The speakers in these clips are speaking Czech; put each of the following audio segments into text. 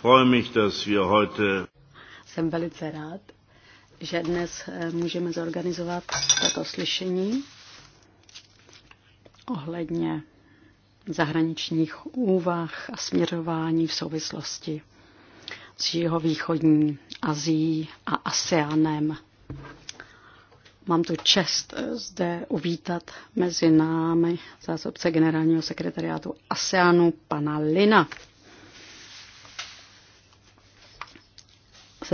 Freue mich, dass wir heute jsem velice rád, že dnes eh, můžeme zorganizovat toto slyšení ohledně zahraničních úvah a směřování v souvislosti s jeho východní Azií a ASEANem. Mám tu čest eh, zde uvítat mezi námi zásobce generálního sekretariátu ASEANu pana Lina.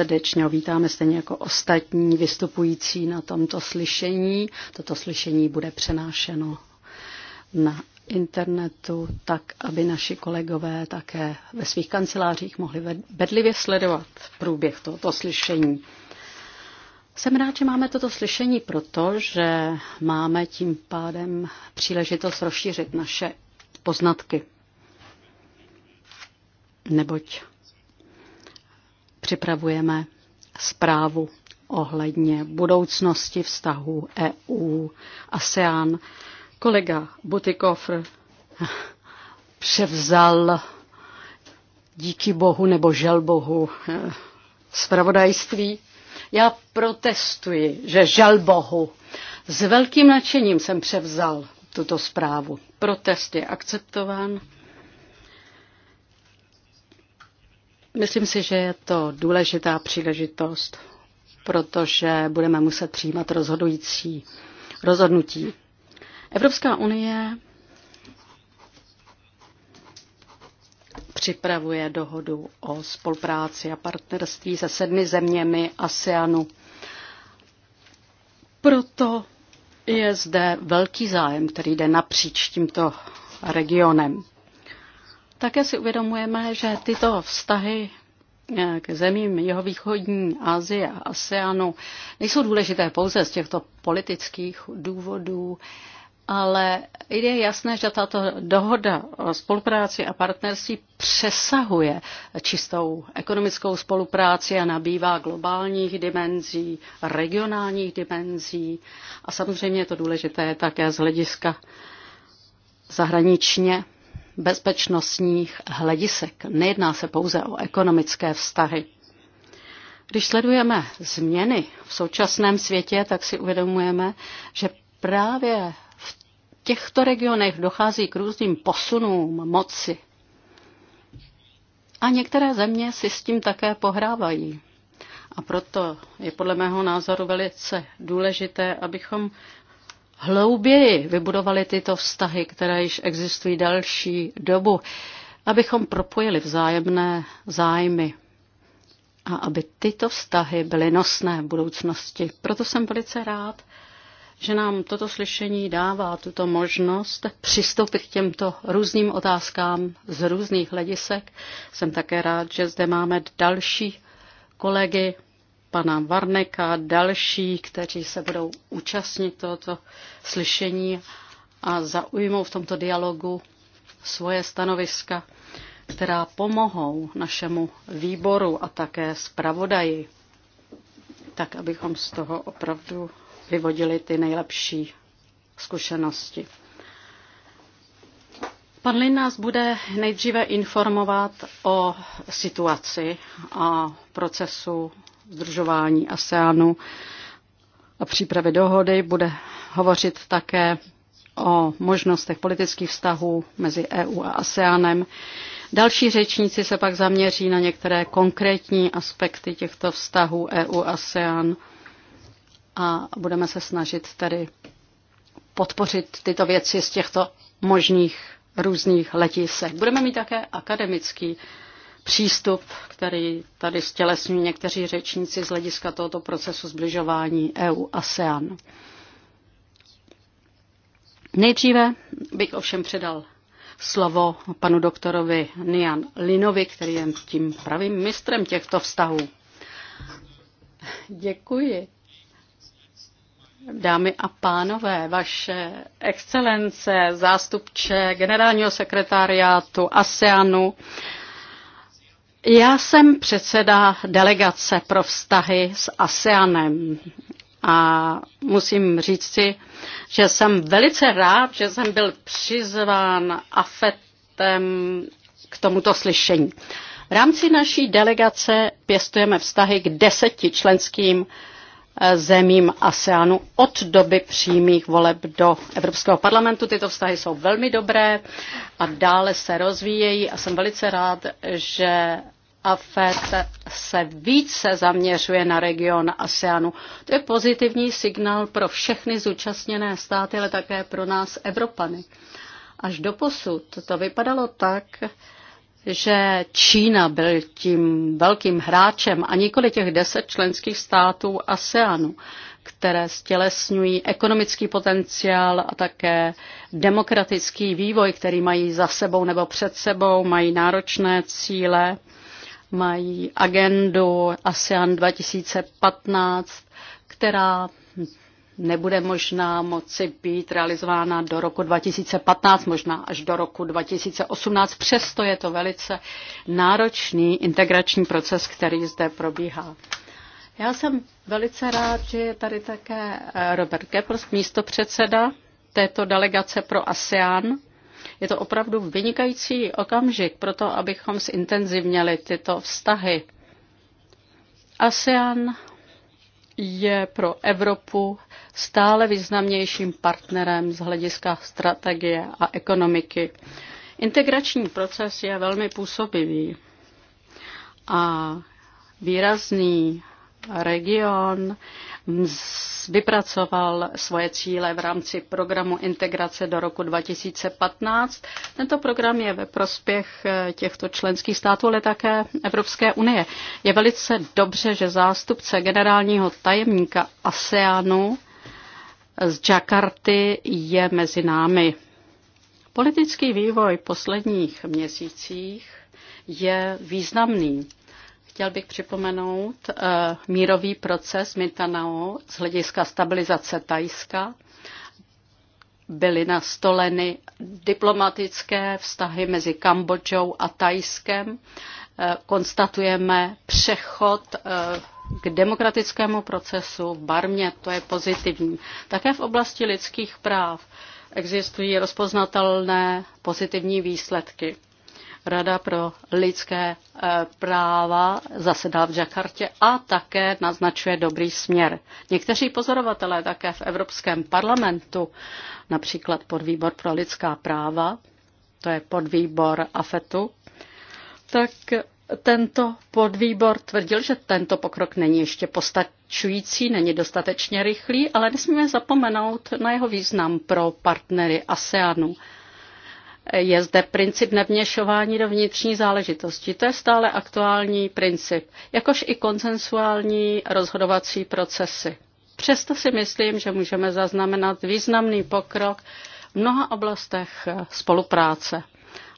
srdečně ho vítáme stejně jako ostatní vystupující na tomto slyšení. Toto slyšení bude přenášeno na internetu, tak aby naši kolegové také ve svých kancelářích mohli bedlivě sledovat průběh tohoto slyšení. Jsem rád, že máme toto slyšení protože máme tím pádem příležitost rozšířit naše poznatky. Neboť připravujeme zprávu ohledně budoucnosti vztahu EU-ASEAN. Kolega Butikofr převzal díky bohu nebo žel bohu spravodajství. Eh, Já protestuji, že žel bohu. S velkým nadšením jsem převzal tuto zprávu. Protest je akceptován. Myslím si, že je to důležitá příležitost, protože budeme muset přijímat rozhodující rozhodnutí. Evropská unie připravuje dohodu o spolupráci a partnerství se sedmi zeměmi ASEANu. Proto je zde velký zájem, který jde napříč tímto regionem. Také si uvědomujeme, že tyto vztahy eh, k zemím jihovýchodní Asie a ASEANu nejsou důležité pouze z těchto politických důvodů, ale je jasné, že tato dohoda o spolupráci a partnerství přesahuje čistou ekonomickou spolupráci a nabývá globálních dimenzí, regionálních dimenzí a samozřejmě je to důležité také z hlediska zahraničně bezpečnostních hledisek. Nejedná se pouze o ekonomické vztahy. Když sledujeme změny v současném světě, tak si uvědomujeme, že právě v těchto regionech dochází k různým posunům moci. A některé země si s tím také pohrávají. A proto je podle mého názoru velice důležité, abychom hlouběji vybudovali tyto vztahy, které již existují další dobu, abychom propojili vzájemné zájmy a aby tyto vztahy byly nosné v budoucnosti. Proto jsem velice rád, že nám toto slyšení dává tuto možnost přistoupit k těmto různým otázkám z různých hledisek. Jsem také rád, že zde máme další kolegy pana Varneka a další, kteří se budou účastnit tohoto slyšení a zaujmou v tomto dialogu svoje stanoviska, která pomohou našemu výboru a také zpravodaji, tak abychom z toho opravdu vyvodili ty nejlepší zkušenosti. Pan Lin nás bude nejdříve informovat o situaci a procesu združování ASEANu a přípravy dohody. Bude hovořit také o možnostech politických vztahů mezi EU a ASEANem. Další řečníci se pak zaměří na některé konkrétní aspekty těchto vztahů EU-ASEAN a budeme se snažit tedy podpořit tyto věci z těchto možných různých letisek. Budeme mít také akademický přístup, který tady stělesní někteří řečníci z hlediska tohoto procesu zbližování EU-ASEAN. a e Nejdříve bych ovšem předal slovo panu doktorovi Nian Linovi, který je tím pravým mistrem těchto vztahů. Děkuji. Dámy a pánové, vaše excelence, zástupče generálního sekretariátu ASEANu, já jsem předseda delegace pro vztahy s ASEANem a musím říct si, že jsem velice rád, že jsem byl přizván AFETem k tomuto slyšení. V rámci naší delegace pěstujeme vztahy k deseti členským eh, zemím ASEANu od doby přímých voleb do Evropského parlamentu. Tyto vztahy jsou velmi dobré a dále se rozvíjejí a jsem velice rád, že AFET se více zaměřuje na region ASEANu. To je pozitivní signál pro všechny zúčastněné státy, ale také pro nás Evropany. Až do posud to vypadalo tak, že Čína byl tím velkým hráčem a nikoli těch deset členských států ASEANu, které stělesňují ekonomický potenciál a také demokratický vývoj, který mají za sebou nebo před sebou, mají náročné cíle mají agendu ASEAN 2015, která nebude možná moci být realizována do roku 2015, možná až do roku 2018. Přesto je to velice náročný integrační proces, který zde probíhá. Já jsem velice rád, že je tady také eh, Robert Geppers, místo předseda této delegace pro ASEAN. Je to opravdu vynikající okamžik pro to, abychom zintenzivněli tyto vztahy. ASEAN je pro Evropu stále významnějším partnerem z hlediska strategie a ekonomiky. Integrační proces je velmi působivý a výrazný region vypracoval svoje cíle v rámci programu integrace do roku 2015. Tento program je ve prospěch eh, těchto členských států, ale také Evropské unie. Je velice dobře, že zástupce generálního tajemníka ASEANu z Jakarty je mezi námi. Politický vývoj posledních měsících je významný. Chtěl bych připomenout eh, mírový proces Mintanao z hlediska stabilizace Tajska. Byly nastoleny diplomatické vztahy mezi Kambodžou a Tajskem. Eh, konstatujeme přechod eh, k demokratickému procesu v Barmě, to je pozitivní. Také v oblasti lidských práv existují rozpoznatelné pozitivní výsledky. Rada pro lidské eh, práva zasedá v Jakartě a také naznačuje dobrý směr. Někteří pozorovatelé také v Evropském parlamentu, například podvýbor pro lidská práva, to je podvýbor AFETu, tak tento podvýbor tvrdil, že tento pokrok není ještě postačující, není dostatečně rychlý, ale nesmíme zapomenout na jeho význam pro partnery ASEANu je zde princip nevměšování do vnitřní záležitosti. To je stále aktuální princip, jakož i konsensuální rozhodovací procesy. Přesto si myslím, že můžeme zaznamenat významný pokrok v mnoha oblastech spolupráce.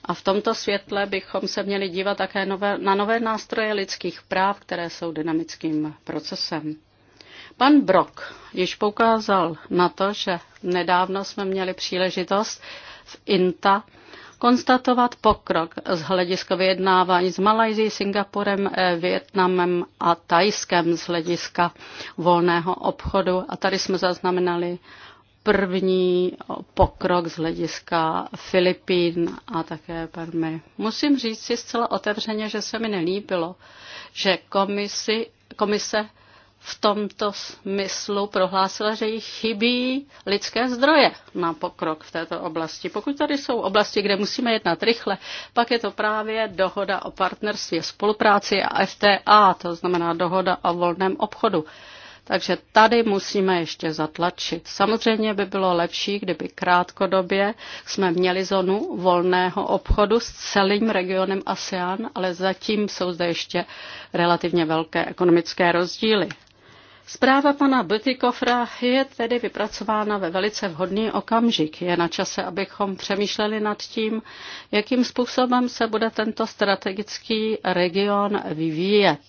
A v tomto světle bychom se měli dívat také nové, na nové nástroje lidských práv, které jsou dynamickým procesem. Pan Brok již poukázal na to, že nedávno jsme měli příležitost v INTA konstatovat pokrok z hlediska vyjednávání s Malajzí, Singapurem, eh, Vietnamem a Tajskem z hlediska volného obchodu. A tady jsme zaznamenali první pokrok z hlediska Filipín a také Parmy. Musím říct si zcela otevřeně, že se mi nelíbilo, že komisi, komise v tomto smyslu prohlásila, že jí chybí lidské zdroje na pokrok v této oblasti. Pokud tady jsou oblasti, kde musíme jednat rychle, pak je to právě dohoda o partnerství, spolupráci a FTA, to znamená dohoda o volném obchodu. Takže tady musíme ještě zatlačit. Samozřejmě by bylo lepší, kdyby krátkodobě jsme měli zónu volného obchodu s celým regionem ASEAN, ale zatím jsou zde ještě relativně velké ekonomické rozdíly. Zpráva pana Butikofra je tedy vypracována ve velice vhodný okamžik. Je na čase, abychom přemýšleli nad tím, jakým způsobem se bude tento strategický region vyvíjet.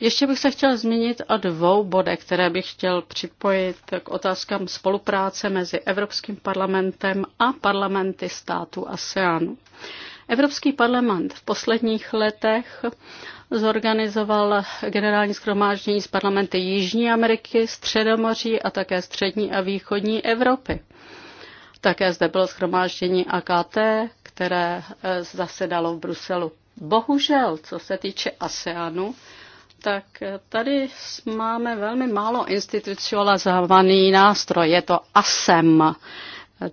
Ještě bych se chtěl zmínit o dvou bodech, které bych chtěl připojit k otázkám spolupráce mezi Evropským parlamentem a parlamenty států ASEANu. Evropský parlament v posledních letech zorganizoval generální schromáždění z parlamenty Jižní Ameriky, Středomoří a také Střední a Východní Evropy. Také zde bylo schromáždění AKT, které eh, zasedalo v Bruselu. Bohužel, co se týče ASEANu, tak eh, tady máme velmi málo institucionalizovaný nástroj. Je to ASEM.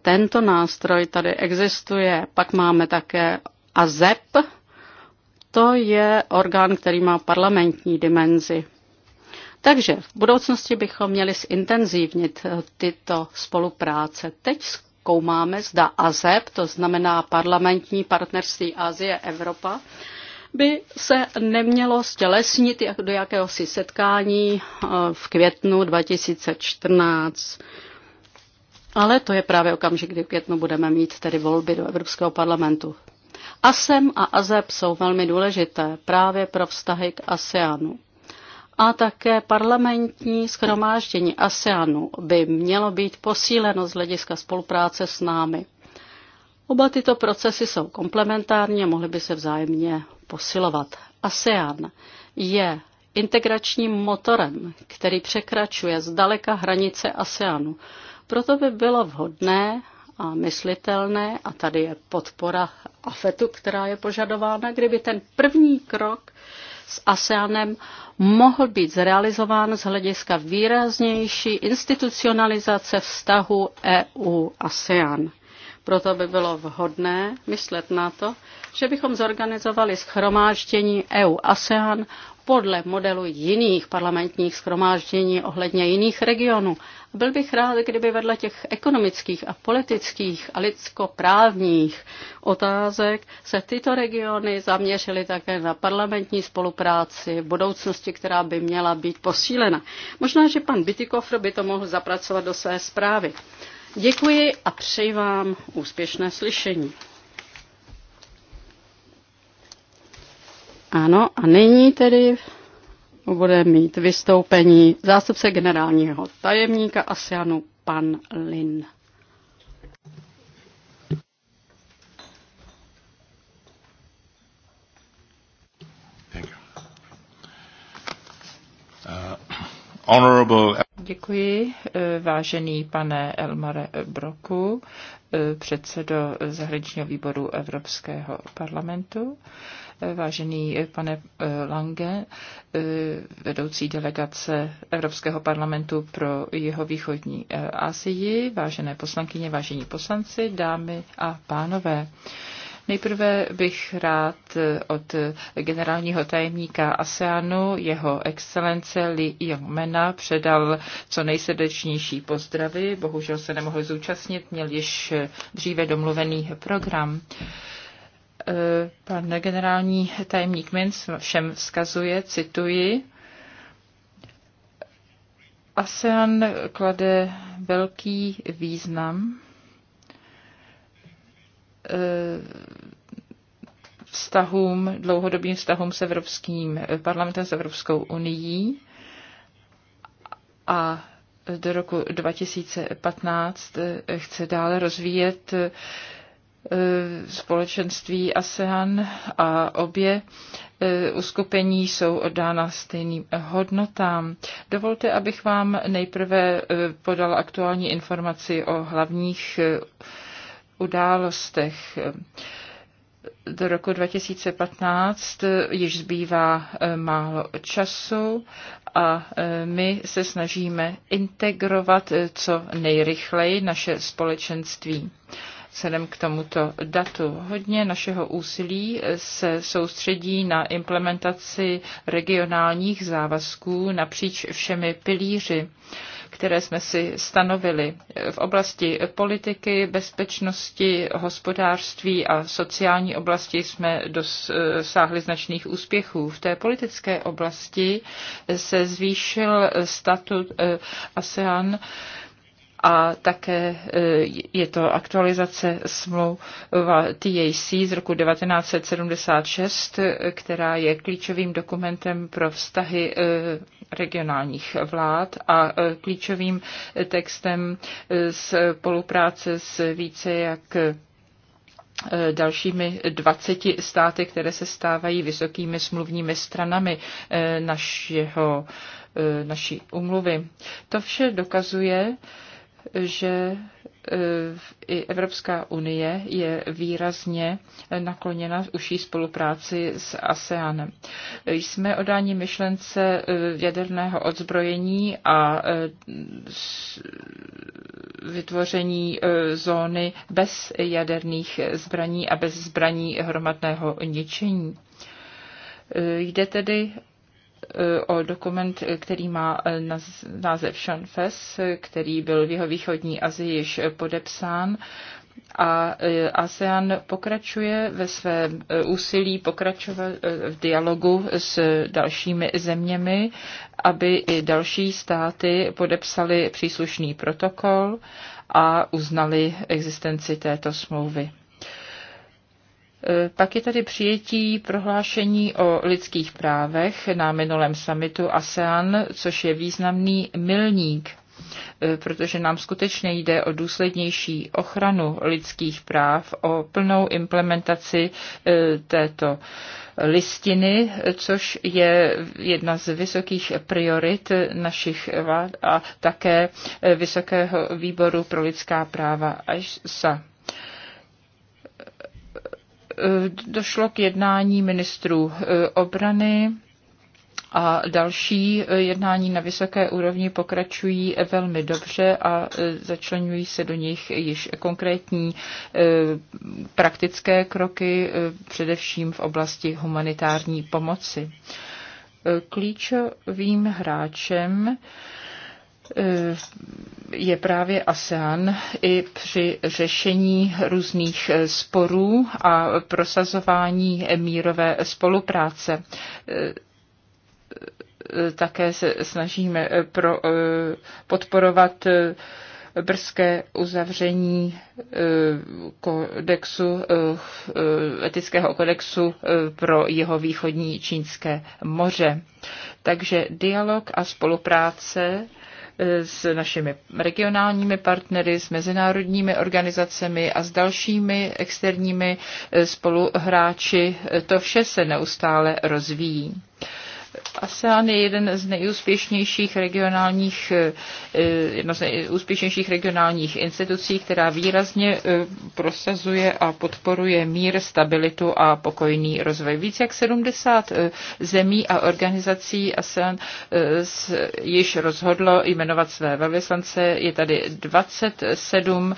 Tento nástroj tady existuje. Pak máme také AZEP, to je orgán, který má parlamentní dimenzi. Takže v budoucnosti bychom měli zintenzívnit eh, tyto spolupráce. Teď zkoumáme, zda AZEP, to znamená parlamentní partnerství Asie Evropa, by se nemělo stělesnit jak do jakéhosi setkání eh, v květnu 2014. Ale to je právě okamžik, kdy v květnu budeme mít tedy volby do Evropského parlamentu. ASEM a e AZEP jsou velmi důležité právě pro vztahy k ASEANu. A také parlamentní schromáždění ASEANu by mělo být posíleno z hlediska spolupráce s námi. Oba tyto procesy jsou komplementární a mohly by se vzájemně posilovat. ASEAN je integračním motorem, který překračuje zdaleka hranice ASEANu. Proto by bylo vhodné, a myslitelné, a tady je podpora AFETu, která je požadována, kdyby ten první krok s ASEANem mohl být zrealizován z hlediska výraznější institucionalizace vztahu EU-ASEAN. Proto by bylo vhodné myslet na to, že bychom zorganizovali schromáždění EU-ASEAN podle modelu jiných parlamentních schromáždění ohledně jiných regionů. Byl bych rád, kdyby vedle těch ekonomických a politických a lidskoprávních otázek se tyto regiony zaměřily také na parlamentní spolupráci v budoucnosti, která by měla být posílena. Možná, že pan Bytikofr by to mohl zapracovat do své zprávy. Děkuji a přeji vám úspěšné slyšení. Ano, a nyní tedy bude mít vystoupení zástupce generálního tajemníka ASEANu pan Lin. Uh, honorable... Děkuji, e, vážený pane Elmare Broku, e, předsedo zahraničního výboru Evropského parlamentu, e, vážený pane Lange, vedoucí delegace Evropského parlamentu pro jeho východní Asii, vážené poslankyně, vážení poslanci, dámy a pánové. Nejprve bych rád eh, od eh, generálního tajemníka ASEANu, jeho excelence Li Yongmena, předal co nejsrdečnější pozdravy. Bohužel se nemohl zúčastnit, měl již eh, dříve domluvený program pan generální tajemník Min všem vzkazuje, cituji, ASEAN klade velký význam Eh, vztahům, dlouhodobým vztahům s Evropským eh, parlamentem, s Evropskou unií. a do roku 2015 eh, chce dále rozvíjet společenství ASEAN a obě uskupení jsou oddána stejným hodnotám. Dovolte, abych vám nejprve podala aktuální informaci o hlavních událostech. Do roku 2015 již zbývá eh, málo času a eh, my se snažíme integrovat eh, co nejrychleji naše společenství vzhledem k tomuto datu. Hodně našeho úsilí se soustředí na implementaci regionálních závazků napříč všemi pilíři které jsme si stanovili v oblasti politiky, bezpečnosti, hospodářství a sociální oblasti jsme dosáhli značných úspěchů. V té politické oblasti se zvýšil statut eh, ASEAN a také e, je to aktualizace smlouva TAC z roku 1976, která je klíčovým dokumentem pro vztahy e, regionálních vlád a e, klíčovým textem spolupráce s více jak dalšími 20 státy, které se stávají vysokými smluvními stranami našeho, naší umluvy. To vše dokazuje, že e, i Evropská unie je výrazně nakloněna užší spolupráci s ASEANem. Jsme odáni myšlence e, jaderného odzbrojení a e, vytvoření zóny bez jaderných zbraní a bez zbraní hromadného ničení. Jde tedy o dokument, který má eh, název Shanfes, který byl v jeho východní Azii již podepsán a eh, ASEAN pokračuje ve svém eh, úsilí pokračovat v dialogu s dalšími zeměmi, aby i další státy podepsali příslušný protokol a uznali existenci této smlouvy. E, pak je tady přijetí prohlášení o lidských právech na minulém samitu ASEAN, což je významný milník e, protože nám skutečně jde o důslednější ochranu lidských práv, o plnou implementaci e, této listiny, což je jedna z vysokých priorit našich vlád a také Vysokého výboru pro lidská práva až sa. Eh, došlo k jednání ministrů eh, obrany a další eh, jednání na vysoké úrovni pokračují velmi dobře a začlenují se do nich již konkrétní praktické kroky, především v oblasti humanitární pomoci. Klíčovým hráčem je právě ASEAN i při řešení různých sporů a prosazování mírové spolupráce. Také se snažíme pro, podporovat brzké uzavření eh, kodexu, eh, etického kodexu eh, pro jeho východní čínské moře. Takže dialog a spolupráce s našimi regionálními partnery, s mezinárodními organizacemi a s dalšími externími eh, spoluhráči. To vše se neustále rozvíjí. ASEAN je jeden z nejúspěšnějších regionálních, eh, eh, jedna z nejúspěšnějších regionálních institucí, která výrazně eh, prosazuje a podporuje mír, stabilitu a pokojný rozvoj. Víc jak 70 zemí a organizací ASEAN již rozhodlo jmenovat své velvyslance. Je tady 27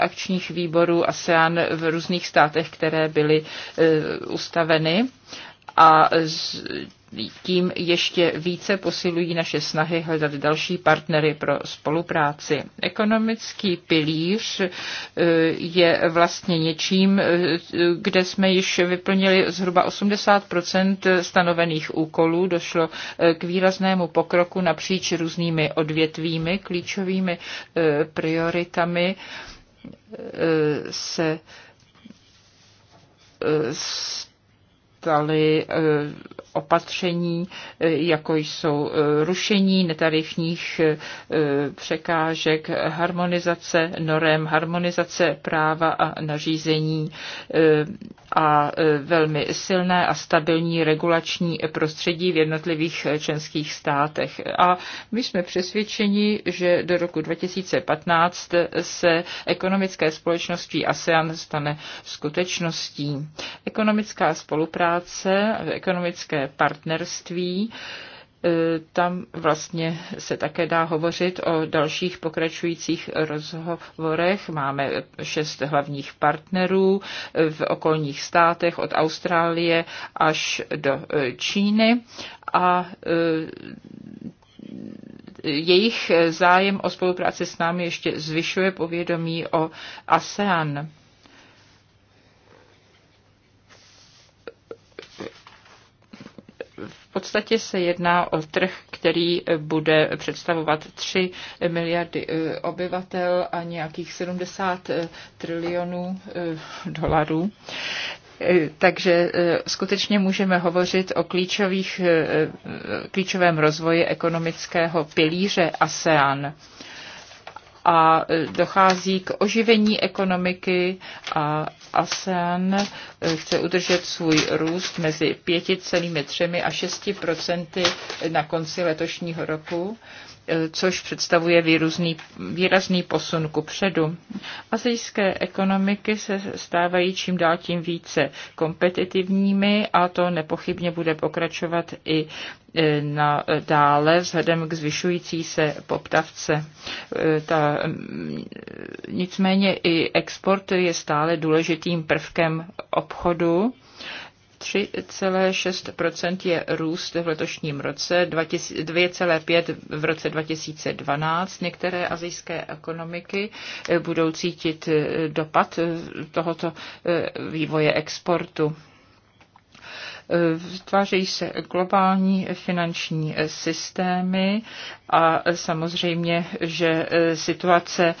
akčních výborů ASEAN v různých státech, které byly ustaveny a tím ještě více posilují naše snahy hledat další partnery pro spolupráci. Ekonomický pilíř e, je vlastně něčím, e, kde jsme již vyplnili zhruba 80 stanovených úkolů. Došlo e, k výraznému pokroku napříč různými odvětvími, klíčovými prioritami se staly opatření, eh, jako jsou eh, rušení netarifních eh, překážek, harmonizace norem, harmonizace práva a nařízení a velmi silné a stabilní regulační prostředí v jednotlivých členských státech. A my jsme přesvědčeni, že do roku 2015 se ekonomické společnosti ASEAN stane skutečností. Ekonomická spolupráce v ekonomické partnerství, e, tam vlastně se také dá hovořit o dalších pokračujících rozhovorech. Máme šest hlavních partnerů v okolních státech od Austrálie až do e, Číny a e, jejich zájem o spolupráci s námi ještě zvyšuje povědomí o ASEAN podstatě se jedná o trh, který eh, bude představovat 3 miliardy eh, obyvatel a nějakých 70 eh, trilionů dolarů. Takže skutečně můžeme hovořit o klíčových, klíčovém rozvoji ekonomického pilíře ASEAN a e, dochází k oživení ekonomiky a ASEAN e, chce udržet svůj růst mezi 5,3 a 6 procenty na konci letošního roku což představuje výrazný, výrazný posun ku předu. Azijské ekonomiky se stávají čím dál tím více kompetitivními a to nepochybně bude pokračovat i e, na dále vzhledem k zvyšující se poptavce. E, ta, nicméně i export je stále důležitým prvkem obchodu 3,6 je růst v letošním roce, 2,5 v roce 2012. Některé azijské ekonomiky eh, budou cítit eh, dopad eh, tohoto vývoje exportu. Vytvářejí se globální finanční systémy a samozřejmě, že situace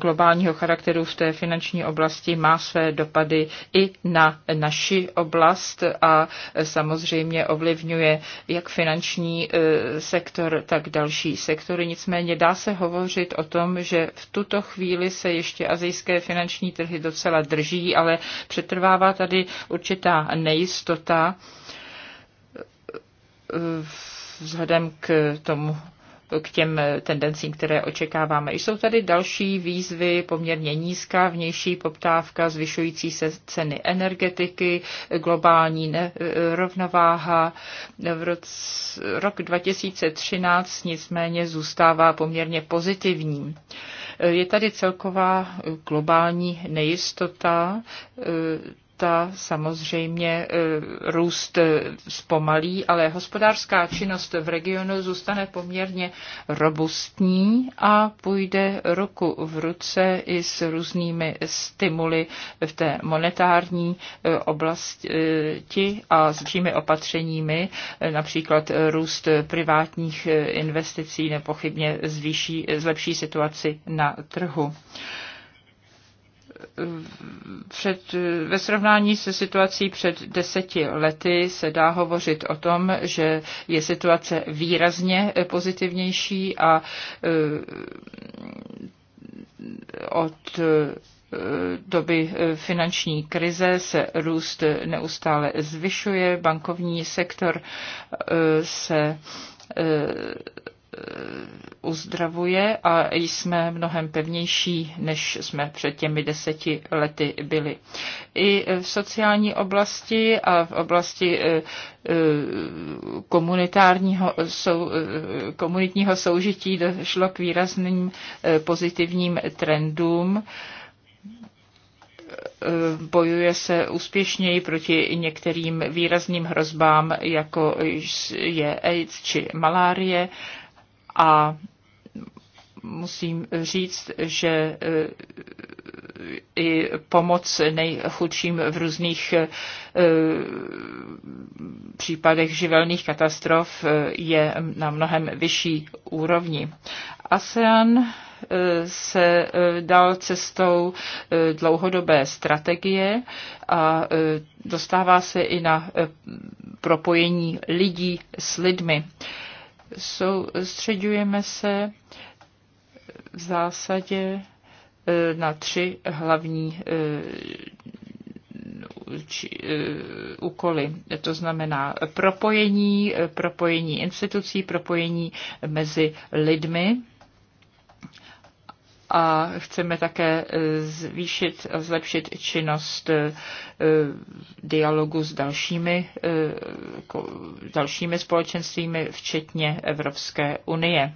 globálního charakteru v té finanční oblasti má své dopady i na naši oblast a samozřejmě ovlivňuje jak finanční eh, sektor, tak další sektory. Nicméně dá se hovořit o tom, že v tuto chvíli se ještě azijské finanční trhy docela drží, ale přetrvává tady určitá nejistota vzhledem k tomu k těm tendencím, které očekáváme. Jsou tady další výzvy, poměrně nízká vnější poptávka, zvyšující se ceny energetiky, globální rovnováha. V roce, rok 2013 nicméně zůstává poměrně pozitivním. Je tady celková globální nejistota, ta samozřejmě e, růst e, zpomalí, ale hospodářská činnost v regionu zůstane poměrně robustní a půjde ruku v ruce i s různými stimuly v té monetární e, oblasti a s přími opatřeními, například růst privátních investicí nepochybně zvýší, zlepší situaci na trhu před, ve srovnání se situací před deseti lety se dá hovořit o tom, že je situace výrazně pozitivnější a e, od e, doby finanční krize se růst neustále zvyšuje, bankovní sektor e, se Eh, uzdravuje a jsme mnohem pevnější, než jsme před těmi deseti lety byli. I v sociální oblasti a v oblasti eh, eh, komunitárního, sou, komunitního soužití došlo k výrazným pozitivním trendům bojuje se úspěšněji proti některým výrazným hrozbám, jako je AIDS či malárie a musím říct, že eh, i pomoc nejchudším v různých eh, případech živelných katastrof eh, je na mnohem vyšší úrovni. ASEAN se dal cestou dlouhodobé strategie a dostává se i na propojení lidí s lidmi soustředujeme se v zásadě e, na tři hlavní e, e, úkoly. To znamená propojení, propojení institucí, propojení mezi lidmi a chceme také e, zvýšit a zlepšit činnost e, dialogu s dalšími, e, jako, dalšími společenstvími, včetně Evropské unie.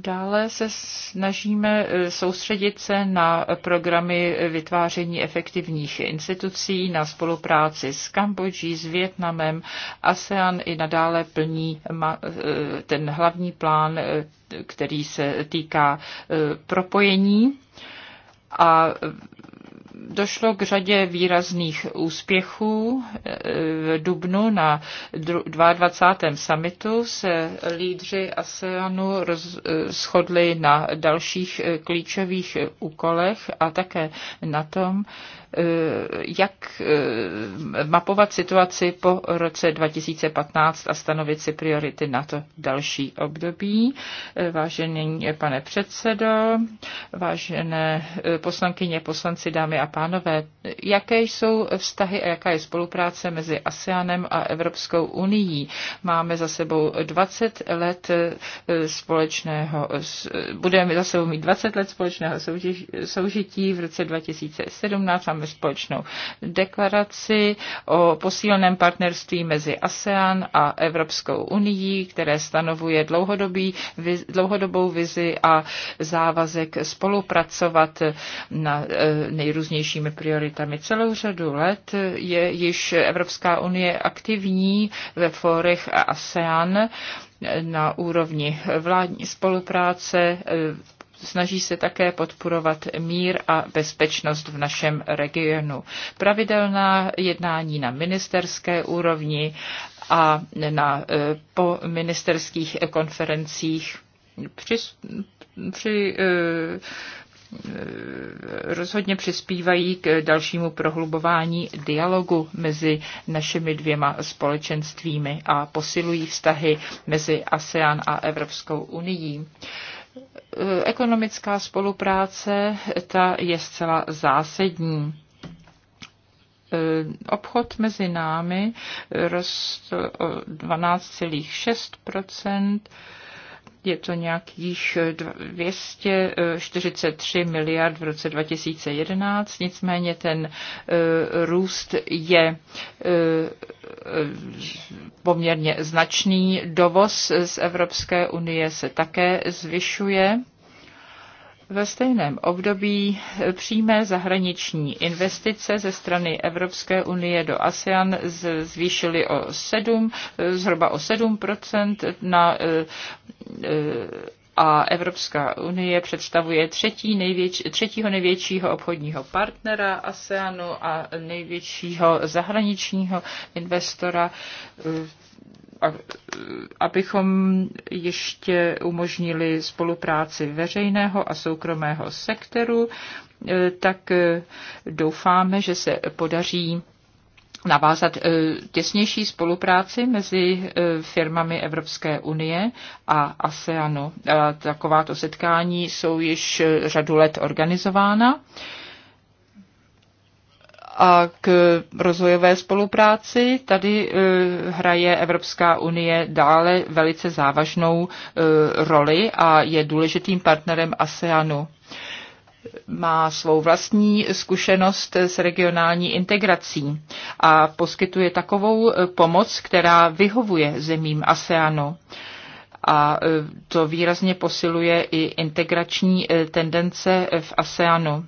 Dále se snažíme eh, soustředit se na programy vytváření efektivních institucí, na spolupráci s Kambodží, s Větnamem. ASEAN i nadále plní eh, ten hlavní plán, eh, který se týká propojení a došlo k řadě výrazných úspěchů. E, v Dubnu na 22. summitu se lídři ASEANu e, shodli na dalších e, klíčových úkolech a také na tom, Eh, jak eh, mapovat situaci po roce 2015 a stanovit si priority na to další období. Eh, vážený pane předsedo, vážené poslankyně, poslanci, dámy a pánové, jaké jsou vztahy a jaká je spolupráce mezi ASEANem a Evropskou unii? Máme za sebou 20 let společného, budeme za sebou mít 20 let společného soužití v roce 2017, máme máme společnou deklaraci o posíleném partnerství mezi ASEAN a Evropskou unii, které stanovuje dlouhodobý, dlouhodobou vizi a závazek spolupracovat na e, nejrůznějšími prioritami. Celou řadu let je již Evropská unie aktivní ve fórech ASEAN na úrovni vládní spolupráce, e, snaží se také podporovat mír a bezpečnost v našem regionu. Pravidelná jednání na ministerské úrovni a na, eh, po ministerských konferencích při, při eh, rozhodně přispívají k dalšímu prohlubování dialogu mezi našimi dvěma společenstvími a posilují vztahy mezi ASEAN a Evropskou unii ekonomická spolupráce, ta je zcela zásadní e, obchod mezi námi rostl o 12,6 je to nějakých 243 miliard v roce 2011, nicméně ten e, růst je e, poměrně značný. Dovoz z Evropské unie se také zvyšuje ve stejném období přímé zahraniční investice ze strany Evropské unie do ASEAN zvýšily o 7, zhruba o 7 na e, e, a Evropská unie představuje třetí největší, třetího největšího obchodního partnera ASEANu a největšího zahraničního investora abychom ještě umožnili spolupráci veřejného a soukromého sektoru, e, tak e, doufáme, že se podaří navázat e, těsnější spolupráci mezi firmami Evropské unie a ASEANu. Takováto setkání jsou již řadu let organizována a k rozvojové spolupráci. Tady eh, hraje Evropská unie dále velice závažnou eh, roli a je důležitým partnerem ASEANu má svou vlastní zkušenost s regionální integrací a poskytuje takovou eh, pomoc, která vyhovuje zemím ASEANu. A to výrazně posiluje i integrační tendence v ASEANu.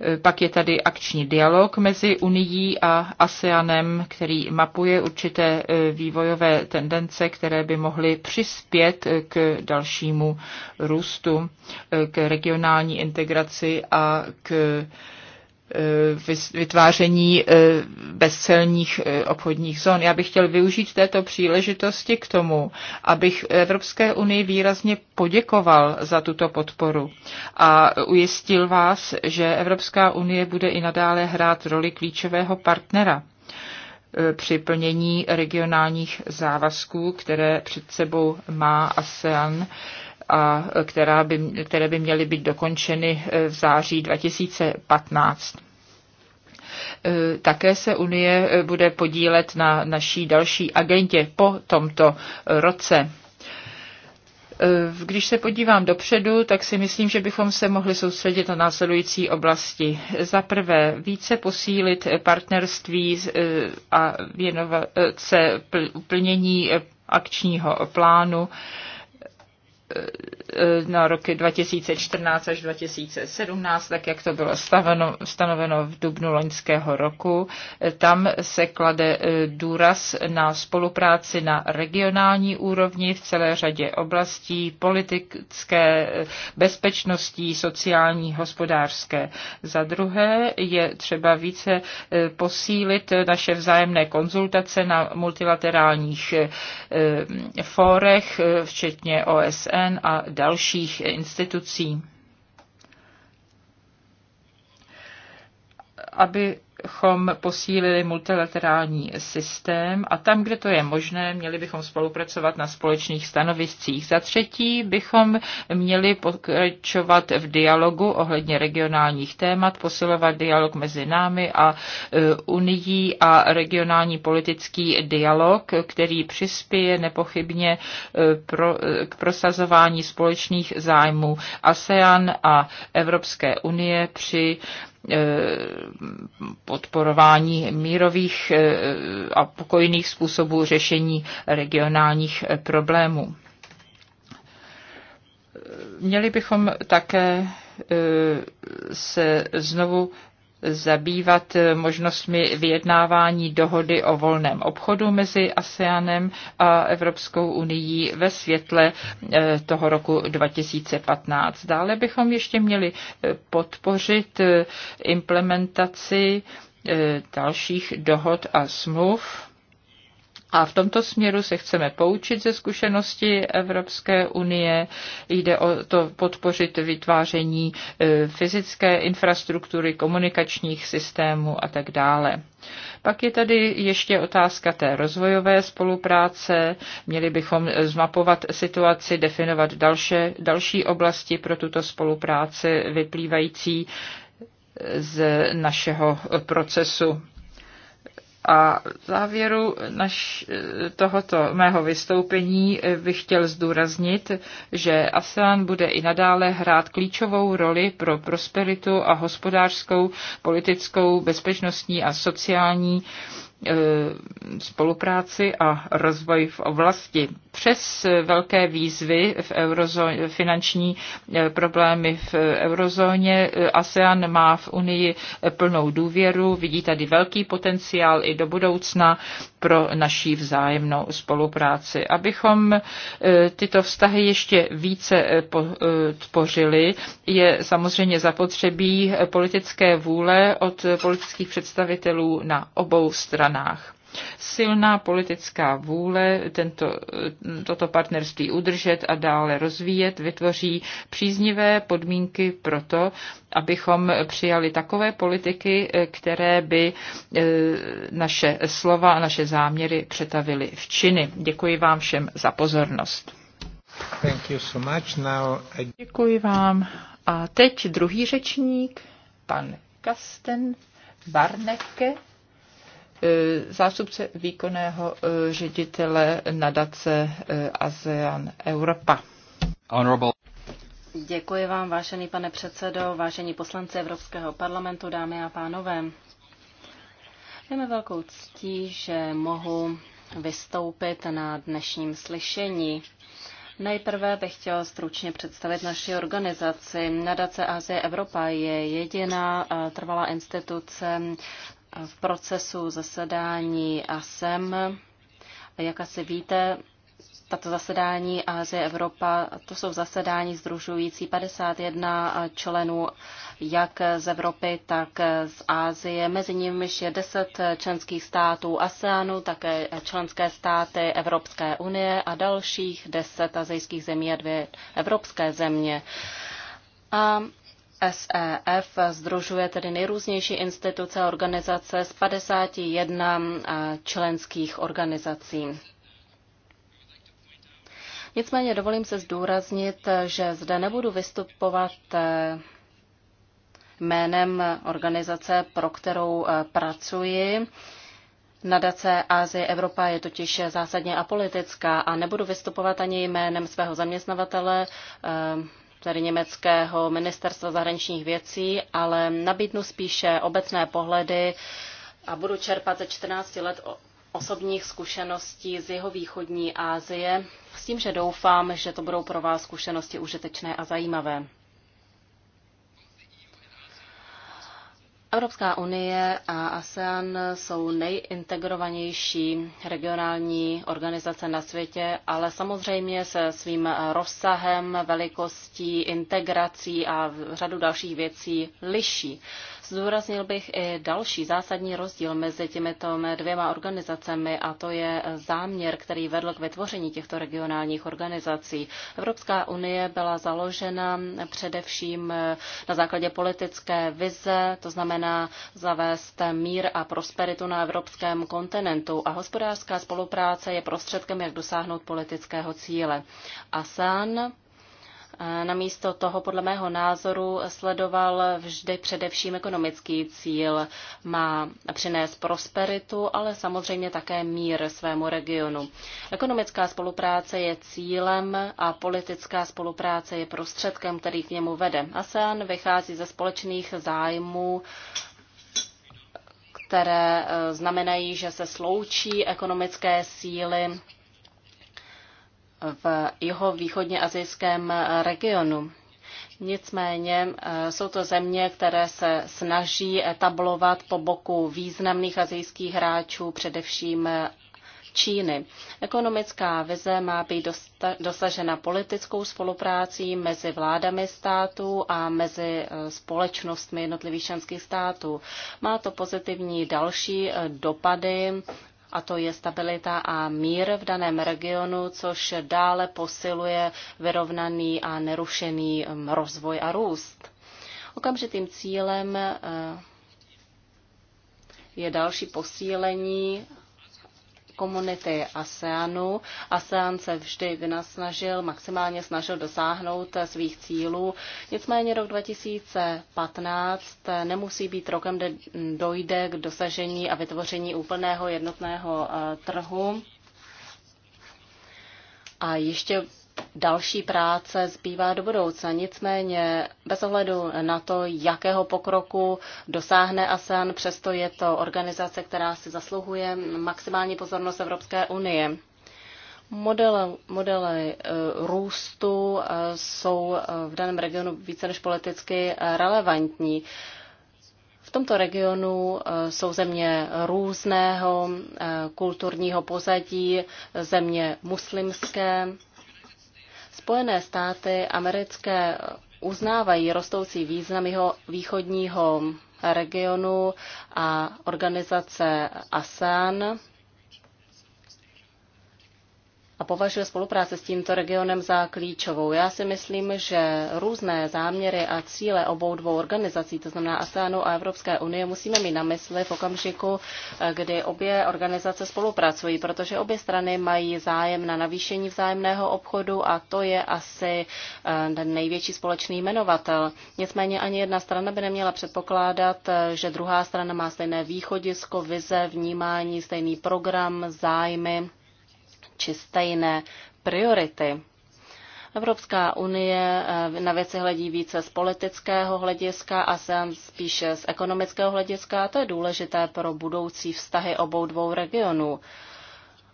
Eh, pak je tady akční dialog mezi Unií a ASEANem, který mapuje určité eh, vývojové tendence, které by mohly přispět eh, k dalšímu růstu, k regionální integraci a k Eh, vytváření eh, bezcelních eh, obchodních zón. Já bych chtěl využít této příležitosti k tomu, abych Evropské unii výrazně poděkoval za tuto podporu a ujistil vás, že Evropská unie bude i nadále hrát roli klíčového partnera při plnění regionálních závazků, které před sebou má ASEAN a která by, které by měly být dokončeny eh, v září 2015. Eh, také se Unie eh, bude podílet na naší další agentě po tomto roce. Když se podívám dopředu, tak si myslím, že bychom se mohli soustředit na následující oblasti. Za prvé, více posílit partnerství a věnovat se plnění akčního plánu na roky 2014 až 2017, tak jak to bylo staveno, stanoveno v dubnu loňského roku. Tam se klade eh, důraz na spolupráci na regionální úrovni v celé řadě oblastí politické, eh, bezpečnosti, sociální, hospodářské. Za druhé je třeba více eh, posílit naše vzájemné konzultace na multilaterálních fórech, včetně OSN OSN a dalších institucí. Aby bychom posílili multilaterální systém a tam, kde to je možné, měli bychom spolupracovat na společných stanoviscích. Za třetí bychom měli pokračovat v dialogu ohledně regionálních témat, posilovat dialog mezi námi a e, Unii a regionální politický dialog, který přispěje nepochybně e, pro, k prosazování společných zájmů ASEAN a Evropské unie při E, podporování mírových e, a pokojných způsobů řešení regionálních problémů. Měli bychom také e, se znovu zabývat eh, možnostmi vyjednávání dohody o volném obchodu mezi ASEANem a Evropskou unii ve světle eh, toho roku 2015. Dále bychom ještě měli eh, podpořit implementaci dalších dohod a smluv a v tomto směru se chceme poučit ze zkušenosti Evropské unie. Jde o to podpořit vytváření e, fyzické infrastruktury, komunikačních systémů a tak dále. Pak je tady ještě otázka té rozvojové spolupráce. Měli bychom zmapovat situaci, definovat další, další oblasti pro tuto spolupráci vyplývající z našeho procesu a v závěru naš, tohoto mého vystoupení bych chtěl zdůraznit, že ASEAN bude i nadále hrát klíčovou roli pro prosperitu a hospodářskou, politickou, bezpečnostní a sociální eh, E, spolupráci a rozvoj v oblasti. Přes velké výzvy v eurozóně, finanční e, problémy v eurozóně e, ASEAN má v Unii plnou důvěru, vidí tady velký potenciál i do budoucna pro naší vzájemnou spolupráci. Abychom tyto vztahy ještě více podpořili, je samozřejmě zapotřebí politické vůle od politických představitelů na obou stranách stranách. Silná politická vůle tento, toto partnerství udržet a dále rozvíjet vytvoří příznivé podmínky pro to, abychom přijali takové politiky, které by eh, naše slova a naše záměry přetavily v činy. Děkuji vám všem za pozornost. Thank you so much. Now I... Děkuji vám. A teď druhý řečník, pan Kasten Barneke. Eh, zástupce výkonného eh, ředitele nadace eh, ASEAN Europa. Honorable. Děkuji vám, vážený pane předsedo, vážení poslanci Evropského parlamentu, dámy a pánové. Je velkou ctí, že mohu vystoupit na dnešním slyšení. Nejprve bych chtěl stručně představit naši organizaci. Nadace Asie Evropa je jediná trvalá instituce v procesu zasedání ASEM. Jak asi víte, tato zasedání Asie Evropa, to jsou zasedání združující 51 členů jak z Evropy, tak z Asie. Mezi nimi je 10 členských států ASEANu, také členské státy Evropské unie a dalších 10 azijských zemí a dvě evropské země. A SEF združuje tedy nejrůznější instituce a organizace z 51 členských organizací. Nicméně dovolím se zdůraznit, že zde nebudu vystupovat e, jménem organizace, pro kterou e, pracuji. Nadace Asie Evropa je totiž zásadně apolitická a nebudu vystupovat ani jménem svého zaměstnavatele, tedy německého ministerstva zahraničních věcí, ale nabídnu spíše obecné pohledy a budu čerpat ze 14 let osobních zkušeností z jeho východní Asie, s tím, že doufám, že to budou pro vás zkušenosti užitečné a zajímavé. Evropská unie a ASEAN jsou nejintegrovanější regionální organizace na světě, ale samozřejmě se svým rozsahem, velikostí, integrací a řadu dalších věcí liší. Zdůraznil bych i další zásadní rozdíl mezi těmito dvěma organizacemi a to je záměr, který vedl k vytvoření těchto regionálních organizací. Evropská unie byla založena především na základě politické vize, to znamená, znamená zavést mír a prosperitu na evropském kontinentu a hospodářská spolupráce je prostředkem, jak dosáhnout politického cíle. ASAN namísto toho, podle mého názoru, sledoval vždy především ekonomický cíl. Má přinést prosperitu, ale samozřejmě také mír svému regionu. Ekonomická spolupráce je cílem a politická spolupráce je prostředkem, který k němu vede. ASEAN vychází ze společných zájmů které eh, znamenají, že se sloučí ekonomické síly v jeho východně azijském regionu. Nicméně eh, jsou to země, které se snaží etablovat po boku významných azijských hráčů, především eh, Číny. Ekonomická vize má být dosažena politickou spoluprácí mezi vládami států a mezi eh, společnostmi jednotlivých členských států. Má to pozitivní další dopady a to je stabilita a mír v daném regionu, což dále posiluje vyrovnaný a nerušený mm, rozvoj a růst. Okamžitým cílem eh, je další posílení komunity ASEANu. ASEAN se vždy vynasnažil, maximálně snažil dosáhnout svých cílů. Nicméně rok 2015 nemusí být rokem, kde dojde k dosažení a vytvoření úplného jednotného eh, trhu. A ještě další práce zbývá do budoucna. Nicméně bez ohledu na to, jakého pokroku dosáhne ASEAN, přesto je to organizace, která si zasluhuje maximální pozornost Evropské unie. Modele, modely eh, růstu eh, jsou eh, v daném regionu více než politicky relevantní. V tomto regionu jsou země různého kulturního pozadí, země muslimské, Spojené státy americké uznávají rostoucí význam jeho východního regionu a organizace ASEAN a považuje spolupráci s tímto regionem za klíčovou. Já si myslím, že různé záměry a cíle obou dvou organizací, to znamená ASEANu a Evropské unie, musíme mít na mysli v okamžiku, kdy obě organizace spolupracují, protože obě strany mají zájem na navýšení vzájemného obchodu a to je asi eh, ten největší společný jmenovatel. Nicméně ani jedna strana by neměla předpokládat, eh, že druhá strana má stejné východisko, vize, vnímání, stejný program, zájmy či stejné priority. Evropská unie eh, na věci hledí více z politického hlediska a sem spíše z ekonomického hlediska. A to je důležité pro budoucí vztahy obou dvou regionů.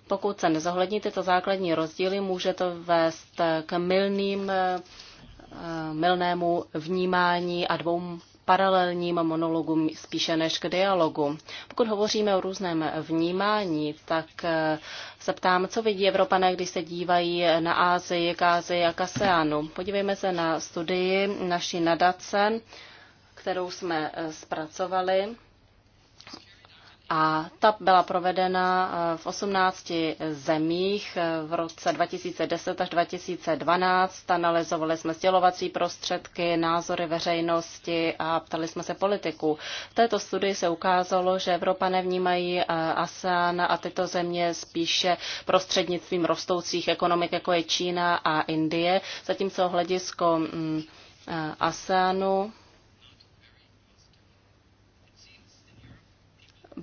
Pokud se nezohlední tyto základní rozdíly, může to vést k milným, eh, eh, milnému vnímání a dvou paralelním monologu spíše než k dialogu. Pokud hovoříme o různém vnímání, tak eh, se ptám, co vidí Evropané, když se dívají na Ázii, k Ázii a Kaseanu. Podívejme se na studii naší nadace, kterou jsme eh, zpracovali a ta byla provedena e, v 18 zemích e, v roce 2010 až 2012. Analyzovali jsme sdělovací prostředky, názory veřejnosti a ptali jsme se politiků. V této studii se ukázalo, že Evropa nevnímají e, ASEAN a tyto země spíše prostřednictvím rostoucích ekonomik, jako je Čína a Indie, zatímco hledisko mm, ASEANu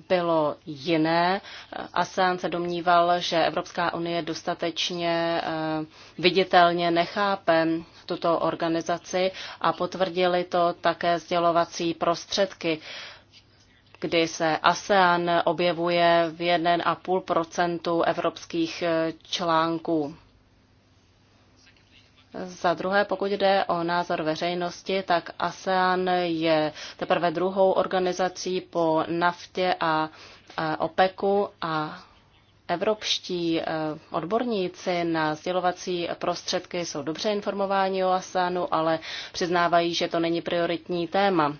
bylo jiné. ASEAN se domníval, že Evropská unie dostatečně eh, viditelně nechápe tuto organizaci a potvrdili to také sdělovací prostředky kdy se ASEAN objevuje v 1,5 evropských eh, článků. Za druhé, pokud jde o názor veřejnosti, tak ASEAN je teprve druhou organizací po naftě a OPECU a evropští e, odborníci na sdělovací prostředky jsou dobře informováni o ASEANu, ale přiznávají, že to není prioritní téma.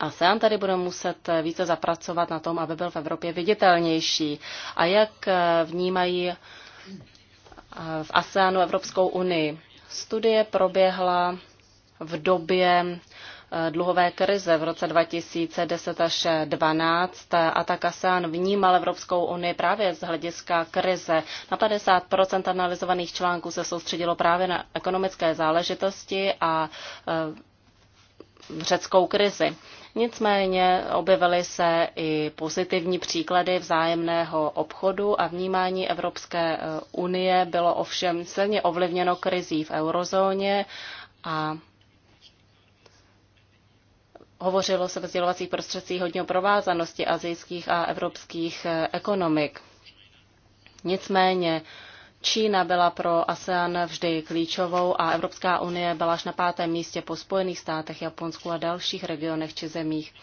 ASEAN tady bude muset více zapracovat na tom, aby byl v Evropě viditelnější. A jak e, vnímají v ASEANu Evropskou unii. Studie proběhla v době eh, dluhové krize v roce 2010 až 2012 a tak ASEAN vnímal Evropskou unii právě z hlediska krize. Na 50 analyzovaných článků se soustředilo právě na ekonomické záležitosti a eh, řeckou krizi. Nicméně objevily se i pozitivní příklady vzájemného obchodu a vnímání Evropské eh, unie bylo ovšem silně ovlivněno krizí v eurozóně a Hovořilo se ve sdělovacích prostředcích hodně o provázanosti azijských a evropských eh, ekonomik. Nicméně Čína byla pro ASEAN vždy klíčovou a Evropská unie byla až na pátém místě po Spojených státech, Japonsku a dalších regionech či zemích.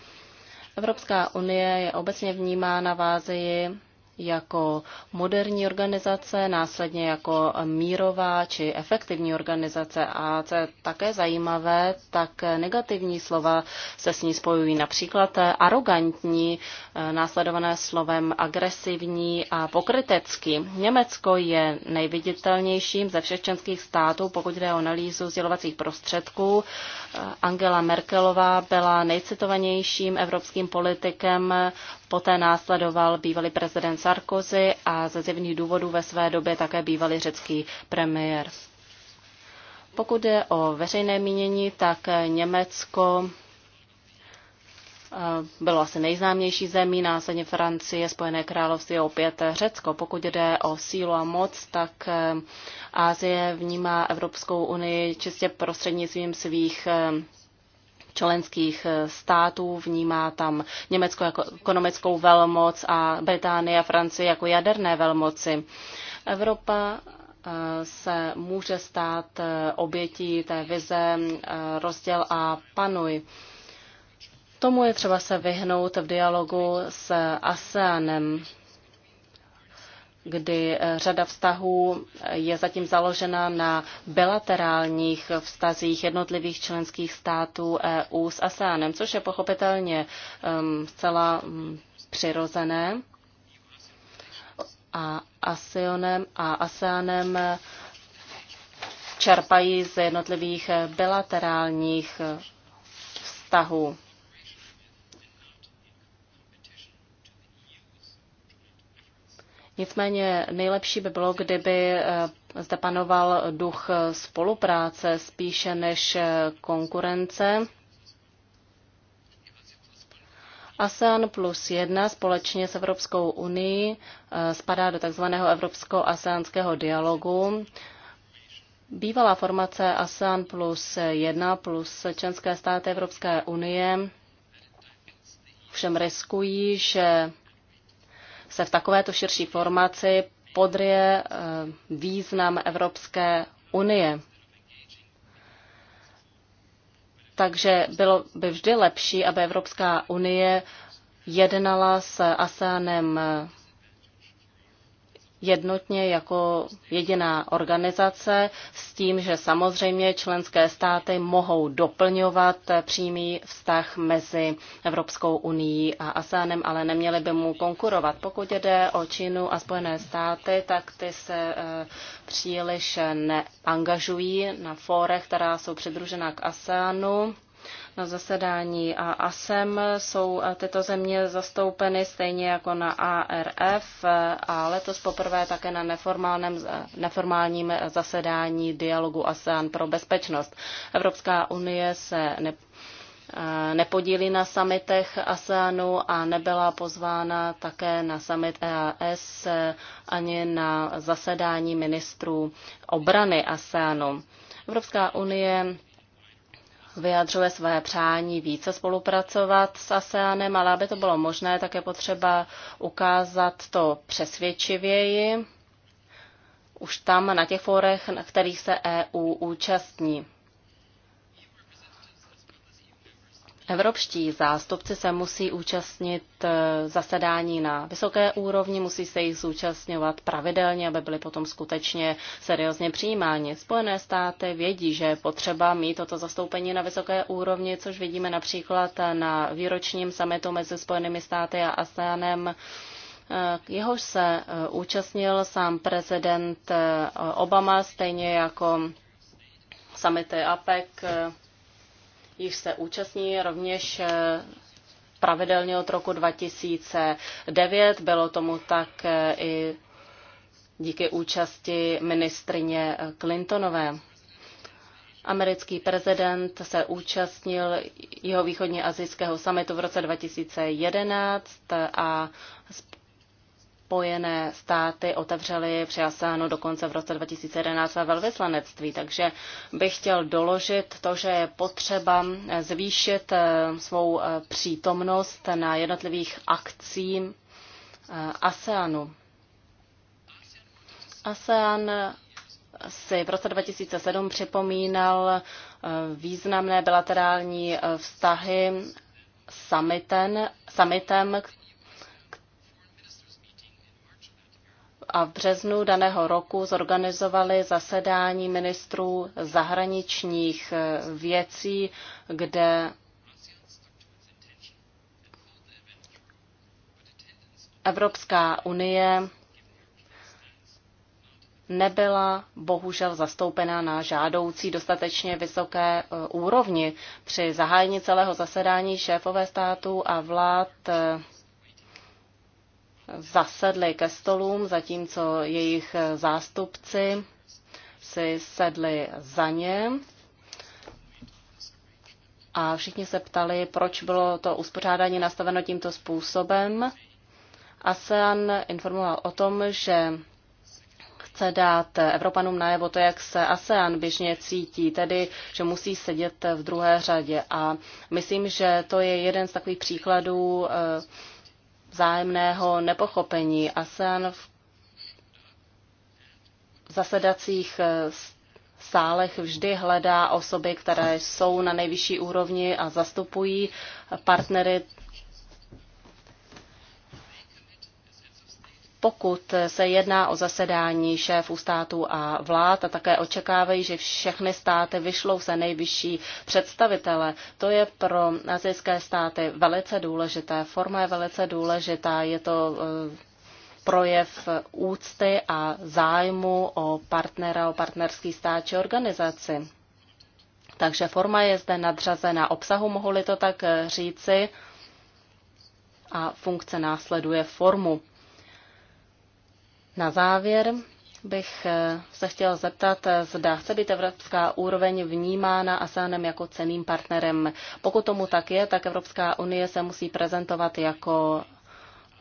Evropská unie je obecně vnímána v Ázii jako moderní organizace, následně jako mírová či efektivní organizace. A co je také zajímavé, tak negativní slova se s ní spojují například arrogantní, eh, následované slovem agresivní a pokrytecký. Německo je nejviditelnějším ze všech členských států, pokud jde o analýzu sdělovacích prostředků. Eh, Angela Merkelová byla nejcitovanějším evropským politikem, poté následoval bývalý prezident Sarkozy a ze zjevných důvodů ve své době také bývalý řecký premiér. Pokud je o veřejné mínění, tak Německo eh, bylo asi nejznámější zemí, následně Francie, Spojené království a opět Řecko. Pokud jde o sílu a moc, tak Ázie eh, vnímá Evropskou unii čistě prostřednictvím svých eh, členských eh, států, vnímá tam Německo jako ekonomickou velmoc a Británie a Francie jako jaderné velmoci. Evropa eh, se může stát eh, obětí té vize rozděl a panuj. Tomu je třeba se vyhnout v dialogu s ASEANem kdy eh, řada vztahů eh, je zatím založena na bilaterálních vztazích jednotlivých členských států EU s ASEANem, což je pochopitelně ehm, zcela mm, přirozené. A ASEANem a ASEANem eh, čerpají z jednotlivých bilaterálních vztahů. Nicméně nejlepší by bylo, kdyby eh, zde panoval duch spolupráce spíše než eh, konkurence. ASEAN plus jedna společně s Evropskou unii eh, spadá do tzv. evropsko-aseánského dialogu. Bývalá formace ASEAN plus jedna plus členské státy Evropské unie všem riskují, že se v takovéto širší formaci podrie eh, význam Evropské unie. Takže bylo by vždy lepší, aby Evropská unie jednala s ASEANem jednotně jako jediná organizace s tím, že samozřejmě členské státy mohou doplňovat přímý vztah mezi Evropskou unii a ASEANem, ale neměly by mu konkurovat. Pokud jde o Čínu a Spojené státy, tak ty se eh, příliš neangažují na fórech, která jsou přidružena k ASEANu. Na zasedání ASEM jsou tyto země zastoupeny stejně jako na ARF a letos poprvé také na neformálním, neformálním zasedání dialogu ASEAN pro bezpečnost. Evropská unie se ne, nepodílí na samitech ASEANu a nebyla pozvána také na summit EAS ani na zasedání ministrů obrany ASEANu. Evropská unie vyjadřuje své přání více spolupracovat s ASEANem, ale aby to bylo možné, tak je potřeba ukázat to přesvědčivěji už tam na těch fórech, na kterých se EU účastní. Evropští zástupci se musí účastnit eh, zasedání na vysoké úrovni, musí se jich zúčastňovat pravidelně, aby byly potom skutečně seriózně přijímáni. Spojené státy vědí, že je potřeba mít toto zastoupení na vysoké úrovni, což vidíme například na výročním summitu mezi Spojenými státy a ASEANem eh, jehož se eh, účastnil sám prezident Obama, stejně jako samity APEC, jich se účastní rovněž eh, pravidelně od roku 2009. Bylo tomu tak eh, i díky účasti ministrině eh, Clintonové. Americký prezident se účastnil jeho východně azijského summitu v roce 2011 a Spojené státy otevřely při ASEANu dokonce v roce 2011 své velvyslanectví, takže bych chtěl doložit to, že je potřeba zvýšit eh, svou eh, přítomnost na jednotlivých akcí eh, ASEANu. ASEAN si v roce 2007 připomínal významné bilaterální vztahy summitem, summitem a v březnu daného roku zorganizovali zasedání ministrů zahraničních eh, věcí, kde Evropská unie nebyla bohužel zastoupená na žádoucí dostatečně vysoké eh, úrovni. Při zahájení celého zasedání šéfové států a vlád eh, zasedli ke stolům, zatímco jejich zástupci si sedli za ně. A všichni se ptali, proč bylo to uspořádání nastaveno tímto způsobem. ASEAN informoval o tom, že chce dát Evropanům najevo to, jak se ASEAN běžně cítí, tedy že musí sedět v druhé řadě. A myslím, že to je jeden z takových příkladů eh, vzájemného nepochopení. ASEAN v zasedacích eh, sálech vždy hledá osoby, které jsou na nejvyšší úrovni a zastupují partnery pokud se jedná o zasedání šéfů států a vlád a také očekávají, že všechny státy vyšlou se nejvyšší představitele. To je pro azijské státy velice důležité. Forma je velice důležitá. Je to eh, projev úcty a zájmu o partnera, o partnerský stát či organizaci. Takže forma je zde nadřazena obsahu, mohu-li to tak eh, říci, a funkce následuje formu. Na závěr bych eh, se chtěl zeptat, eh, zda chce být evropská úroveň vnímána ASEANem jako ceným partnerem. Pokud tomu tak je, tak Evropská unie se musí prezentovat jako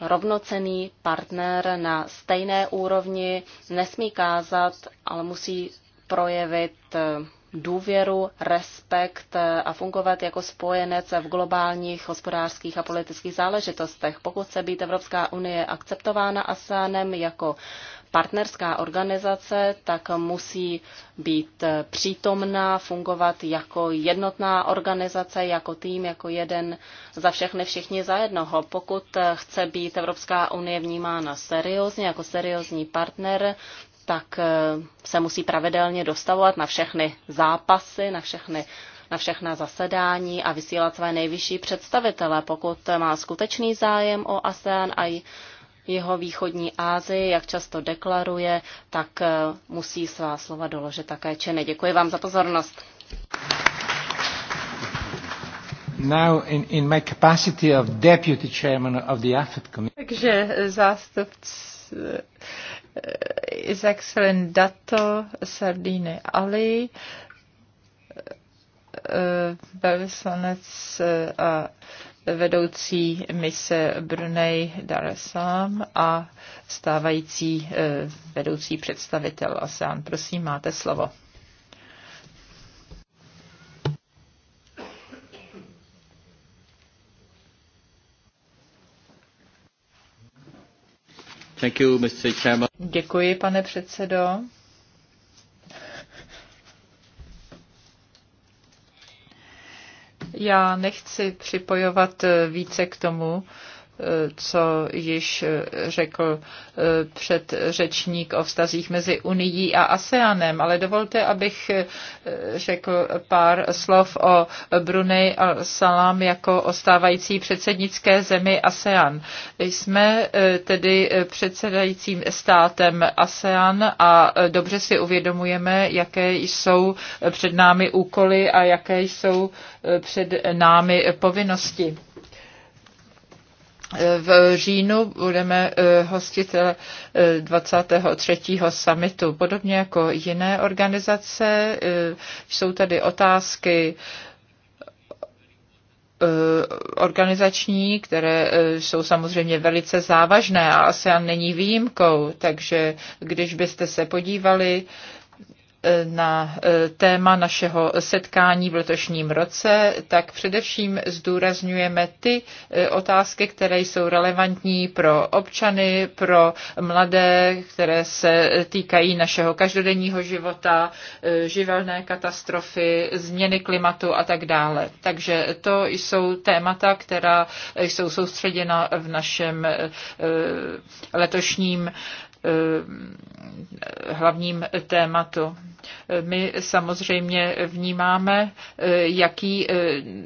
rovnocený partner na stejné úrovni, nesmí kázat, ale musí projevit eh, důvěru, respekt a fungovat jako spojenec v globálních hospodářských a politických záležitostech. Pokud chce být Evropská unie akceptována ASEANem jako partnerská organizace, tak musí být přítomná, fungovat jako jednotná organizace, jako tým, jako jeden za všechny všichni za jednoho. Pokud chce být Evropská unie vnímána seriózně, jako seriózní partner, tak eh, se musí pravidelně dostavovat na všechny zápasy, na všechny na všechna zasedání a vysílat své nejvyšší představitele, pokud má skutečný zájem o ASEAN a jeho východní Ázii, jak často deklaruje, tak eh, musí svá slova doložit také činy. Děkuji vám za pozornost. Now in, in my capacity of deputy chairman of the AFET committee. Takže eh, zástupce Eh, Isaac Dato, Sardíny Ali, eh, velvyslanec eh, a vedoucí mise Brunei Darasam a stávající vedoucí představitel ASEAN. Prosím, máte slovo. Thank you, Mr. Chairman. Děkuji, pane předsedo. Já nechci připojovat více k tomu, co již řekl eh, předřečník o vztazích mezi Unií a ASEANem, ale dovolte, abych eh, řekl pár slov o Brunei a Salam jako o stávající předsednické zemi ASEAN. Jsme eh, tedy předsedajícím státem ASEAN a dobře si uvědomujeme, jaké jsou před námi úkoly a jaké jsou před námi povinnosti v říjnu budeme eh, hostitel eh, 23. summitu. Podobně jako jiné organizace eh, jsou tady otázky organizační, které jsou samozřejmě velice závažné a ASEAN není výjimkou, takže když byste se podívali na e, téma našeho setkání v letošním roce, tak především zdůrazňujeme ty e, otázky, které jsou relevantní pro občany, pro mladé, které se týkají našeho každodenního života, e, živelné katastrofy, změny klimatu a tak dále. Takže to jsou témata, která jsou soustředěna v našem letošním Eh, hlavním tématu. My samozřejmě vnímáme, eh, jaký eh,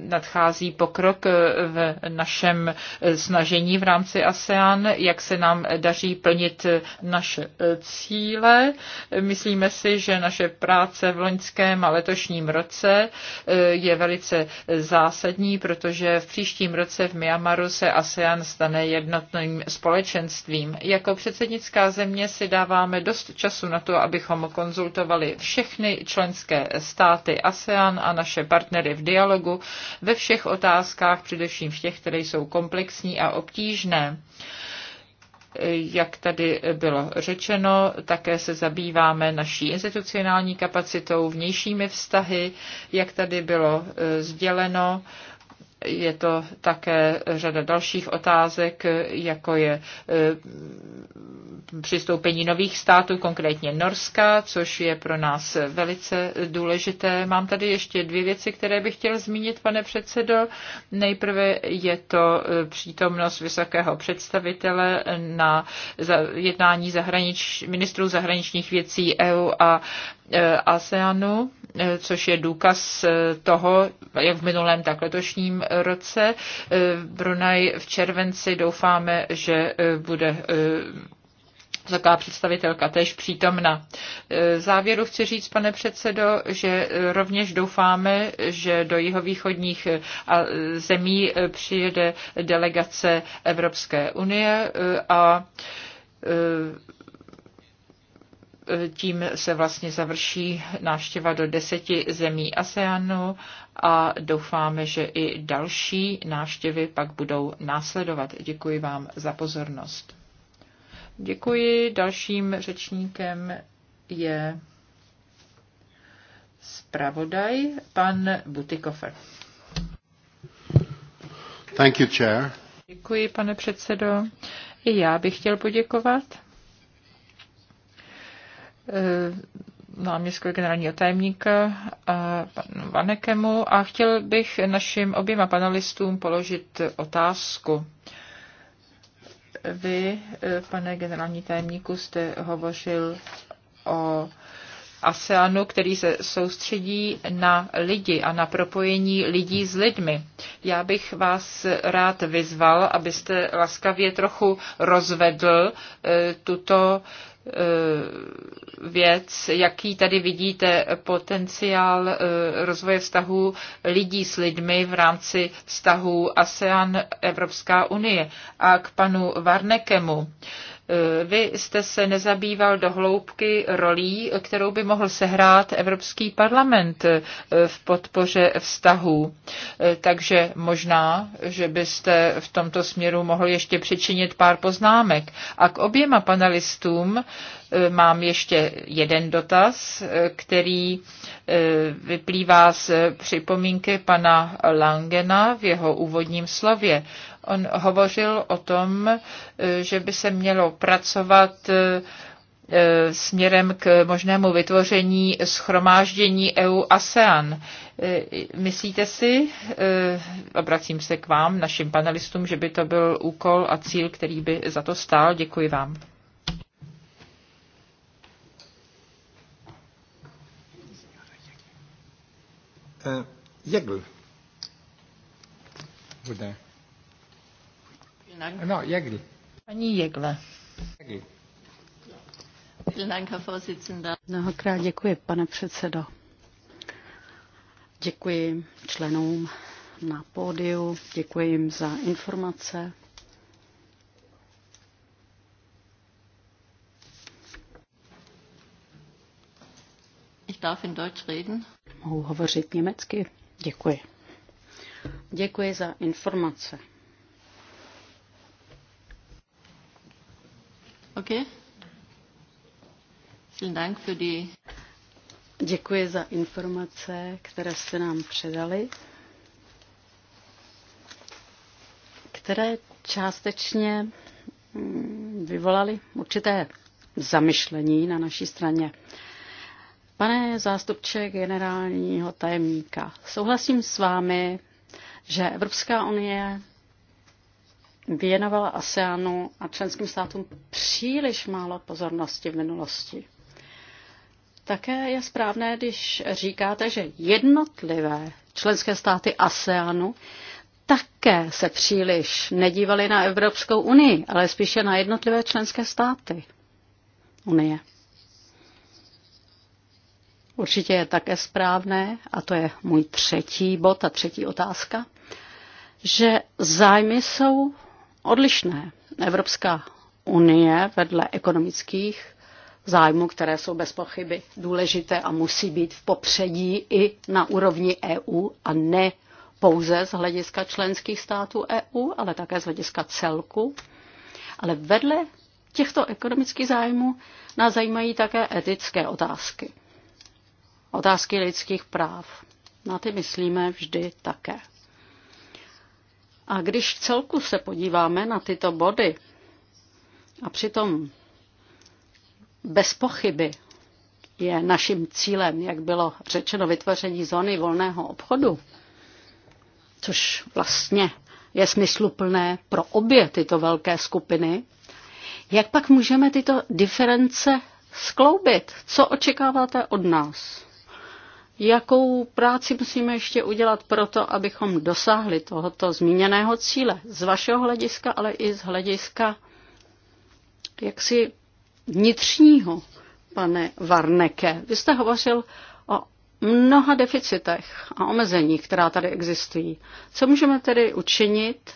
nadchází pokrok v našem snažení v rámci ASEAN, jak se nám daří plnit naše cíle. Myslíme si, že naše práce v loňském a letošním roce je velice zásadní, protože v příštím roce v Myanmaru se ASEAN stane jednotným společenstvím. Jako předsednická země země si dáváme dost času na to, abychom konzultovali všechny členské státy ASEAN a naše partnery v dialogu ve všech otázkách, především v těch, které jsou komplexní a obtížné. Jak tady bylo řečeno, také se zabýváme naší institucionální kapacitou, vnějšími vztahy, jak tady bylo eh, sděleno je to také řada dalších otázek, jako je e, přistoupení nových států, konkrétně Norska, což je pro nás velice důležité. Mám tady ještě dvě věci, které bych chtěl zmínit, pane předsedo. Nejprve je to e, přítomnost vysokého představitele na jednání zahranič, ministrů zahraničních věcí EU a e, ASEANu Eh, což je důkaz eh, toho, jak v minulém, tak letošním roce. Eh, Brunaj v červenci doufáme, že bude vysoká představitelka tež přítomna. Závěru chci říct, pane předsedo, že rovněž doufáme, že do jihovýchodních zemí přijede delegace Evropské unie a tím se vlastně završí návštěva do deseti zemí ASEANu a doufáme, že i další návštěvy pak budou následovat. Děkuji vám za pozornost. Děkuji. Dalším řečníkem je zpravodaj pan Butikofer. Thank you, chair. Děkuji, pane předsedo. I já bych chtěl poděkovat Eh, náměstku generálního tajemníka eh, panu Vanekemu a chtěl bych našim oběma panelistům položit otázku. Vy, eh, pane generální tajemníku, jste hovořil o ASEANu, který se soustředí na lidi a na propojení lidí s lidmi. Já bych vás rád vyzval, abyste laskavě trochu rozvedl tuto Eh, věc, jaký tady vidíte potenciál eh, rozvoje vztahů lidí s lidmi v rámci vztahů ASEAN Evropská unie. A k panu Varnekemu. Eh, vy jste se nezabýval do hloubky rolí, kterou by mohl sehrát Evropský parlament eh, v podpoře vztahů. Eh, takže možná, že byste v tomto směru mohl ještě přičinit pár poznámek. A k oběma panelistům mám ještě jeden dotaz, který eh, vyplývá z připomínky pana Langena v jeho úvodním slově. On hovořil o tom, eh, že by se mělo pracovat eh, směrem k možnému vytvoření schromáždění EU-ASEAN. Myslíte si, obracím se k vám, našim panelistům, že by to byl úkol a cíl, který by za to stál? Děkuji vám. Eh, Jägl. Bude. No, Jägl. Paní Jegle. Jägl. Mnohokrát děkuji, pane předsedo. Děkuji členům na pódiu, děkuji jim za informace. Ich darf in Deutsch reden mohou hovořit německy. Děkuji. Děkuji za informace. OK. Vielen Dank für die... Děkuji za informace, které jste nám předali, které částečně mm, vyvolaly určité zamyšlení na naší straně. Pane zástupče generálního tajemníka, souhlasím s vámi, že Evropská unie věnovala ASEANu a členským státům příliš málo pozornosti v minulosti. Také je správné, když říkáte, že jednotlivé členské státy ASEANu také se příliš nedívali na Evropskou unii, ale spíše na jednotlivé členské státy unie určitě je také správné, a to je můj třetí bod a třetí otázka, že zájmy jsou odlišné. Evropská unie vedle ekonomických zájmů, které jsou bez pochyby důležité a musí být v popředí i na úrovni EU a ne pouze z hlediska členských států EU, ale také z hlediska celku. Ale vedle těchto ekonomických zájmů nás zajímají také etické otázky otázky lidských práv. Na ty myslíme vždy také. A když v celku se podíváme na tyto body, a přitom bez pochyby je naším cílem, jak bylo řečeno, vytvoření zóny volného obchodu, což vlastně je smysluplné pro obě tyto velké skupiny, jak pak můžeme tyto diference skloubit? Co očekáváte od nás? jakou práci musíme ještě udělat pro to, abychom dosáhli tohoto zmíněného cíle. Z vašeho hlediska, ale i z hlediska jaksi vnitřního, pane Varneke. Vy jste hovořil o mnoha deficitech a omezeních, která tady existují. Co můžeme tedy učinit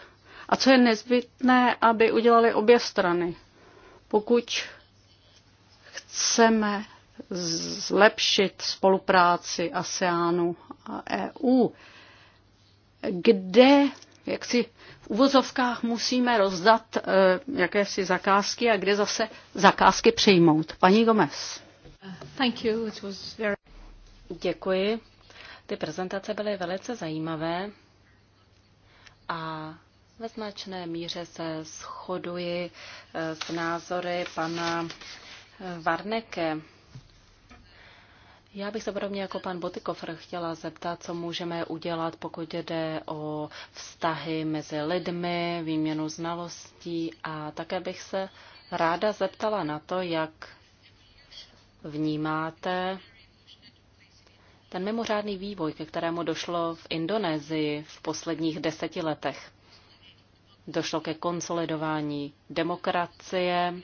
a co je nezbytné, aby udělali obě strany, pokud chceme zlepšit spolupráci ASEANu a EU, kde jak si v uvozovkách musíme rozdat eh, jakési zakázky a kde zase zakázky přijmout. Paní Gomez. Thank you. It was very... Děkuji. Ty prezentace byly velice zajímavé a ve značné míře se shoduji eh, s názory pana Varneke. Já bych se podobně jako pan Botikofr chtěla zeptat, co můžeme udělat, pokud jde o vztahy mezi lidmi, výměnu znalostí a také bych se ráda zeptala na to, jak vnímáte ten mimořádný vývoj, ke kterému došlo v Indonésii v posledních deseti letech. Došlo ke konsolidování demokracie,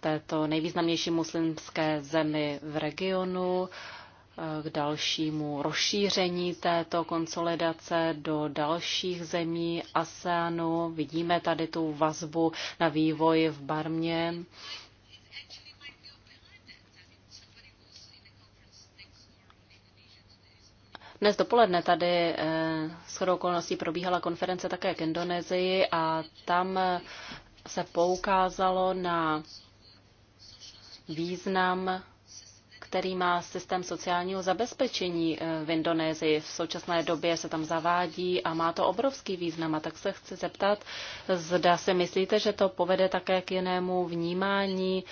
této nejvýznamnější muslimské zemi v regionu eh, k dalšímu rozšíření této konsolidace do dalších zemí ASEANu. Vidíme tady tu vazbu na vývoj v Barmě. Dnes dopoledne tady eh, s chodou okolností probíhala konference také k Indonésii a tam se poukázalo na význam, který má systém sociálního zabezpečení eh, v Indonésii. V současné době se tam zavádí a má to obrovský význam. A tak se chci zeptat, zda si myslíte, že to povede také k jinému vnímání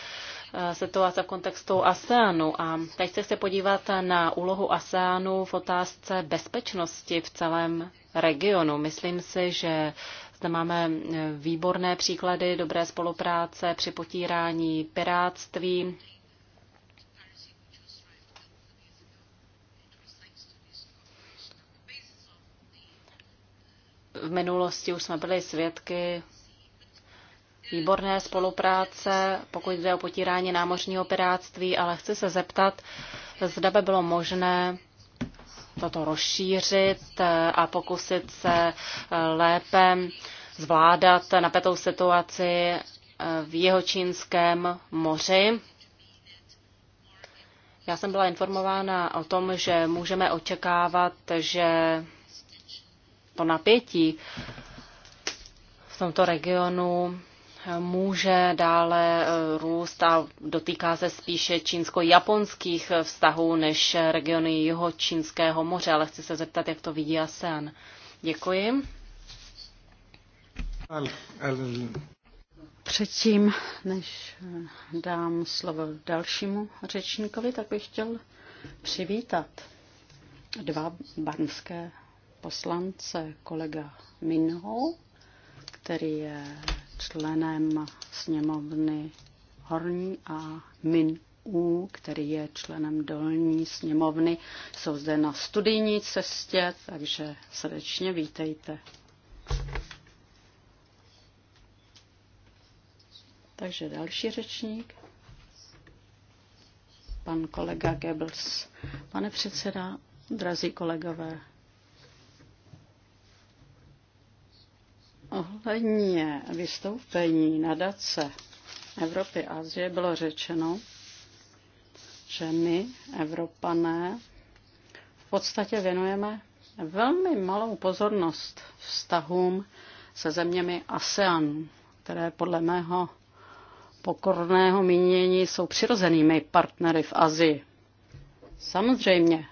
eh, situace v kontextu ASEANu. A teď se chci podívat na úlohu ASEANu v otázce bezpečnosti v celém regionu. Myslím si, že zde máme e, výborné příklady dobré spolupráce při potírání piráctví. V minulosti už jsme byli svědky výborné spolupráce, pokud jde o potírání námořního piráctví, ale chci se zeptat, zda by bylo možné toto rozšířit eh, a pokusit se eh, lépe zvládat napětou situaci eh, v Jihočínském moři. Já jsem byla informována o tom, že můžeme očekávat, že to napětí v tomto regionu může dále eh, růst a dotýká se spíše čínsko-japonských eh, vztahů než regiony jeho čínského moře, ale chci se zeptat, jak to vidí ASEAN. Děkuji. Předtím, než eh, dám slovo dalšímu řečníkovi, tak bych chtěl přivítat dva banské poslance, kolega Minho, který je členem sněmovny Horní a Min U, který je členem Dolní sněmovny. Jsou zde na studijní cestě, takže srdečně vítejte. Takže další řečník. Pan kolega Goebbels. Pane předseda, drazí kolegové, Ohledně vystoupení nadace Evropy a Azie bylo řečeno, že my, Evropané, v podstatě věnujeme velmi malou pozornost vztahům se zeměmi ASEAN, které podle mého pokorného mínění jsou přirozenými partnery v Azii. Samozřejmě,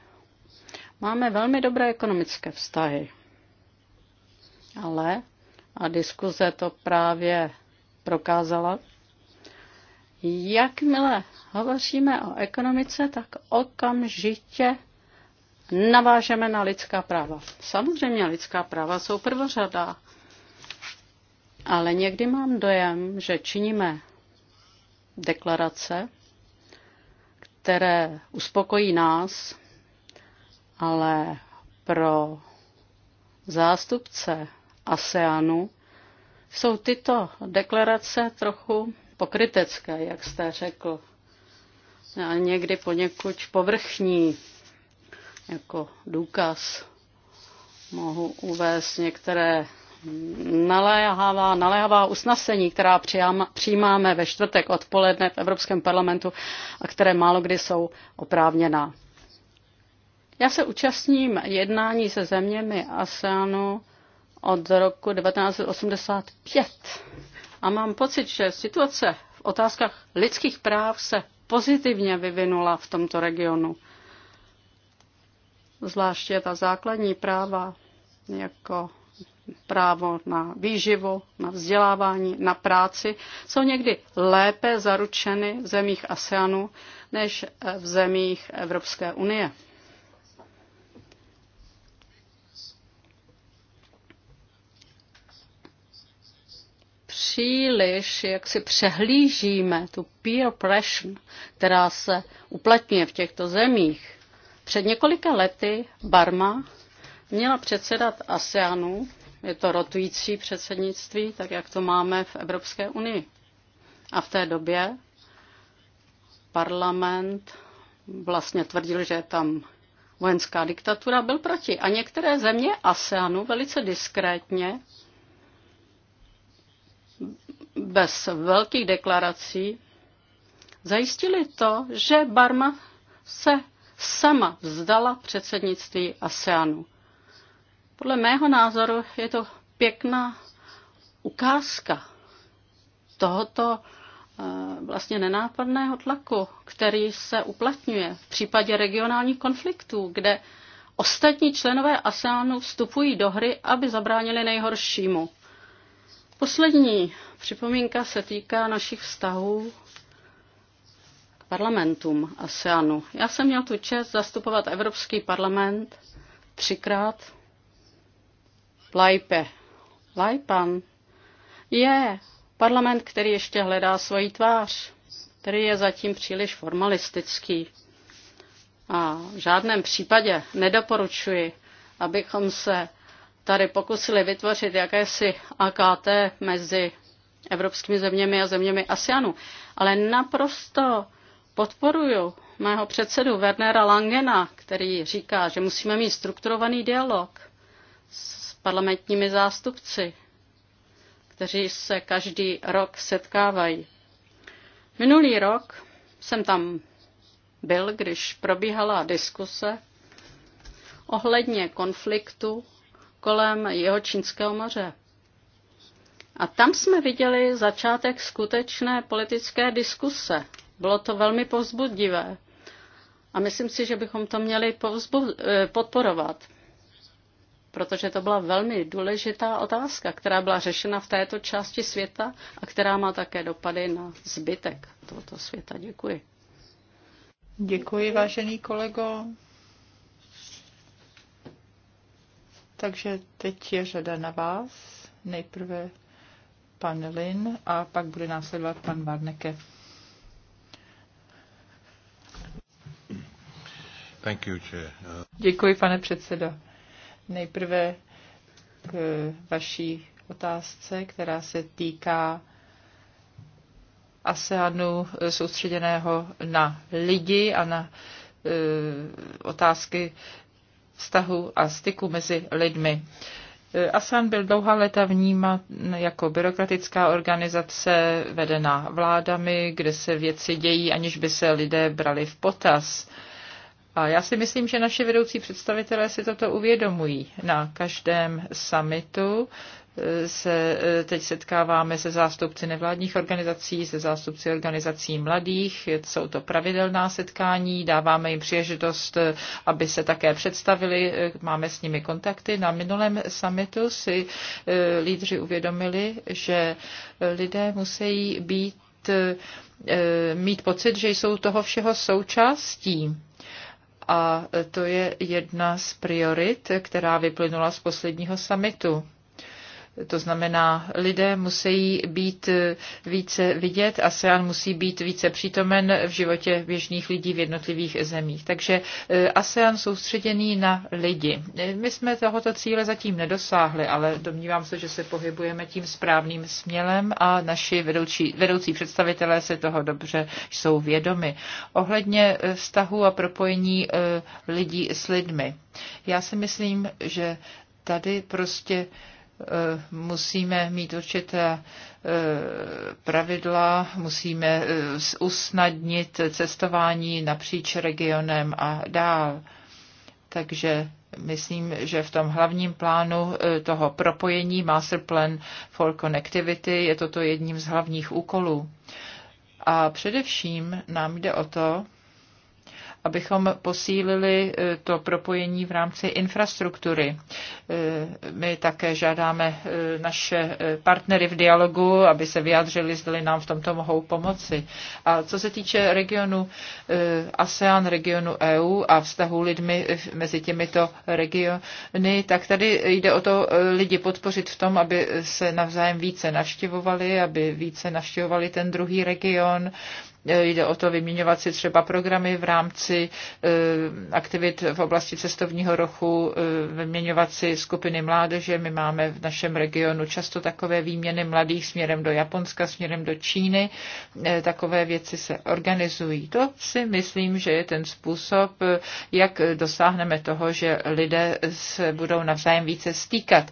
máme velmi dobré ekonomické vztahy, ale a diskuze to právě prokázala. Jakmile hovoříme o ekonomice, tak okamžitě navážeme na lidská práva. Samozřejmě lidská práva jsou prvořadá, ale někdy mám dojem, že činíme deklarace, které uspokojí nás, ale pro zástupce ASEANu, jsou tyto deklarace trochu pokrytecké, jak jste řekl, a někdy poněkud povrchní. Jako důkaz mohu uvést některé naléhavá, naléhavá usnesení, která přijímáme ve čtvrtek odpoledne v Evropském parlamentu a které málo kdy jsou oprávněná. Já se účastním jednání se zeměmi ASEANu od roku 1985. A mám pocit, že situace v otázkách lidských práv se pozitivně vyvinula v tomto regionu. Zvláště ta základní práva, jako právo na výživu, na vzdělávání, na práci, jsou někdy lépe zaručeny v zemích ASEANu než v zemích Evropské unie. příliš, jak si přehlížíme tu peer pressure, která se uplatňuje v těchto zemích. Před několika lety Barma měla předsedat ASEANu, je to rotující předsednictví, tak jak to máme v Evropské unii. A v té době parlament vlastně tvrdil, že je tam vojenská diktatura, byl proti. A některé země ASEANu velice diskrétně bez velkých deklarací zajistili to, že Barma se sama vzdala předsednictví ASEANu. Podle mého názoru je to pěkná ukázka tohoto eh, vlastně nenápadného tlaku, který se uplatňuje v případě regionálních konfliktů, kde ostatní členové ASEANu vstupují do hry, aby zabránili nejhoršímu. Poslední připomínka se týká našich vztahů k parlamentům ASEANu. Já jsem měl tu čest zastupovat Evropský parlament třikrát v Lajpe. Lajpan je parlament, který ještě hledá svoji tvář, který je zatím příliš formalistický. A v žádném případě nedoporučuji, abychom se tady pokusili vytvořit jakési AKT mezi evropskými zeměmi a zeměmi ASEANu. Ale naprosto podporuju mého předsedu Wernera Langena, který říká, že musíme mít strukturovaný dialog s parlamentními zástupci, kteří se každý rok setkávají. Minulý rok jsem tam byl, když probíhala diskuse ohledně konfliktu kolem jeho Čínského moře. A tam jsme viděli začátek skutečné politické diskuse. Bylo to velmi povzbudivé. A myslím si, že bychom to měli povzbu- eh, podporovat, protože to byla velmi důležitá otázka, která byla řešena v této části světa a která má také dopady na zbytek tohoto světa. Děkuji. Děkuji, vážený kolego. Takže teď je řada na vás. Nejprve pan Lin a pak bude následovat pan Varneke. Thank you, chair. Děkuji, pane předsedo. Nejprve k vaší otázce, která se týká ASEANu soustředěného na lidi a na eh, otázky vztahu a styku mezi lidmi. Eh, Asan byl dlouhá léta vnímán jako byrokratická organizace vedená vládami, kde se věci dějí, aniž by se lidé brali v potaz. A já si myslím, že naši vedoucí představitelé si toto uvědomují. Na každém summitu se eh, teď setkáváme se zástupci nevládních organizací, se zástupci organizací mladých, jsou to pravidelná setkání, dáváme jim příležitost, eh, aby se také představili, eh, máme s nimi kontakty. Na minulém summitu si lídři uvědomili, že lidé musí být, mít pocit, že jsou toho všeho součástí a to je jedna z priorit, která vyplynula z posledního samitu. To znamená, lidé musí být eh, více vidět, ASEAN musí být více přítomen v životě běžných lidí v jednotlivých zemích. Takže eh, ASEAN soustředěný na lidi. Eh, my jsme tohoto cíle zatím nedosáhli, ale domnívám se, že se pohybujeme tím správným smělem a naši vedoucí, vedoucí představitelé se toho dobře jsou vědomi. Ohledně vztahu a propojení lidí s lidmi. Já si myslím, že tady prostě Eh, musíme mít určité eh, pravidla, musíme eh, usnadnit cestování napříč regionem a dál. Takže myslím, že v tom hlavním plánu toho propojení Master Plan for Connectivity je toto jedním z hlavních úkolů. A především nám jde o to, abychom posílili eh, to propojení v rámci infrastruktury. Eh, my také žádáme eh, naše partnery v dialogu, aby se vyjádřili, zda nám v tomto mohou pomoci. A co se týče regionu ASEAN, regionu EU a vztahu lidmi mezi těmito regiony, tak tady jde o to lidi podpořit v tom, aby se navzájem více navštěvovali, aby více navštěvovali ten druhý region, E, jde o to vyměňovat si třeba programy v rámci e, aktivit v oblasti cestovního rochu, e, vyměňovat si skupiny mládeže. My máme v našem regionu často takové výměny mladých směrem do Japonska, směrem do Číny. Takové věci se organizují. To si myslím, že je ten způsob, jak dosáhneme toho, že lidé se budou navzájem více stýkat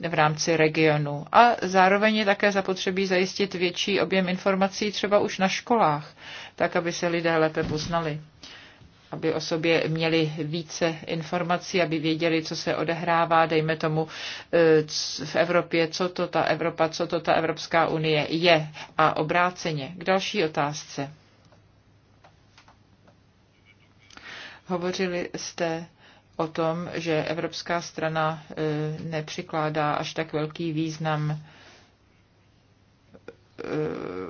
v rámci regionu. A zároveň je také zapotřebí zajistit větší objem informací třeba už na školách, tak aby se lidé lépe poznali aby o sobě měli více informací, aby věděli, co se odehrává, dejme tomu eh, v Evropě, co to ta Evropa, co to ta Evropská unie je a obráceně. K další otázce. Hovořili jste o tom, že evropská strana eh, nepřikládá až tak velký význam eh,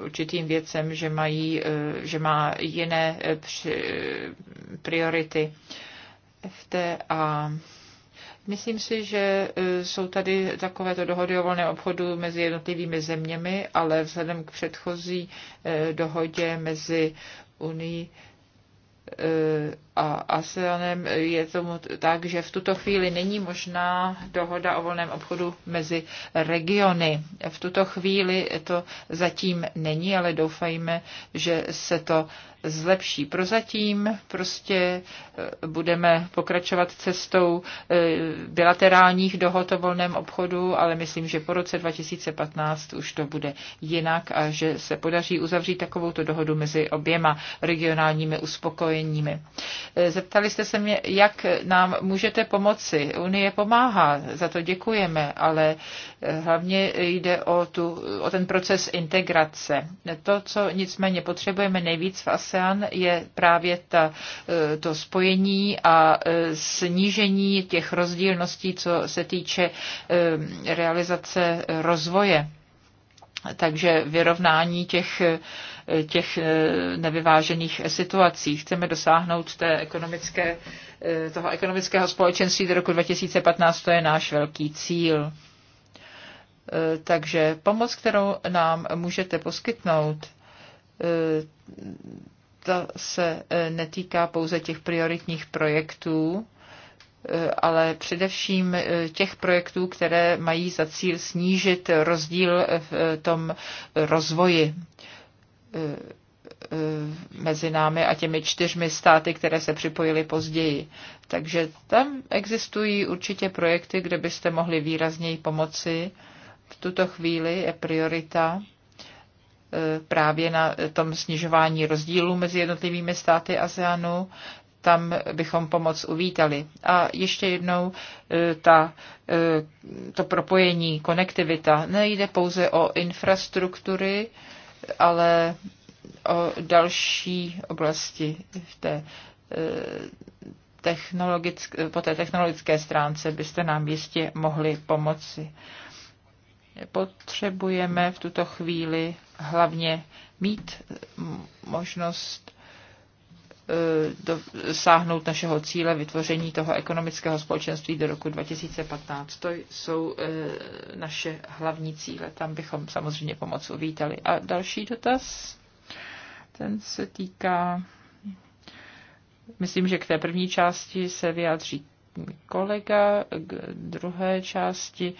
určitým věcem, že, mají, eh, že má jiné priority. FTA. Myslím si, že jsou tady takovéto dohody o volném obchodu mezi jednotlivými zeměmi, ale vzhledem k předchozí dohodě mezi Unii a ASEANem je tomu tak, že v tuto chvíli není možná dohoda o volném obchodu mezi regiony. V tuto chvíli to zatím není, ale doufajme, že se to zlepší. Prozatím prostě eh, budeme pokračovat cestou eh, bilaterálních dohod o volném obchodu, ale myslím, že po roce 2015 už to bude jinak a že se podaří uzavřít takovouto dohodu mezi oběma regionálními uspokojeními. Eh, zeptali jste se mě, jak nám můžete pomoci. Unie pomáhá, za to děkujeme, ale eh, hlavně jde o, tu, o ten proces integrace. To, co nicméně potřebujeme nejvíc v ASEAN, je právě ta, eh, to spojení a snížení těch rozdílností, co se týče realizace rozvoje takže vyrovnání těch, těch eh, nevyvážených situací. Chceme dosáhnout té ekonomické, eh, toho ekonomického společenství do roku 2015, to je náš velký cíl. Eh, takže pomoc, kterou nám můžete poskytnout, ta se netýká pouze těch prioritních projektů, ale především eh, těch projektů, které mají za cíl snížit rozdíl v eh, tom rozvoji eh, mezi námi a těmi čtyřmi státy, které se připojily později. Takže tam existují určitě projekty, kde byste mohli výrazněji pomoci. V tuto chvíli je priorita právě na tom snižování rozdílů mezi jednotlivými státy ASEANu tam bychom pomoc uvítali. A ještě jednou e, ta, e, to propojení, konektivita, nejde pouze o infrastruktury, ale o další oblasti v té e, po té technologické stránce byste nám jistě mohli pomoci. Potřebujeme v tuto chvíli hlavně mít možnost Eh, dosáhnout našeho cíle vytvoření toho ekonomického společenství do roku 2015. To jsou eh, naše hlavní cíle. Tam bychom samozřejmě pomoc uvítali. A další dotaz? Ten se týká. Myslím, že k té první části se vyjádří kolega, k druhé části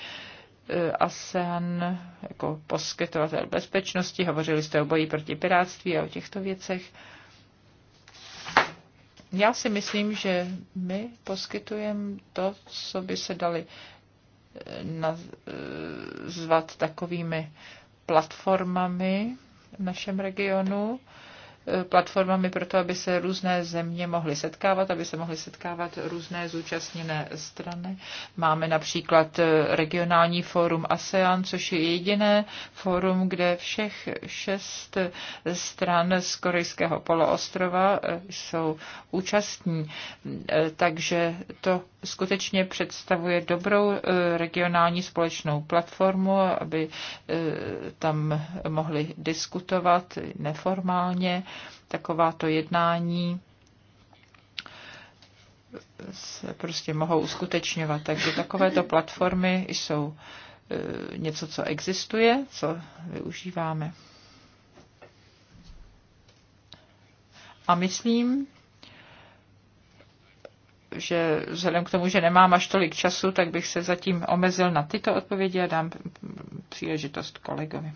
eh, ASEAN jako poskytovatel bezpečnosti. Hovořili jste o boji proti piráctví a o těchto věcech já si myslím, že my poskytujeme to, co by se dali eh, nazvat takovými platformami v našem regionu, Eh, platformami pro to, aby se různé země mohly setkávat, aby se mohly setkávat různé zúčastněné strany. Máme například eh, regionální fórum ASEAN, což je jediné fórum, kde všech šest stran z korejského poloostrova eh, jsou účastní. Takže to skutečně představuje dobrou regionální společnou platformu, aby tam mohli diskutovat neformálně takováto jednání se prostě mohou uskutečňovat. Takže takovéto platformy jsou e, něco, co existuje, co využíváme. A myslím, že vzhledem k tomu, že nemám až tolik času, tak bych se zatím omezil na tyto odpovědi a dám příležitost kolegovi.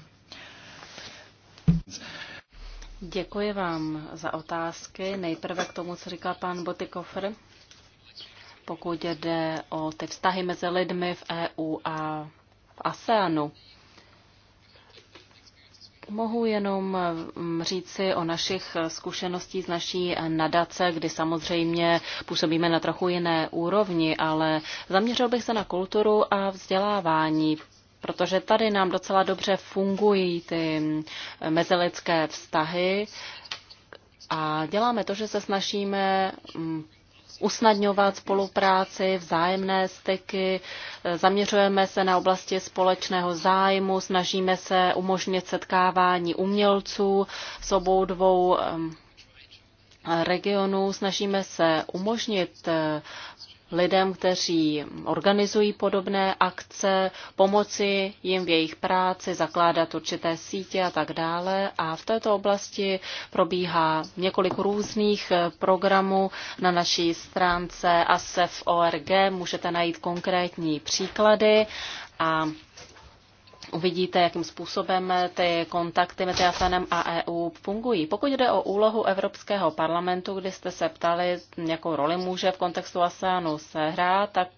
Děkuji vám za otázky. Nejprve k tomu, co říkal pan Botikofr, pokud jde o ty vztahy mezi lidmi v EU a v ASEANu. Mohu jenom mm, říci o našich zkušeností z naší nadace, kdy samozřejmě působíme na trochu jiné úrovni, ale zaměřil bych se na kulturu a vzdělávání protože tady nám docela dobře fungují ty mezilidské vztahy a děláme to, že se snažíme mm, usnadňovat spolupráci, vzájemné styky, zaměřujeme se na oblasti společného zájmu, snažíme se umožnit setkávání umělců s obou dvou mm, regionů, snažíme se umožnit lidem, kteří organizují podobné akce, pomoci jim v jejich práci, zakládat určité sítě a tak dále. A v této oblasti probíhá několik různých eh, programů na naší stránce ASEF.org. Můžete najít konkrétní příklady a uvidíte, jakým způsobem ty kontakty mezi ASEANem a EU fungují. Pokud jde o úlohu Evropského parlamentu, kdy jste se ptali, jakou roli může v kontextu ASEANu hrát, tak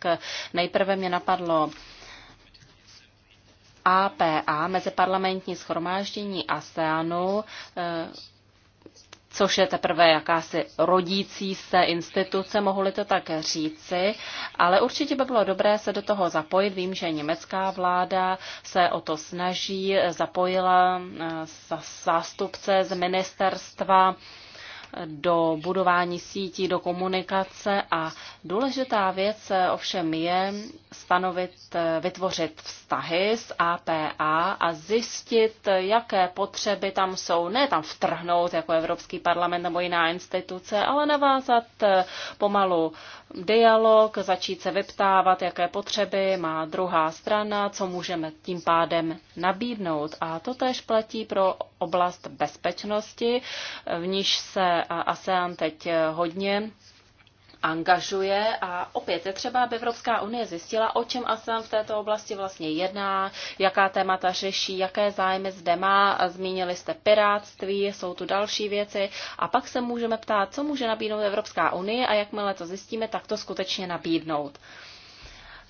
nejprve mě napadlo APA, Meziparlamentní schromáždění ASEANu, což je teprve jakási rodící se instituce, mohli to tak říci, ale určitě by bylo dobré se do toho zapojit. Vím, že německá vláda se o to snaží, zapojila eh, zástupce z ministerstva do budování sítí, do komunikace a důležitá věc ovšem je stanovit, vytvořit vztahy s APA a zjistit, jaké potřeby tam jsou. Ne tam vtrhnout jako Evropský parlament nebo jiná instituce, ale navázat pomalu dialog, začít se vyptávat, jaké potřeby má druhá strana, co můžeme tím pádem nabídnout. A to tež platí pro oblast bezpečnosti, v níž se ASEAN teď hodně angažuje a opět je třeba, aby Evropská unie zjistila, o čem ASEAN v této oblasti vlastně jedná, jaká témata řeší, jaké zájmy zde má. Zmínili jste pirátství, jsou tu další věci a pak se můžeme ptát, co může nabídnout Evropská unie a jakmile to zjistíme, tak to skutečně nabídnout.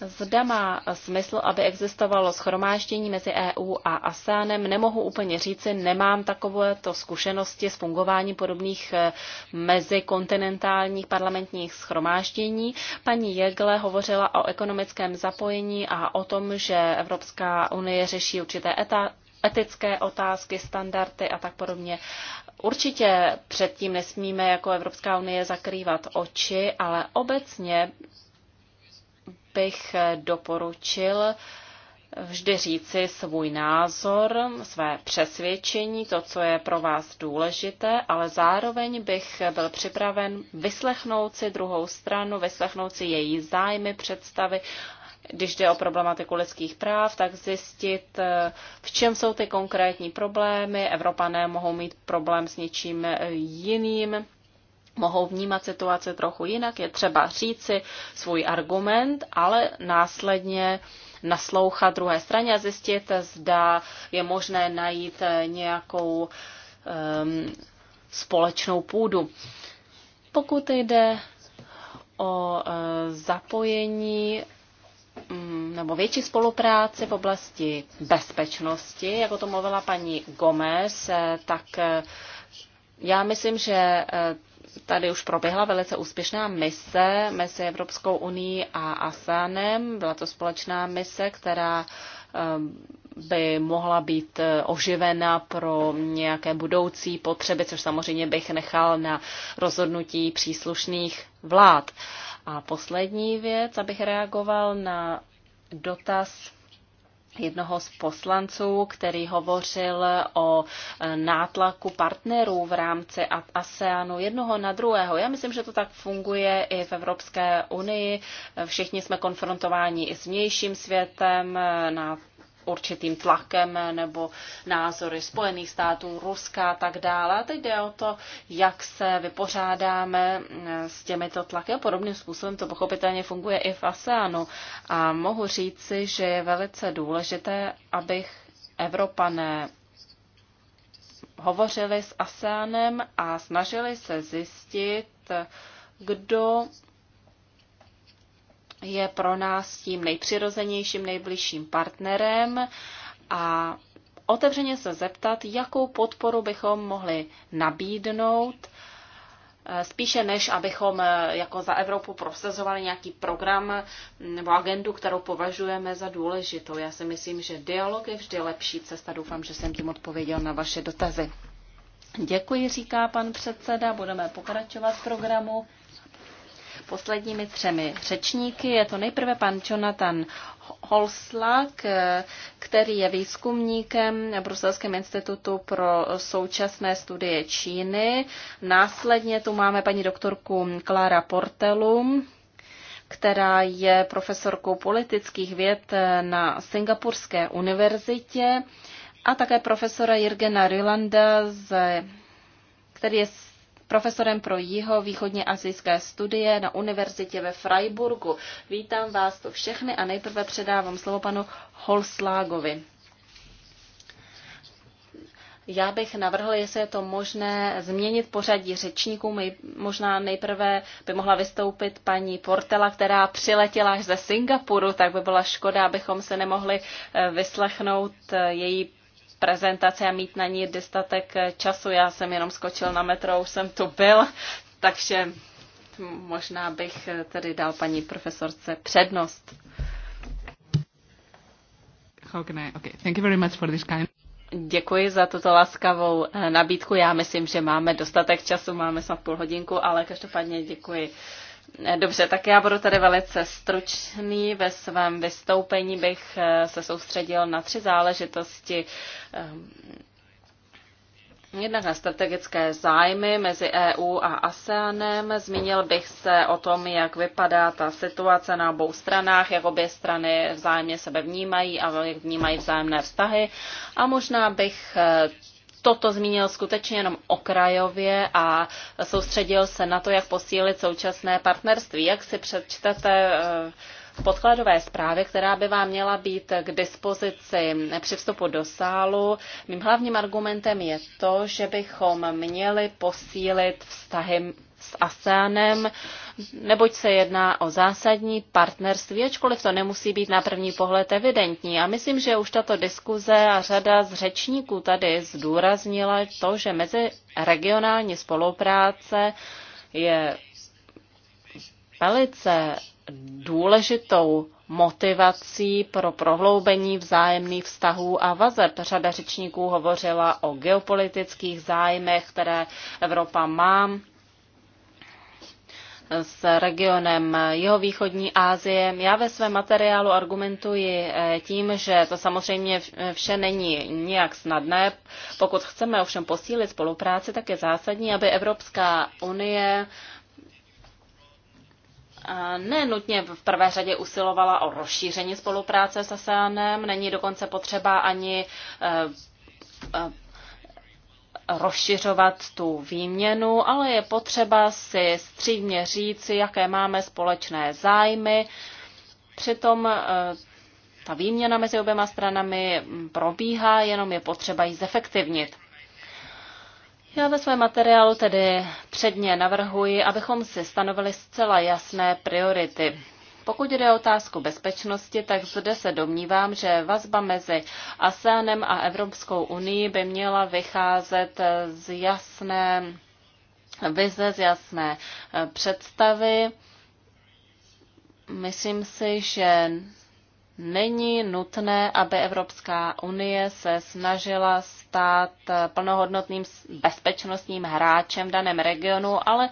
Zda má smysl, aby existovalo schromáždění mezi EU a ASEANem, nemohu úplně říci, nemám takovéto zkušenosti s fungováním podobných eh, mezikontinentálních parlamentních schromáždění. Paní Jegle hovořila o ekonomickém zapojení a o tom, že Evropská unie řeší určité eta, etické otázky, standardy a tak podobně. Určitě předtím nesmíme jako Evropská unie zakrývat oči, ale obecně bych eh, doporučil eh, vždy říci svůj názor, své přesvědčení, to, co je pro vás důležité, ale zároveň bych byl připraven vyslechnout si druhou stranu, vyslechnout si její zájmy, představy, když jde o problematiku lidských práv, tak zjistit, eh, v čem jsou ty konkrétní problémy. Evropané mohou mít problém s něčím jiným mohou vnímat situaci trochu jinak. Je třeba říci svůj argument, ale následně naslouchat druhé straně a zjistit, zda je možné najít eh, nějakou um, společnou půdu. Pokud jde o eh, zapojení mm, nebo větší spolupráci v oblasti bezpečnosti, jako to mluvila paní Gomez, eh, tak já myslím, že tady už proběhla velice úspěšná mise mezi Evropskou unii a ASEANem. Byla to společná mise, která ehm, by mohla být eh, oživena pro nějaké budoucí potřeby, což samozřejmě bych nechal na rozhodnutí příslušných vlád. A poslední věc, abych reagoval na dotaz jednoho z poslanců, který hovořil o e, nátlaku partnerů v rámci ASEANu jednoho na druhého. Já myslím, že to tak funguje i v Evropské unii. Všichni jsme konfrontováni i s vnějším světem, e, na určitým tlakem nebo názory Spojených států, Ruska a tak dále. A teď jde o to, jak se vypořádáme eh, s těmito tlaky a podobným způsobem to pochopitelně funguje i v ASEANu. A mohu říci, že je velice důležité, abych Evropané hovořili s ASEANem a snažili se zjistit, kdo je pro nás tím nejpřirozenějším, nejbližším partnerem a otevřeně se zeptat, jakou podporu bychom mohli nabídnout, eh, spíše než abychom eh, jako za Evropu prosazovali nějaký program nebo agendu, kterou považujeme za důležitou. Já si myslím, že dialog je vždy lepší cesta. Doufám, že jsem tím odpověděl na vaše dotazy. Děkuji, říká pan předseda. Budeme pokračovat v programu posledními třemi řečníky. Je to nejprve pan Jonathan Holslak, eh, který je výzkumníkem Bruselském institutu pro současné studie Číny. Následně tu máme paní doktorku Klára Portelum, která je profesorkou politických věd na Singapurské univerzitě a také profesora Jirgena Rylanda, který je profesorem pro jiho východně azijské studie na univerzitě ve Freiburgu. Vítám vás tu všechny a nejprve předávám slovo panu Holslágovi. Já bych navrhl, jestli je to možné, změnit pořadí řečníků. možná nejprve by mohla vystoupit paní Portela, která přiletěla až ze Singapuru, tak by byla škoda, abychom se nemohli eh, vyslechnout eh, její prezentaci a mít na ní dostatek času. Já jsem jenom skočil na metro, už jsem tu byl, takže možná bych tedy dal paní profesorce přednost. Děkuji za tuto laskavou eh, nabídku. Já myslím, že máme dostatek času, máme snad půl hodinku, ale každopádně děkuji Eh, dobře, tak já budu tady velice stručný. Ve svém vystoupení bych eh, se soustředil na tři záležitosti. Ehm, jednak na strategické zájmy mezi EU a ASEANem. Zmínil bych se o tom, jak vypadá ta situace na obou stranách, jak obě strany vzájemně sebe vnímají a jak vnímají vzájemné vztahy. A možná bych eh, toto zmínil skutečně jenom okrajově a soustředil se na to, jak posílit současné partnerství. Jak si přečtete v eh, podkladové zprávě, která by vám měla být k dispozici při vstupu do sálu. Mým hlavním argumentem je to, že bychom měli posílit vztahy s ASEANem, neboť se jedná o zásadní partnerství, ačkoliv to nemusí být na první pohled evidentní. A myslím, že už tato diskuze a řada z řečníků tady zdůraznila to, že mezi regionální spolupráce je velice důležitou motivací pro prohloubení vzájemných vztahů a vazeb. Řada řečníků hovořila o geopolitických zájmech, které Evropa má s regionem jihovýchodní Asie. Já ve svém materiálu argumentuji eh, tím, že to samozřejmě vše není nijak snadné. Pokud chceme ovšem posílit spolupráci, tak je zásadní, aby Evropská unie ne nutně v prvé řadě usilovala o rozšíření spolupráce s ASEANem, není dokonce potřeba ani eh, eh, rozšiřovat tu výměnu, ale je potřeba si střídně říci, jaké máme společné zájmy. Přitom eh, ta výměna mezi oběma stranami probíhá, jenom je potřeba ji zefektivnit. Já ve svém materiálu tedy předně navrhuji, abychom si stanovili zcela jasné priority. Pokud jde o otázku bezpečnosti, tak zde se domnívám, že vazba mezi ASEANem a Evropskou unii by měla vycházet z jasné vize, z jasné eh, představy. Myslím si, že není nutné, aby Evropská unie se snažila stát eh, plnohodnotným bezpečnostním hráčem v daném regionu, ale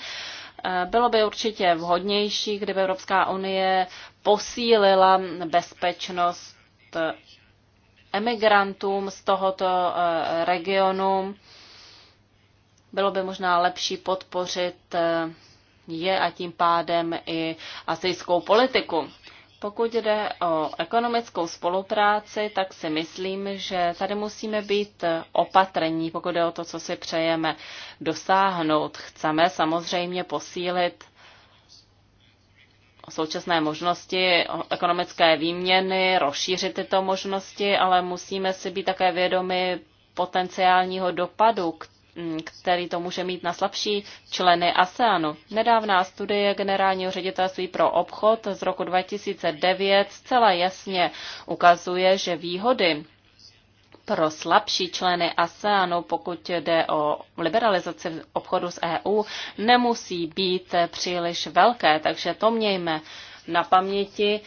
Eh, bylo by určitě vhodnější, kdyby Evropská unie posílila bezpečnost eh, emigrantům z tohoto eh, regionu. Bylo by možná lepší podpořit je a tím pádem i asijskou politiku. Pokud jde o ekonomickou spolupráci, tak si myslím, že tady musíme být opatrní, pokud jde o to, co si přejeme dosáhnout. Chceme samozřejmě posílit současné možnosti ekonomické výměny, rozšířit tyto možnosti, ale musíme si být také vědomi potenciálního dopadu, Mm, který to může mít na slabší členy ASEANu. Nedávná studie generálního ředitelství pro obchod z roku 2009 zcela jasně ukazuje, že výhody pro slabší členy ASEANu, pokud jde o liberalizaci obchodu s EU, nemusí být příliš velké. Takže to mějme na paměti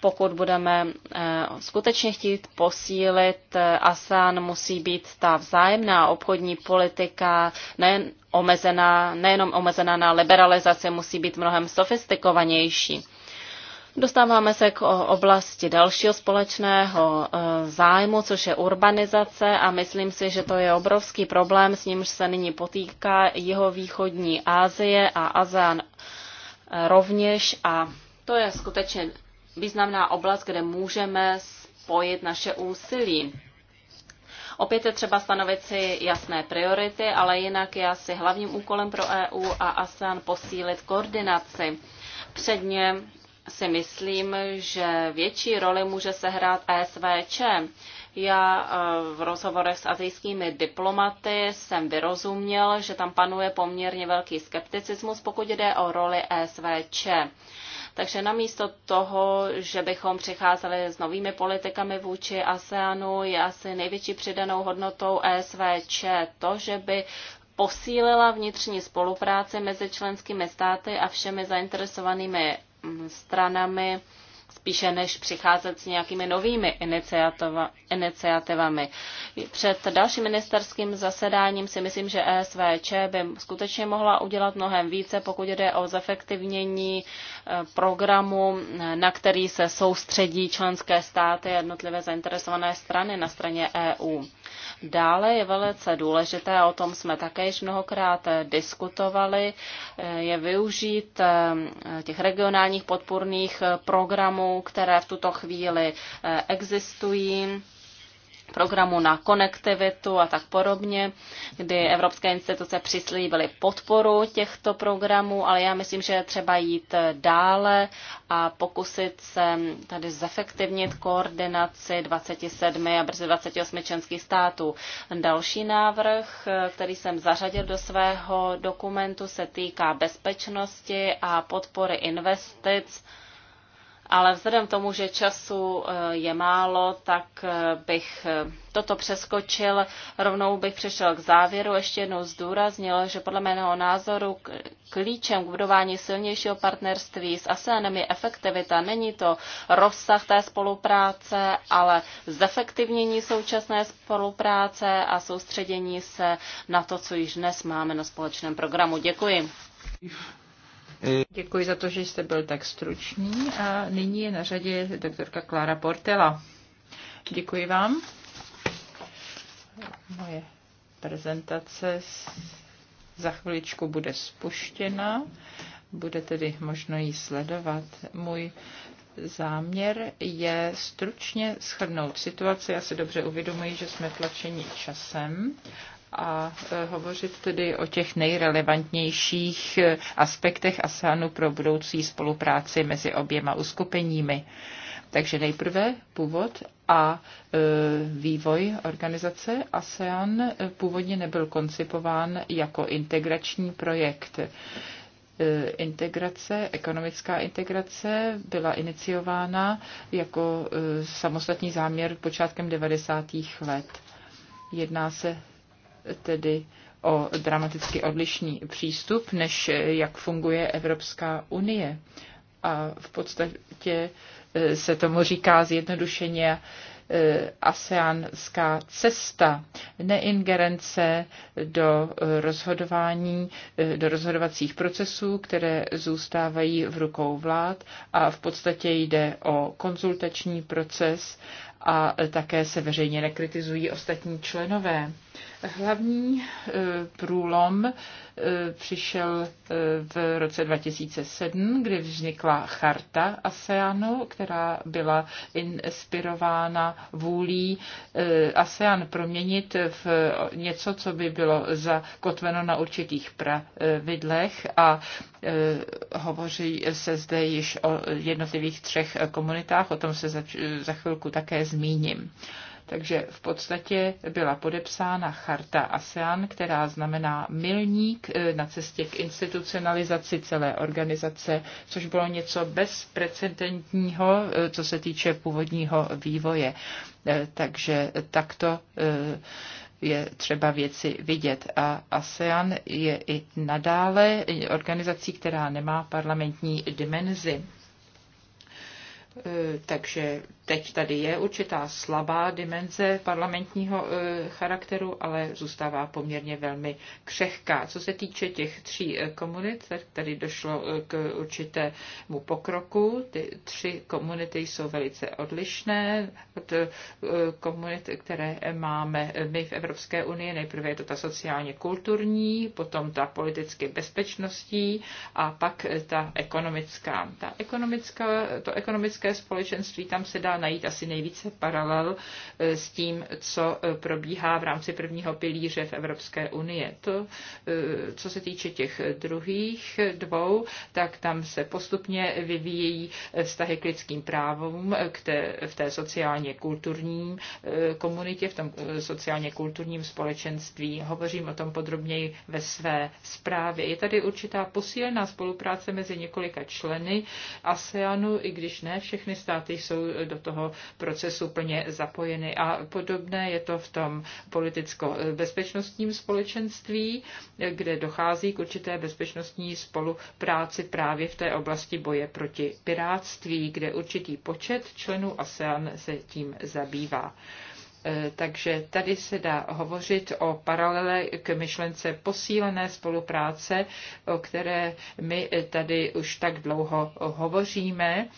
pokud budeme eh, skutečně chtít posílit eh, ASEAN, musí být ta vzájemná obchodní politika nejen omezená, nejenom omezená na liberalizaci, musí být mnohem sofistikovanější. Dostáváme se k oblasti dalšího společného eh, zájmu, což je urbanizace a myslím si, že to je obrovský problém, s nímž se nyní potýká jeho východní Asie a ASEAN rovněž a to je skutečně významná oblast, kde můžeme spojit naše úsilí. Opět je třeba stanovit si jasné priority, ale jinak je asi hlavním úkolem pro EU a ASEAN posílit koordinaci. Předně si myslím, že větší roli může sehrát ESVČ. Já e, v rozhovorech s azijskými diplomaty jsem vyrozuměl, že tam panuje poměrně velký skepticismus, pokud jde o roli ESVČ. Takže namísto toho, že bychom přicházeli s novými politikami vůči ASEANu, je asi největší přidanou hodnotou ESVČ to, že by posílila vnitřní spolupráci mezi členskými státy a všemi zainteresovanými mm, stranami spíše než přicházet s nějakými novými iniciativami. Před dalším ministerským zasedáním si myslím, že ESVČ by skutečně mohla udělat mnohem více, pokud jde o zefektivnění e, programu, e, na který se soustředí členské státy a jednotlivé zainteresované strany na straně EU. Dále je velice důležité, o tom jsme také již mnohokrát diskutovali, je využít eh, těch regionálních podpůrných programů, které v tuto chvíli eh, existují programu na konektivitu a tak podobně, kdy evropské instituce přislíbily podporu těchto programů, ale já myslím, že je třeba jít dále a pokusit se tady zefektivnit koordinaci 27 a brzy 28 členských států. Další návrh, který jsem zařadil do svého dokumentu, se týká bezpečnosti a podpory investic ale vzhledem k tomu, že času eh, je málo, tak eh, bych eh, toto přeskočil. Rovnou bych přešel k závěru. Ještě jednou zdůraznil, že podle mého názoru klíčem k budování silnějšího partnerství s ASEANem je efektivita. Není to rozsah té spolupráce, ale zefektivnění současné spolupráce a soustředění se na to, co již dnes máme na společném programu. Děkuji. Děkuji za to, že jste byl tak stručný a nyní je na řadě doktorka Klára Portela. Děkuji vám. Moje prezentace za chviličku bude spuštěna, bude tedy možno ji sledovat. Můj záměr je stručně schrnout situaci. Já si dobře uvědomuji, že jsme tlačeni časem a e, hovořit tedy o těch nejrelevantnějších e, aspektech ASANu pro budoucí spolupráci mezi oběma uskupeními. Takže nejprve původ a e, vývoj organizace ASEAN původně nebyl koncipován jako integrační projekt integrace, ekonomická integrace byla iniciována jako samostatný záměr počátkem 90. let. Jedná se tedy o dramaticky odlišný přístup, než jak funguje Evropská unie. A v podstatě e, se tomu říká zjednodušeně e, aseánská cesta neingerence do rozhodování, e, do rozhodovacích procesů, které zůstávají v rukou vlád a v podstatě jde o konzultační proces a také se veřejně nekritizují ostatní členové Hlavní eh, průlom eh, přišel eh, v roce 2007, kdy vznikla charta ASEANu, která byla inspirována vůlí ASEAN proměnit v něco, co by bylo zakotveno na určitých pravidlech a hovoří se zde již o jednotlivých třech komunitách, o tom se za, chvilku také zmíním. Takže v podstatě byla podepsána charta ASEAN, která znamená milník eh, na cestě k institucionalizaci celé organizace, což bylo něco bezprecedentního, eh, co se týče původního vývoje. Eh, takže takto je třeba věci vidět. A ASEAN je i nadále organizací, která nemá parlamentní dimenzi. E, takže teď tady je určitá slabá dimenze parlamentního e, charakteru, ale zůstává poměrně velmi křehká. Co se týče těch tří e, komunit, tak tady došlo k určitému pokroku. Ty tři komunity jsou velice odlišné od komunit, které máme my v Evropské unii. Nejprve je to ta sociálně kulturní, potom ta politicky bezpečnosti a pak ta ekonomická. Ta ekonomická, to ekonomické židovské společenství, tam se dá najít asi nejvíce paralel eh, s tím, co eh, probíhá v rámci prvního pilíře v Evropské unie. To, eh, co se týče těch druhých dvou, tak tam se postupně vyvíjejí vztahy k lidským právům v té sociálně kulturní komunitě, v tom sociálně kulturním společenství. Hovořím o tom podrobněji ve své zprávě. Je tady určitá posílená spolupráce mezi několika členy ASEANu, i když ne všechny státy jsou do toho procesu plně zapojeny. A podobné je to v tom politicko-bezpečnostním společenství, kde dochází k určité bezpečnostní spolupráci právě v té oblasti boje proti pirátství, kde určitý počet členů ASEAN se tím zabývá. E, takže tady se dá hovořit o paralele k myšlence posílené spolupráce, o které my tady už tak dlouho hovoříme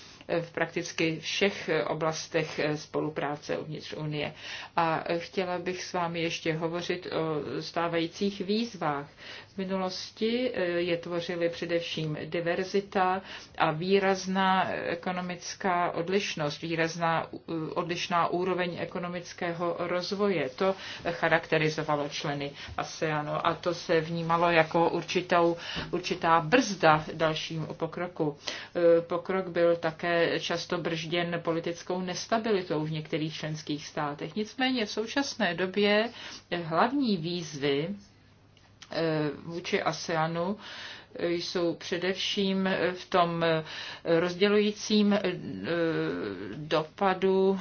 v prakticky všech oblastech spolupráce uvnitř Unie. A chtěla bych s vámi ještě hovořit o stávajících výzvách. V minulosti eh, je tvořily především diverzita a výrazná ekonomická odlišnost, výrazná eh, odlišná úroveň ekonomického rozvoje. To charakterizovalo členy ASEANu a to se vnímalo jako určitou, určitá brzda dalším pokroku. Eh, pokrok byl také často bržděn politickou nestabilitou v některých členských státech. Nicméně v současné době hlavní výzvy Eh, vůči ASEANu eh, jsou především v tom eh, rozdělujícím dopadu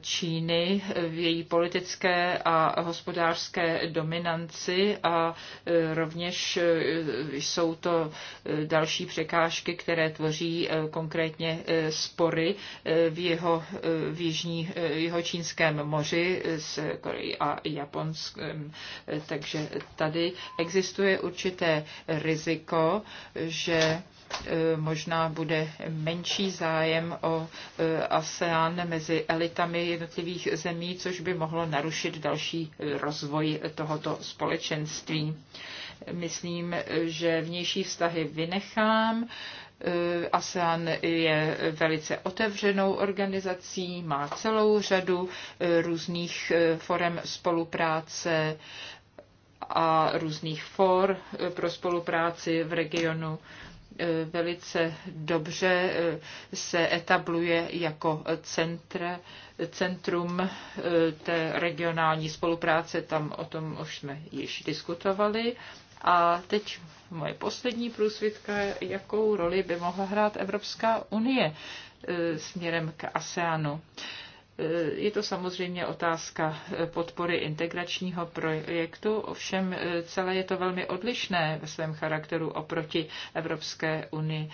Číny v její politické a hospodářské dominanci a eh, rovněž eh, jsou to eh, další překážky, které tvoří konkrétně spory v, jeho, v jižní, jeho čínském moři s Koreí a Japonskem. Takže tady existuje určité riziko, že Eh, možná bude menší zájem o eh, ASEAN mezi elitami jednotlivých zemí, což by mohlo narušit další eh, rozvoj tohoto společenství. Myslím, že vnější vztahy vynechám. ASEAN je velice otevřenou organizací, má celou řadu různých forem spolupráce a různých for pro spolupráci v regionu Eh, velice dobře eh, se etabluje jako centra, centrum eh, té regionální spolupráce. Tam o tom už jsme již diskutovali. A teď moje poslední průsvědka, jakou roli by mohla hrát Evropská unie směrem k ASEANu. Eh, je to samozřejmě otázka eh, podpory integračního projektu, ovšem eh, celé je to velmi odlišné ve svém charakteru oproti Evropské unii.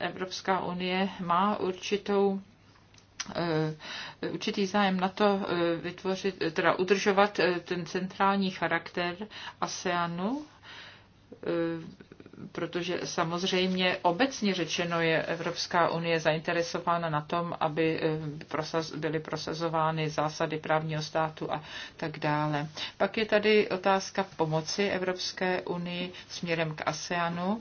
Evropská unie má určitou určitý zájem na to vytvořit, teda udržovat ten centrální charakter ASEANu protože samozřejmě obecně řečeno je Evropská unie zainteresována na tom, aby eh, byly prosazovány zásady právního státu a tak dále. Pak je tady otázka pomoci Evropské unii směrem k ASEANu.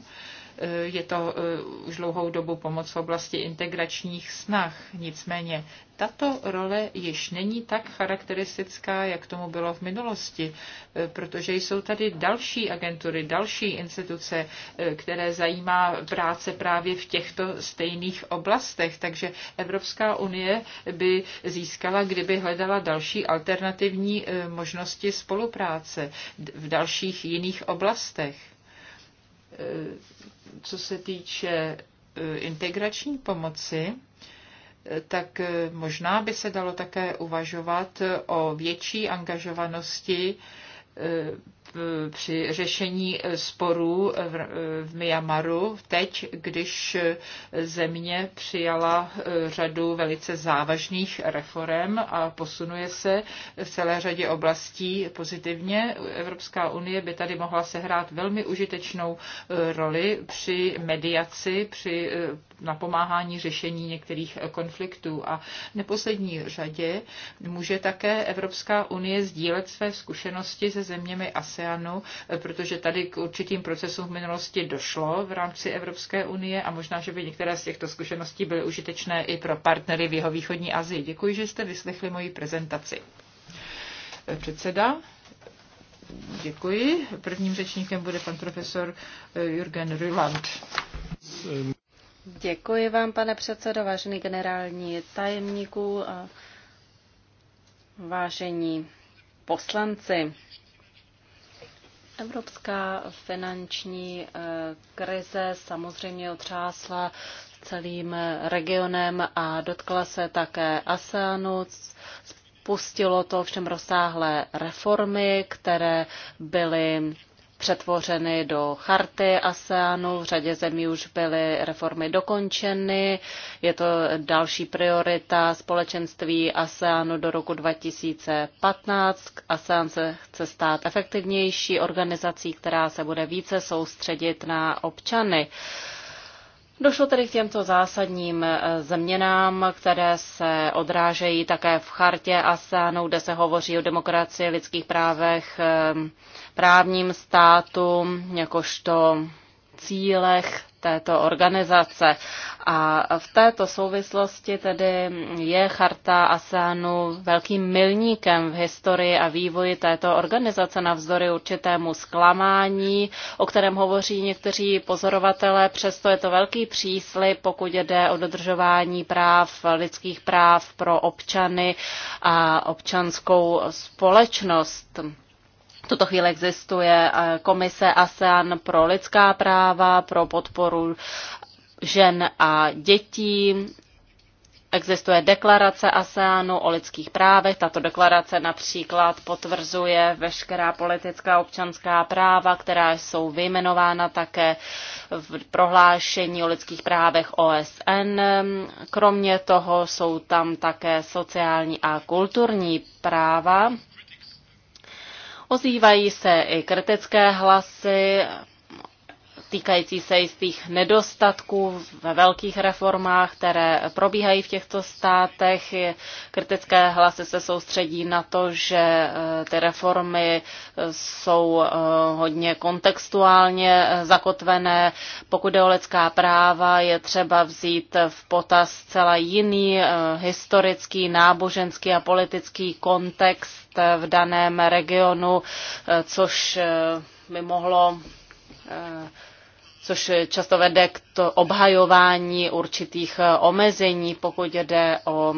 Eh, je to eh, už dlouhou dobu pomoc v oblasti integračních snah. Nicméně tato role již není tak charakteristická, jak tomu bylo v minulosti, eh, protože jsou tady další agentury, další instituce, které zajímá práce právě v těchto stejných oblastech. Takže Evropská unie by získala, kdyby hledala další alternativní možnosti spolupráce v dalších jiných oblastech co se týče e, integrační pomoci, e, tak e, možná by se dalo také uvažovat o větší angažovanosti při řešení sporů v Myanmaru teď, když země přijala řadu velice závažných reform a posunuje se v celé řadě oblastí pozitivně. Evropská unie by tady mohla sehrát velmi užitečnou roli při mediaci, při eh, napomáhání řešení některých konfliktů. A v neposlední řadě může také Evropská unie sdílet své zkušenosti se se zeměmi ASEANu, eh, protože tady k určitým procesům v minulosti došlo v rámci Evropské unie a možná, že by některé z těchto zkušeností byly užitečné i pro partnery v jeho východní Azii. Děkuji, že jste vyslechli moji prezentaci. Eh, předseda. Děkuji. Prvním řečníkem bude pan profesor eh, Jürgen Ryland. Děkuji vám, pane předsedo, vážený generální tajemníku a vážení poslanci. Evropská finanční eh, krize samozřejmě otřásla celým eh, regionem a dotkla se také ASEANu. Spustilo to všem rozsáhlé reformy, které byly přetvořeny do charty ASEANu, v řadě zemí už byly reformy dokončeny, je to další priorita společenství ASEANu do roku 2015. ASEAN se chce stát efektivnější organizací, která se bude více soustředit na občany. Uh, Došlo tedy k těmto zásadním e, změnám, které se odrážejí také v chartě ASEANu, kde se hovoří o demokracii, lidských právech, e, právním státu, jakožto cílech této organizace. A v této souvislosti tedy je charta ASEANu velkým milníkem v historii a vývoji této organizace navzdory určitému zklamání, o kterém hovoří někteří pozorovatelé. Přesto je to velký příslip, pokud jde o dodržování práv, lidských práv pro občany a občanskou společnost. V tuto chvíli existuje eh, komise ASEAN pro lidská práva, pro podporu žen a dětí. Existuje deklarace ASEANu o lidských právech. Tato deklarace například potvrzuje veškerá politická občanská práva, která jsou vyjmenována také v prohlášení o lidských právech OSN. Kromě toho jsou tam také sociální a kulturní práva. Ozývají se i kritické hlasy, týkající se jistých nedostatků ve velkých reformách, které probíhají v těchto státech. Kritické hlasy se soustředí na to, že e, ty reformy e, jsou e, hodně kontextuálně zakotvené. Pokud je o lidská práva, je třeba vzít v potaz zcela jiný historický, náboženský a politický kontext v daném regionu, což by mohlo což často vede k to obhajování určitých eh, omezení, pokud jde o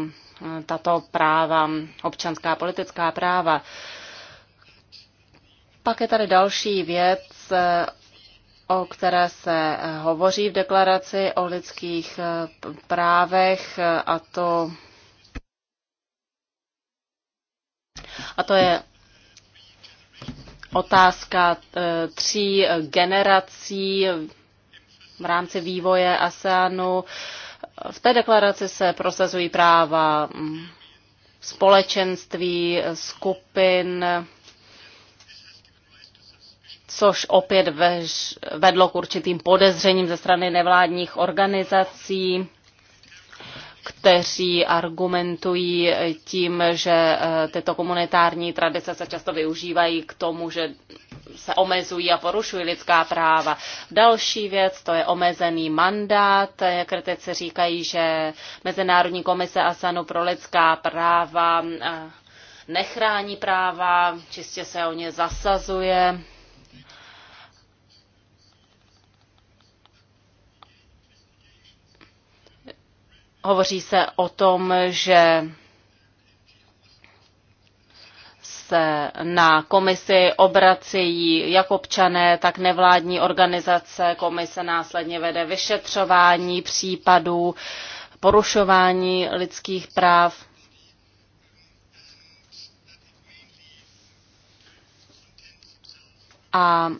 eh, tato práva, občanská politická práva. Pak je tady další věc, eh, o které se hovoří v deklaraci o lidských právech, a to, a to je otázka e, tří generací v rámci vývoje ASEANu. V té deklaraci se prosazují práva mm, společenství, skupin, což opět vedlo k určitým podezřením ze strany nevládních organizací kteří argumentují tím, že eh, tyto komunitární tradice se často využívají k tomu, že se omezují a porušují lidská práva. Další věc, to je omezený mandát. Kritici říkají, že Mezinárodní komise Asanu pro lidská práva eh, nechrání práva, čistě se o ně zasazuje. Hovoří se o tom, že se na komisi obracejí jak občané, tak nevládní organizace. Komise následně vede vyšetřování případů porušování lidských práv. A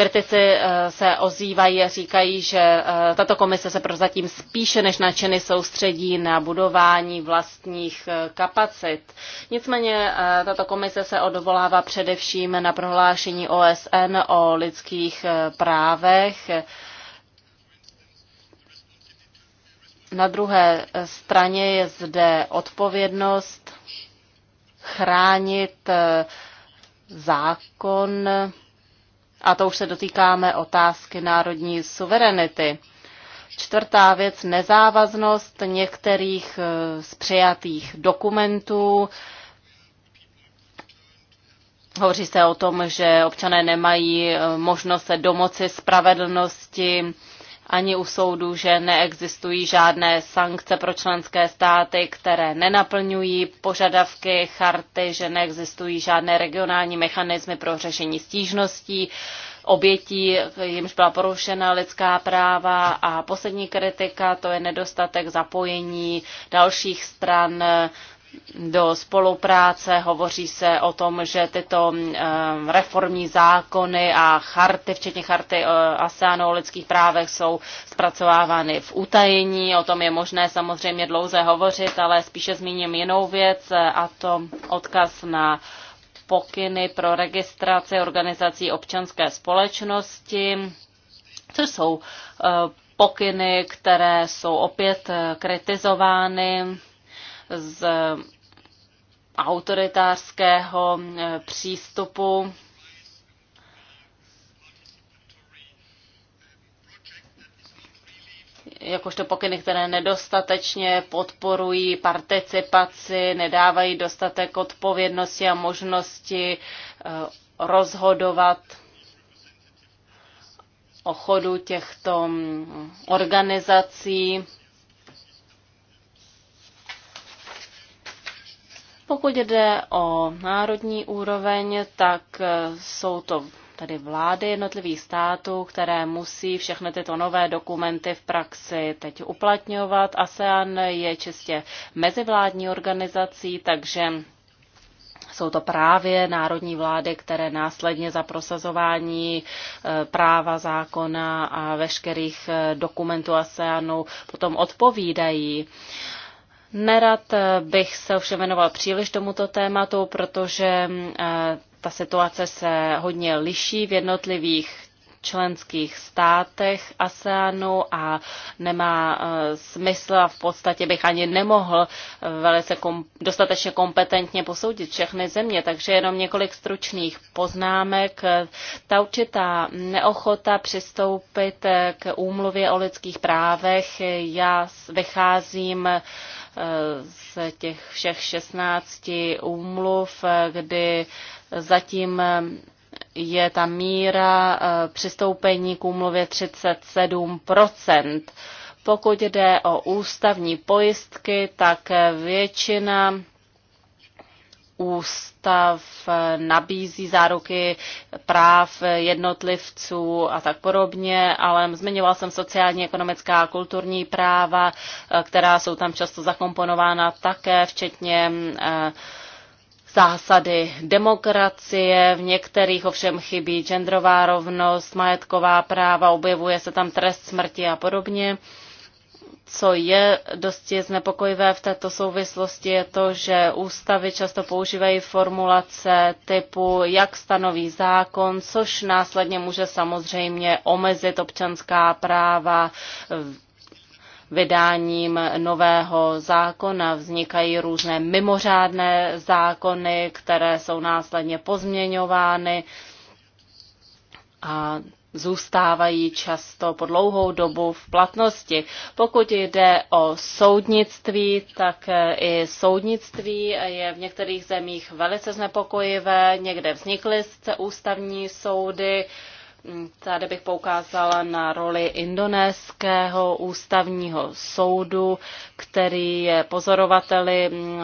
Kritici eh, se ozývají a říkají, že eh, tato komise se prozatím spíše než na činy soustředí na budování vlastních eh, kapacit. Nicméně tato komise se odvolává především na prohlášení OSN o lidských právech. Na druhé straně je zde odpovědnost chránit zákon a to už se dotýkáme otázky národní suverenity. Čtvrtá věc, nezávaznost některých eh, z přijatých dokumentů. Hovoří se o tom, že občané nemají eh, možnost se domoci spravedlnosti ani u soudu, že neexistují žádné sankce pro členské státy, které nenaplňují požadavky charty, že neexistují žádné regionální mechanismy pro řešení stížností obětí, jimž byla porušena lidská práva a poslední kritika, to je nedostatek zapojení dalších stran do spolupráce, hovoří se o tom, že tyto eh, reformní zákony a charty, včetně charty eh, ASEANu o lidských právech, jsou zpracovávány v utajení. O tom je možné samozřejmě dlouze hovořit, ale spíše zmíním jinou věc a to odkaz na pokyny pro registraci organizací občanské společnosti, což jsou eh, pokyny, které jsou opět kritizovány z autoritářského e, přístupu. jakožto pokyny, které nedostatečně podporují participaci, nedávají dostatek odpovědnosti a možnosti e, rozhodovat o chodu těchto organizací. Pokud jde o národní úroveň, tak eh, jsou to tedy vlády jednotlivých států, které musí všechny tyto nové dokumenty v praxi teď uplatňovat. ASEAN je čistě mezivládní organizací, takže jsou to právě národní vlády, které následně za prosazování eh, práva, zákona a veškerých eh, dokumentů ASEANu potom odpovídají. Nerad eh, bych se ovšem věnoval příliš tomuto tématu, protože mm, eh, ta situace se hodně liší v jednotlivých členských státech ASEANu a nemá eh, smysl a v podstatě bych ani nemohl velice kom, dostatečně kompetentně posoudit všechny země, takže jenom několik stručných poznámek. Ta určitá neochota přistoupit k úmluvě o lidských právech, já vycházím z těch všech 16 úmluv, kdy zatím je ta míra eh, přistoupení k úmluvě 37 pokud jde o ústavní pojistky, tak většina ústav nabízí záruky práv jednotlivců a tak podobně, ale zmiňoval jsem sociální, ekonomická a kulturní práva, eh, která jsou tam často zakomponována také, včetně eh, zásady demokracie, v některých ovšem chybí genderová rovnost, majetková práva, objevuje se tam trest smrti a podobně. Co je dosti znepokojivé v této souvislosti je to, že ústavy často používají formulace typu, jak stanoví zákon, což následně může samozřejmě omezit občanská práva vydáním nového zákona. Vznikají různé mimořádné zákony, které jsou následně pozměňovány. A zůstávají často po dlouhou dobu v platnosti. Pokud jde o soudnictví, tak eh, i soudnictví je v některých zemích velice znepokojivé. Někde vznikly ústavní soudy, mm, Tady bych poukázala na roli indonéského ústavního soudu, který je pozorovateli mm,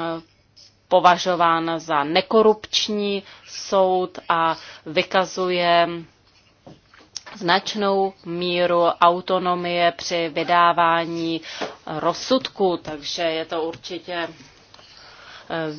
považován za nekorupční soud a vykazuje mm, značnou míru autonomie při vydávání rozsudku, takže je to určitě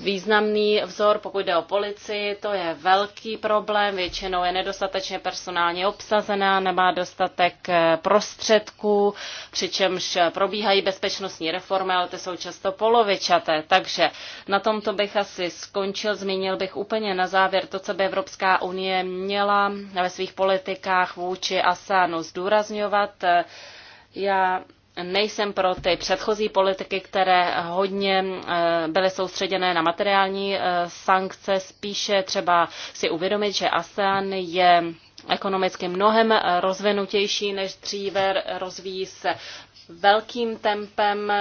významný vzor, pokud jde o policii, to je velký problém, většinou je nedostatečně personálně obsazená, nemá dostatek eh, prostředků, přičemž probíhají bezpečnostní reformy, ale ty jsou často polovičaté. Takže na tomto bych asi skončil, zmínil bych úplně na závěr to, co by Evropská unie měla ve svých politikách vůči Asánu zdůrazňovat. Eh, já nejsem pro ty předchozí politiky, které hodně eh, byly soustředěné na materiální eh, sankce, spíše třeba si uvědomit, že ASEAN je ekonomicky mnohem eh, rozvinutější než dříve, rozvíjí se velkým tempem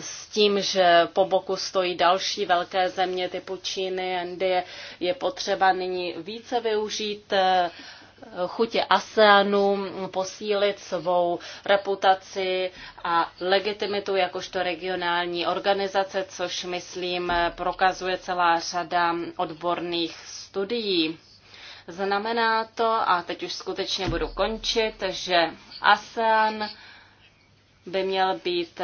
s tím, že po boku stojí další velké země typu Číny, Indie, je potřeba nyní více využít chutě ASEANu posílit svou reputaci a legitimitu jakožto regionální organizace, což myslím prokazuje celá řada odborných studií. Znamená to, a teď už skutečně budu končit, že ASEAN by měl být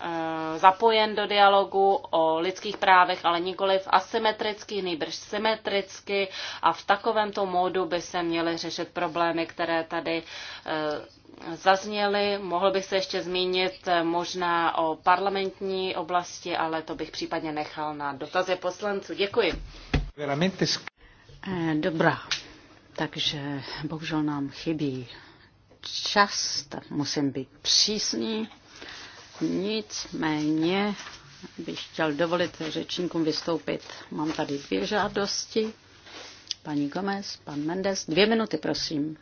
Eh, zapojen do dialogu o lidských právech, ale nikoli v asymetricky, nejbrž symetricky a v takovémto módu by se měly řešit problémy, které tady eh, zazněly. Mohl bych se ještě zmínit eh, možná o parlamentní oblasti, ale to bych případně nechal na dotazy poslanců. Děkuji. Dobrá, takže bohužel nám chybí čas, tak musím být přísný. Nicméně bych chtěl dovolit řečníkům vystoupit. Mám tady dvě žádosti. Paní Gomez, pan Mendes. Dvě minuty, prosím.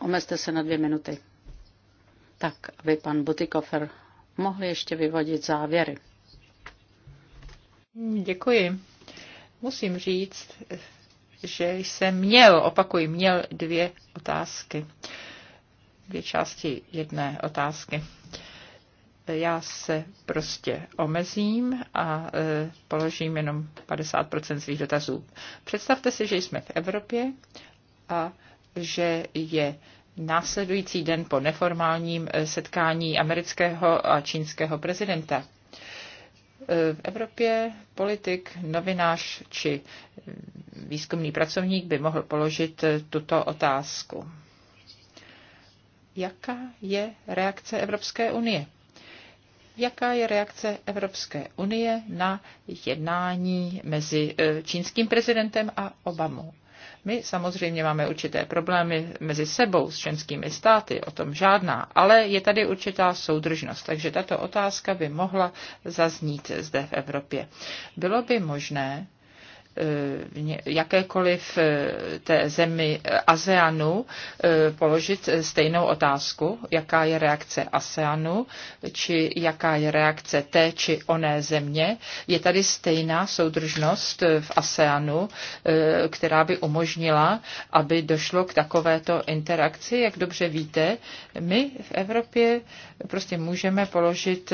Omezte se na dvě minuty. Tak, aby pan Butikofer mohl ještě vyvodit závěry. Děkuji. Musím říct, že jsem měl, opakuji, měl dvě otázky. Dvě části jedné otázky. Uh, já se prostě omezím a e, položím jenom 50% svých dotazů. Představte si, že jsme v Evropě a že je následující den po neformálním e, setkání amerického a čínského prezidenta. E, v Evropě politik, novinář či výzkumný pracovník by mohl položit tuto otázku. Jaká je reakce Evropské unie? jaká je reakce Evropské unie na jednání mezi e, čínským prezidentem a Obamou. My samozřejmě máme určité problémy mezi sebou s členskými státy, o tom žádná, ale je tady určitá soudržnost, takže tato otázka by mohla zaznít zde v Evropě. Bylo by možné jakékoliv eh, té zemi eh, ASEANu eh, položit stejnou otázku, jaká je reakce ASEANu, či jaká je reakce té či oné země. Je tady stejná soudržnost v ASEANu, která by umožnila, aby došlo k takovéto interakci. Jak dobře víte, my v Evropě prostě můžeme položit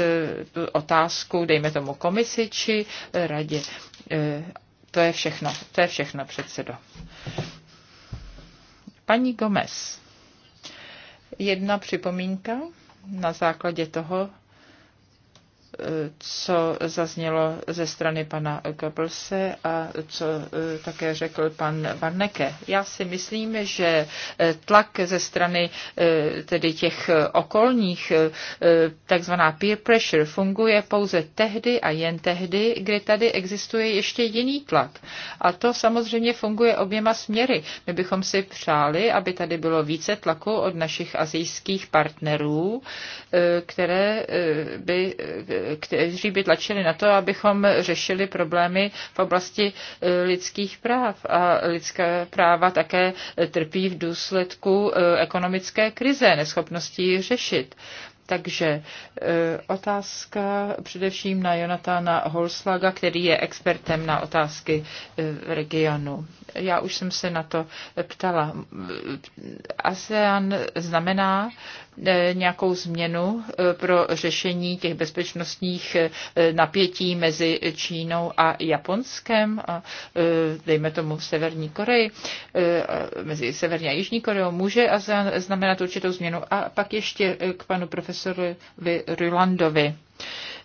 tu otázku, dejme tomu komisi či radě to je všechno. To je všechno, předsedo. Paní Gomez, jedna připomínka na základě toho, co zaznělo ze strany pana Goebbelse a co eh, také řekl pan Varneke. Já si myslím, že eh, tlak ze strany eh, tedy těch okolních, takzvaná peer pressure, funguje pouze tehdy a jen tehdy, kdy tady existuje ještě jiný tlak. A to samozřejmě funguje oběma směry. My bychom si přáli, aby tady bylo více tlaku od našich azijských partnerů, které by kteří by tlačili na to, abychom řešili problémy v oblasti eh, lidských práv. A lidská práva také trpí v důsledku eh, ekonomické krize, neschopností řešit. Takže e, otázka především na Jonatána Holslaga, který je expertem na otázky e, v regionu. Já už jsem se na to ptala. ASEAN znamená e, nějakou změnu pro řešení těch bezpečnostních napětí mezi Čínou a Japonskem a dejme tomu v Severní Koreji, mezi Severní a Jižní Koreou. Může ASEAN znamenat určitou změnu? A pak ještě k panu profesoru profesorovi Rylandovi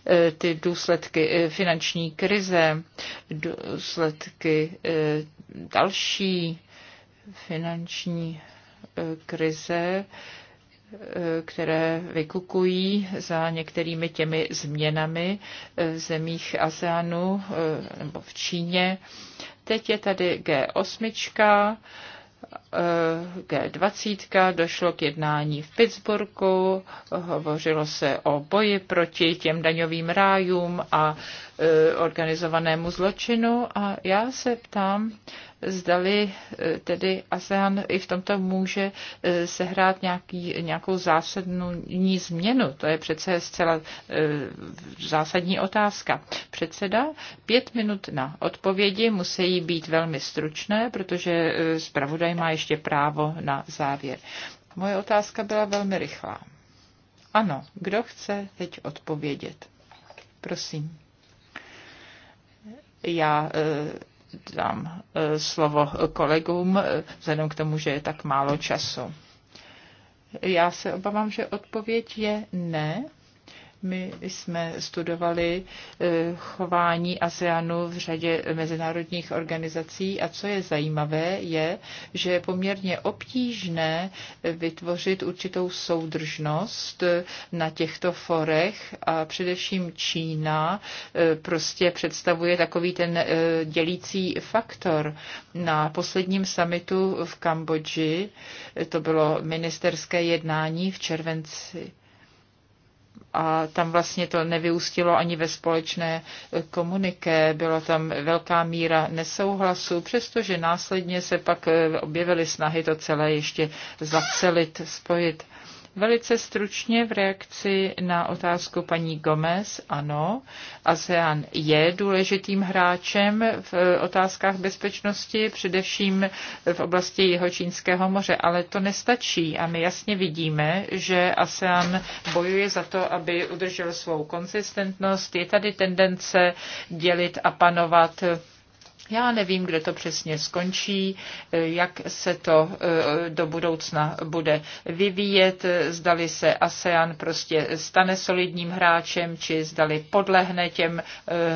eh, ty důsledky eh, finanční krize, důsledky eh, další finanční krize, které vykukují za některými těmi změnami v zemích ASEANu nebo v Číně. Teď je tady G8, G20 došlo k jednání v Pittsburghu, hovořilo se o boji proti těm daňovým rájům a E, organizovanému zločinu a já se ptám, zdali e, tedy ASEAN i v tomto může e, sehrát nějaký, nějakou zásadní změnu. To je přece zcela zásadní otázka. Předseda, pět minut na odpovědi musí být velmi stručné, protože zpravodaj má ještě právo na závěr. Moje otázka byla velmi rychlá. Ano, kdo chce teď odpovědět? Prosím. Já e, dám e, slovo kolegům, e, vzhledem k tomu, že je tak málo času. Já se obávám, že odpověď je ne. My jsme studovali eh, chování ASEANu v řadě mezinárodních organizací a co je zajímavé, je, že je poměrně obtížné vytvořit určitou soudržnost eh, na těchto forech a především Čína eh, prostě představuje takový ten dělící faktor. Na posledním samitu v Kambodži, to bylo ministerské jednání v červenci a tam vlastně to nevyústilo ani ve společné komuniké. Byla tam velká míra nesouhlasu, přestože následně se pak eh, objevily snahy to celé ještě zacelit, spojit. Velice stručně v reakci na otázku paní Gomez, ano, ASEAN je důležitým hráčem v eh, otázkách bezpečnosti, především v oblasti jeho Čínského moře, ale to nestačí a my jasně vidíme, že ASEAN bojuje za to, aby udržel svou konzistentnost. Je tady tendence dělit a panovat já nevím, kde to přesně skončí, eh, jak se to eh, do budoucna bude vyvíjet, eh, zdali se ASEAN prostě stane solidním hráčem, či zdali podlehne těm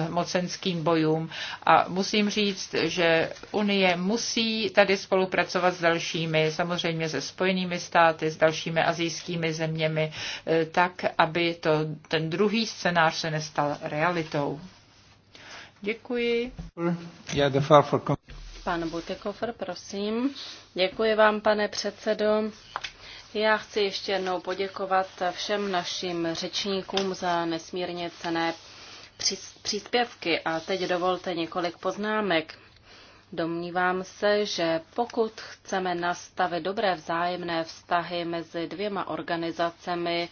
mocenským bojům. A musím říct, že Unie musí tady spolupracovat s dalšími, samozřejmě se spojenými státy, s dalšími azijskými zeměmi, tak, aby to, ten druhý scénář se nestal realitou. Děkuji. Pan Butekofer, prosím. Děkuji vám, pane předsedo. Já chci ještě jednou poděkovat všem našim řečníkům za nesmírně cené příspěvky a teď dovolte několik poznámek. Domnívám se, že pokud chceme nastavit dobré vzájemné vztahy mezi dvěma organizacemi,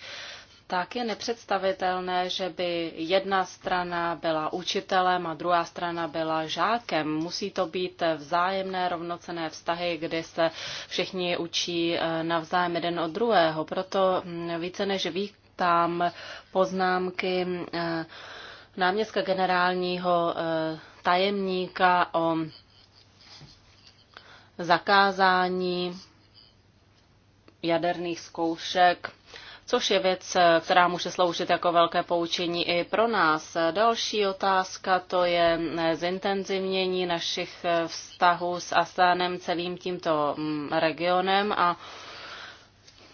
tak je nepředstavitelné, že by jedna strana byla učitelem a druhá strana byla žákem. Musí to být vzájemné rovnocené vztahy, kdy se všichni učí eh, navzájem jeden od druhého. Proto mm, více než vítám poznámky eh, náměstka generálního eh, tajemníka o zakázání jaderných zkoušek což je věc, která může sloužit jako velké poučení i pro nás. Další otázka to je zintenzivnění našich vztahů s Asánem celým tímto mm, regionem a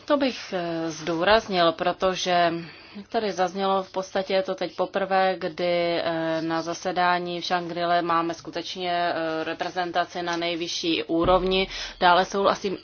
to bych eh, zdůraznil, protože jak tady zaznělo, v podstatě je to teď poprvé, kdy eh, na zasedání v Šangrile máme skutečně eh, reprezentaci na nejvyšší úrovni. Dále jsou asi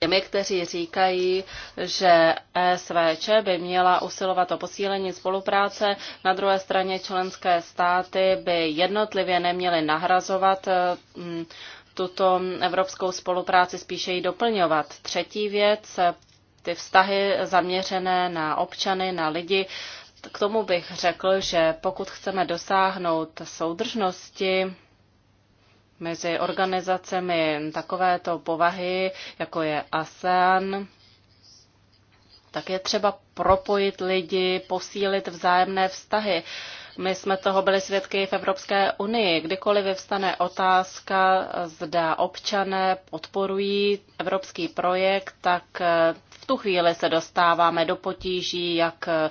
těmi, kteří říkají, že SVČ by měla usilovat o posílení spolupráce, na druhé straně členské státy by jednotlivě neměly nahrazovat eh, mm, tuto evropskou spolupráci, spíše ji doplňovat. Třetí věc, eh, ty vztahy zaměřené na občany, na lidi, k tomu bych řekl, že pokud chceme dosáhnout soudržnosti, mezi organizacemi takovéto povahy, jako je ASEAN, tak je třeba propojit lidi, posílit vzájemné vztahy. My jsme toho byli svědky v Evropské unii. Kdykoliv vyvstane otázka, zda občané podporují evropský projekt, tak eh, v tu chvíli se dostáváme do potíží, jak eh,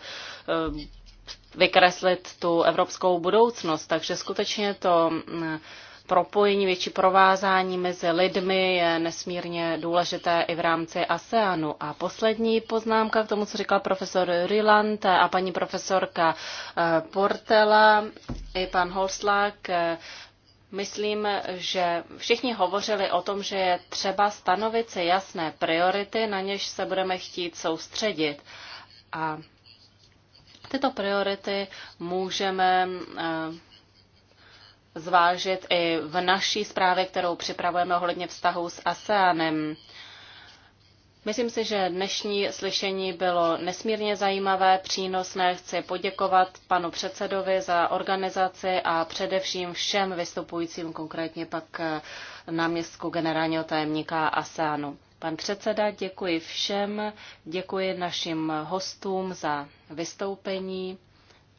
vykreslit tu evropskou budoucnost. Takže skutečně to eh, propojení, větší provázání mezi lidmi je nesmírně důležité i v rámci ASEANu. A poslední poznámka k tomu, co říkal profesor Ryland a paní profesorka eh, Portela i pan Holslák. Eh, myslím, že všichni hovořili o tom, že je třeba stanovit si jasné priority, na něž se budeme chtít soustředit. A tyto priority můžeme eh, zvážit i v naší zprávě, kterou připravujeme ohledně vztahu s ASEANem. Myslím si, že dnešní slyšení bylo nesmírně zajímavé, přínosné. Chci poděkovat panu předsedovi za organizaci a především všem vystupujícím, konkrétně pak eh, náměstku generálního tajemníka ASEANu. Pan předseda, děkuji všem, děkuji našim hostům za vystoupení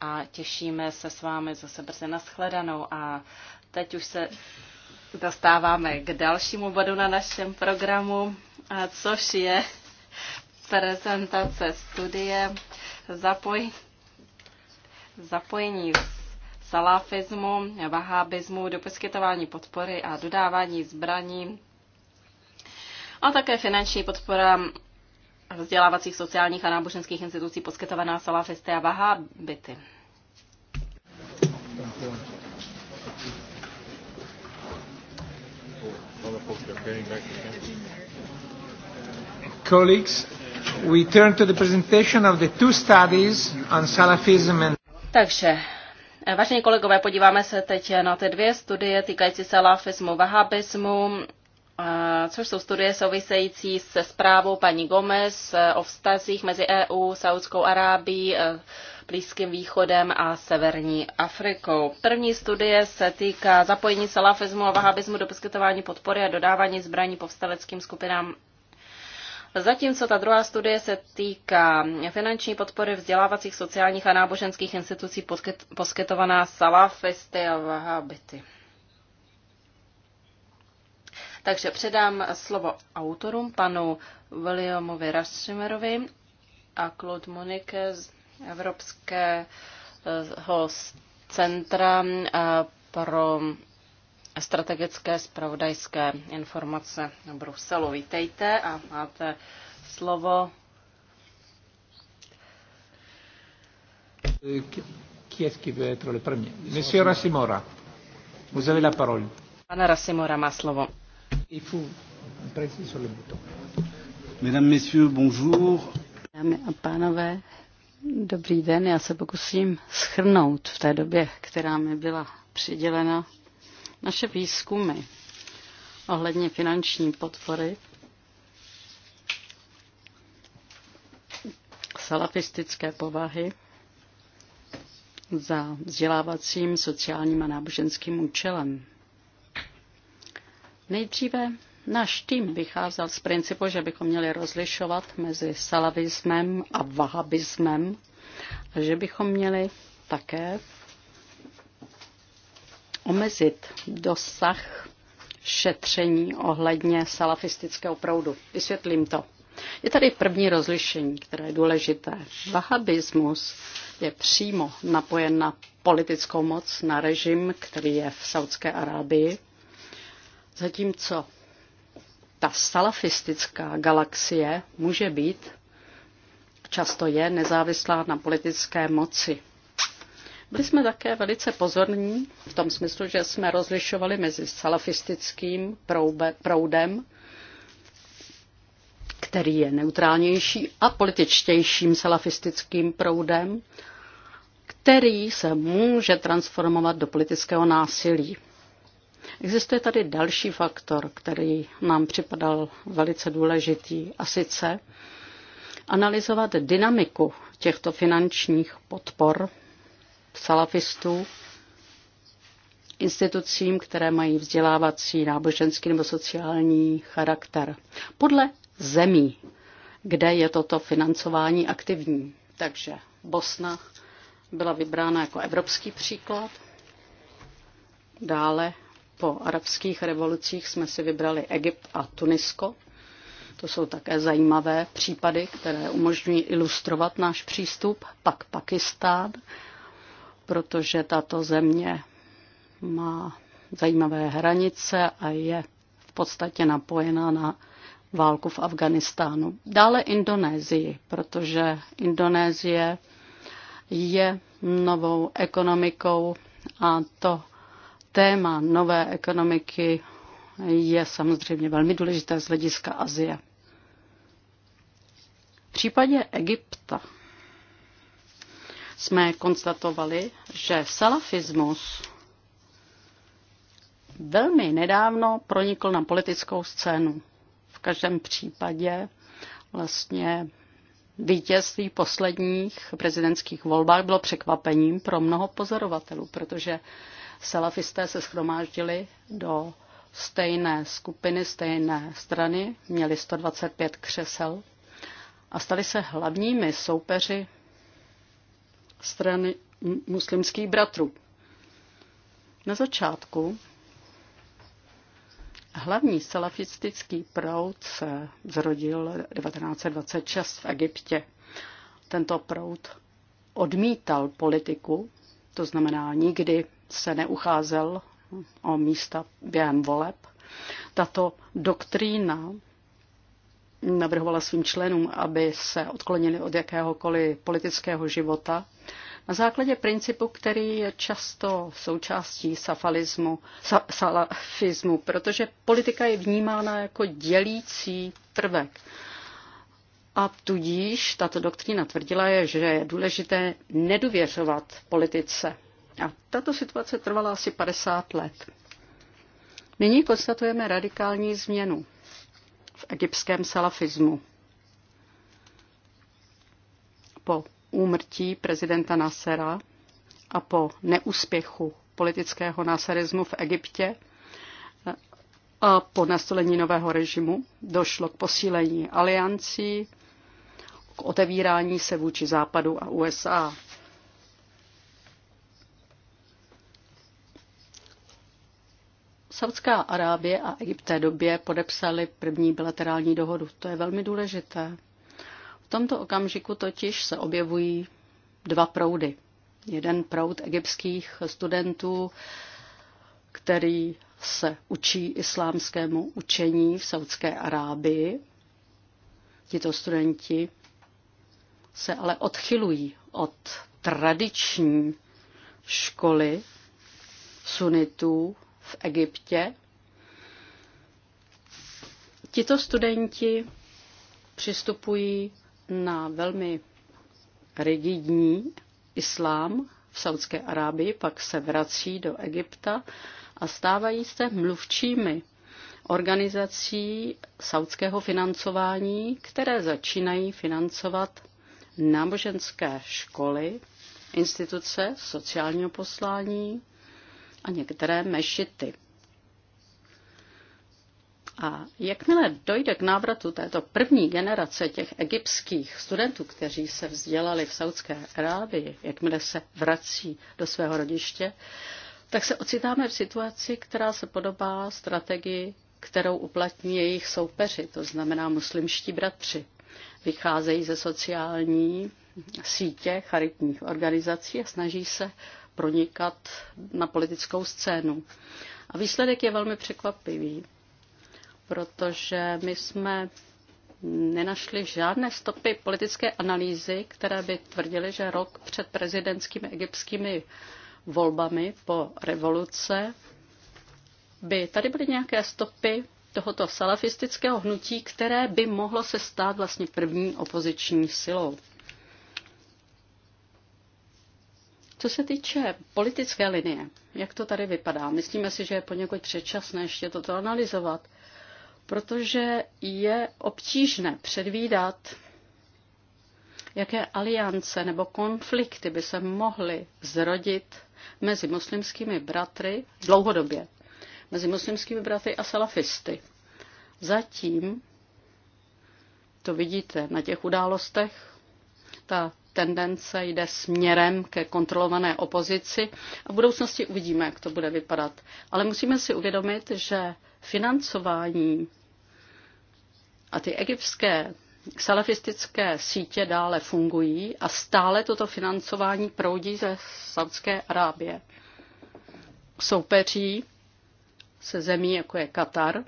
a těšíme se s vámi zase brzy nashledanou. A teď už se dostáváme k dalšímu bodu na našem programu, což je prezentace studie zapoj, zapojení salafismu, vahábismu do poskytování podpory a dodávání zbraní a také finanční podpora vzdělávacích, sociálních a náboženských institucí poskytovaná salafisty a vahábity. Colleagues, we turn to the presentation of the two studies on Salafism and Takže eh, Vážení kolegové, podíváme se teď na ty dvě studie týkající se lafismu, vahabismu což jsou studie související se zprávou paní Gomez eh, o vztazích mezi EU, Saudskou Arábií, eh, Blízkým východem a Severní Afrikou. První studie se týká zapojení salafismu a vahabismu do poskytování podpory a dodávání zbraní povstaleckým skupinám Zatímco ta druhá studie se týká finanční podpory vzdělávacích, sociálních a náboženských institucí poskytovaná salafisty a vahabity. Takže předám slovo autorům, panu Williamovi Raschimerovi a Claude Monike z Evropského centra eh, pro strategické spravodajské informace na Bruselu. Vítejte a máte slovo. Qui est-ce qui veut être le premier Monsieur Rassimora, vous avez la parole. Pana Rassimora má slovo. Mesdames, messieurs, bonjour. Dámy a pánové, dobrý den. Já se pokusím schrnout v té době, která mi byla přidělena, naše výzkumy ohledně finanční podpory salafistické povahy za vzdělávacím, sociálním a náboženským účelem. Nejdříve náš tým vycházel z principu, že bychom měli rozlišovat mezi salavismem a vahabismem a že bychom měli také omezit dosah šetření ohledně salafistického proudu. Vysvětlím to. Je tady první rozlišení, které je důležité. Vahabismus je přímo napojen na politickou moc, na režim, který je v Saudské Arábii. Zatímco ta salafistická galaxie může být, často je, nezávislá na politické moci. Byli jsme také velice pozorní v tom smyslu, že jsme rozlišovali mezi salafistickým proube, proudem, který je neutrálnější, a političtějším salafistickým proudem, který se může transformovat do politického násilí. Existuje tady další faktor, který nám připadal velice důležitý, a sice analyzovat dynamiku těchto finančních podpor salafistů institucím, které mají vzdělávací, náboženský nebo sociální charakter. Podle zemí, kde je toto financování aktivní. Takže Bosna byla vybrána jako evropský příklad, dále po arabských revolucích jsme si vybrali Egypt a Tunisko. To jsou také zajímavé případy, které umožňují ilustrovat náš přístup. Pak Pakistán, protože tato země má zajímavé hranice a je v podstatě napojená na válku v Afganistánu. Dále Indonésii, protože Indonésie je novou ekonomikou a to téma nové ekonomiky je samozřejmě velmi důležité z hlediska Azie. V případě Egypta jsme konstatovali, že salafismus velmi nedávno pronikl na politickou scénu. V každém případě vlastně vítězství posledních prezidentských volbách bylo překvapením pro mnoho pozorovatelů, protože Salafisté se schromáždili do stejné skupiny, stejné strany, měli 125 křesel a stali se hlavními soupeři strany muslimských bratrů. Na začátku hlavní salafistický proud se zrodil 1926 v Egyptě. Tento proud odmítal politiku, to znamená nikdy se neucházel o místa během voleb. Tato doktrína navrhovala svým členům, aby se odklonili od jakéhokoliv politického života na základě principu, který je často součástí safalismu, sa, salafismu, protože politika je vnímána jako dělící prvek. A tudíž tato doktrína tvrdila je, že je důležité nedůvěřovat politice. A tato situace trvala asi 50 let. Nyní konstatujeme radikální změnu v egyptském salafismu. Po úmrtí prezidenta Nasera a po neúspěchu politického násarismu v Egyptě a po nastolení nového režimu došlo k posílení aliancí, k otevírání se vůči Západu a USA. Saudská Arábie a Egypt v té době podepsali první bilaterální dohodu. To je velmi důležité. V tomto okamžiku totiž se objevují dva proudy. Jeden proud egyptských studentů, který se učí islámskému učení v Saudské Arábii. Tito studenti se ale odchylují od tradiční školy sunitů v Egyptě. Tito studenti přistupují na velmi rigidní islám v Saudské Arábii, pak se vrací do Egypta a stávají se mluvčími organizací saudského financování, které začínají financovat náboženské školy, instituce sociálního poslání, a některé mešity. A jakmile dojde k návratu této první generace těch egyptských studentů, kteří se vzdělali v Saudské Arábii, jakmile se vrací do svého rodiště, tak se ocitáme v situaci, která se podobá strategii, kterou uplatní jejich soupeři, to znamená muslimští bratři. Vycházejí ze sociální sítě charitních organizací a snaží se pronikat na politickou scénu. A výsledek je velmi překvapivý, protože my jsme nenašli žádné stopy politické analýzy, které by tvrdily, že rok před prezidentskými egyptskými volbami po revoluce by tady byly nějaké stopy tohoto salafistického hnutí, které by mohlo se stát vlastně první opoziční silou. Co se týče politické linie, jak to tady vypadá? Myslíme si, že je poněkud předčasné ještě toto analyzovat, protože je obtížné předvídat, jaké aliance nebo konflikty by se mohly zrodit mezi muslimskými bratry dlouhodobě, mezi muslimskými bratry a salafisty. Zatím, to vidíte na těch událostech, ta tendence jde směrem ke kontrolované opozici a v budoucnosti uvidíme, jak to bude vypadat. Ale musíme si uvědomit, že financování a ty egyptské salafistické sítě dále fungují a stále toto financování proudí ze Saudské Arábie. Soupeří se zemí, jako je Katar,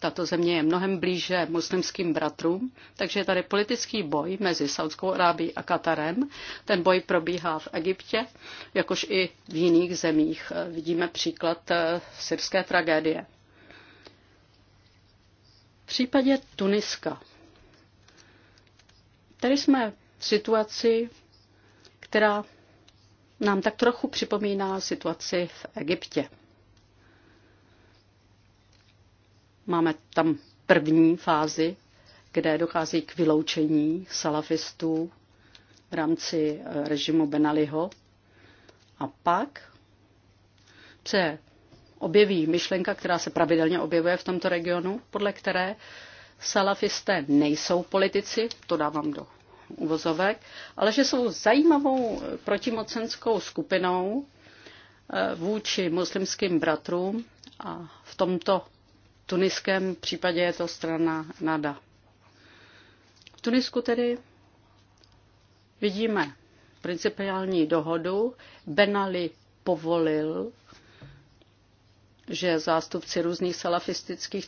tato země je mnohem blíže muslimským bratrům, takže je tady politický boj mezi Saudskou Arábií a Katarem. Ten boj probíhá v Egyptě, jakož i v jiných zemích. Vidíme příklad eh, syrské tragédie. V případě Tuniska. Tady jsme v situaci, která nám tak trochu připomíná situaci v Egyptě. Máme tam první fázi, kde dochází k vyloučení salafistů v rámci eh, režimu Benaliho. A pak se objeví myšlenka, která se pravidelně objevuje v tomto regionu, podle které salafisté nejsou politici, to dávám do uvozovek, ale že jsou zajímavou eh, protimocenskou skupinou eh, vůči muslimským bratrům a v tomto tuniském případě je to strana NADA. V Tunisku tedy vidíme principiální dohodu. Benali povolil, že zástupci různých salafistických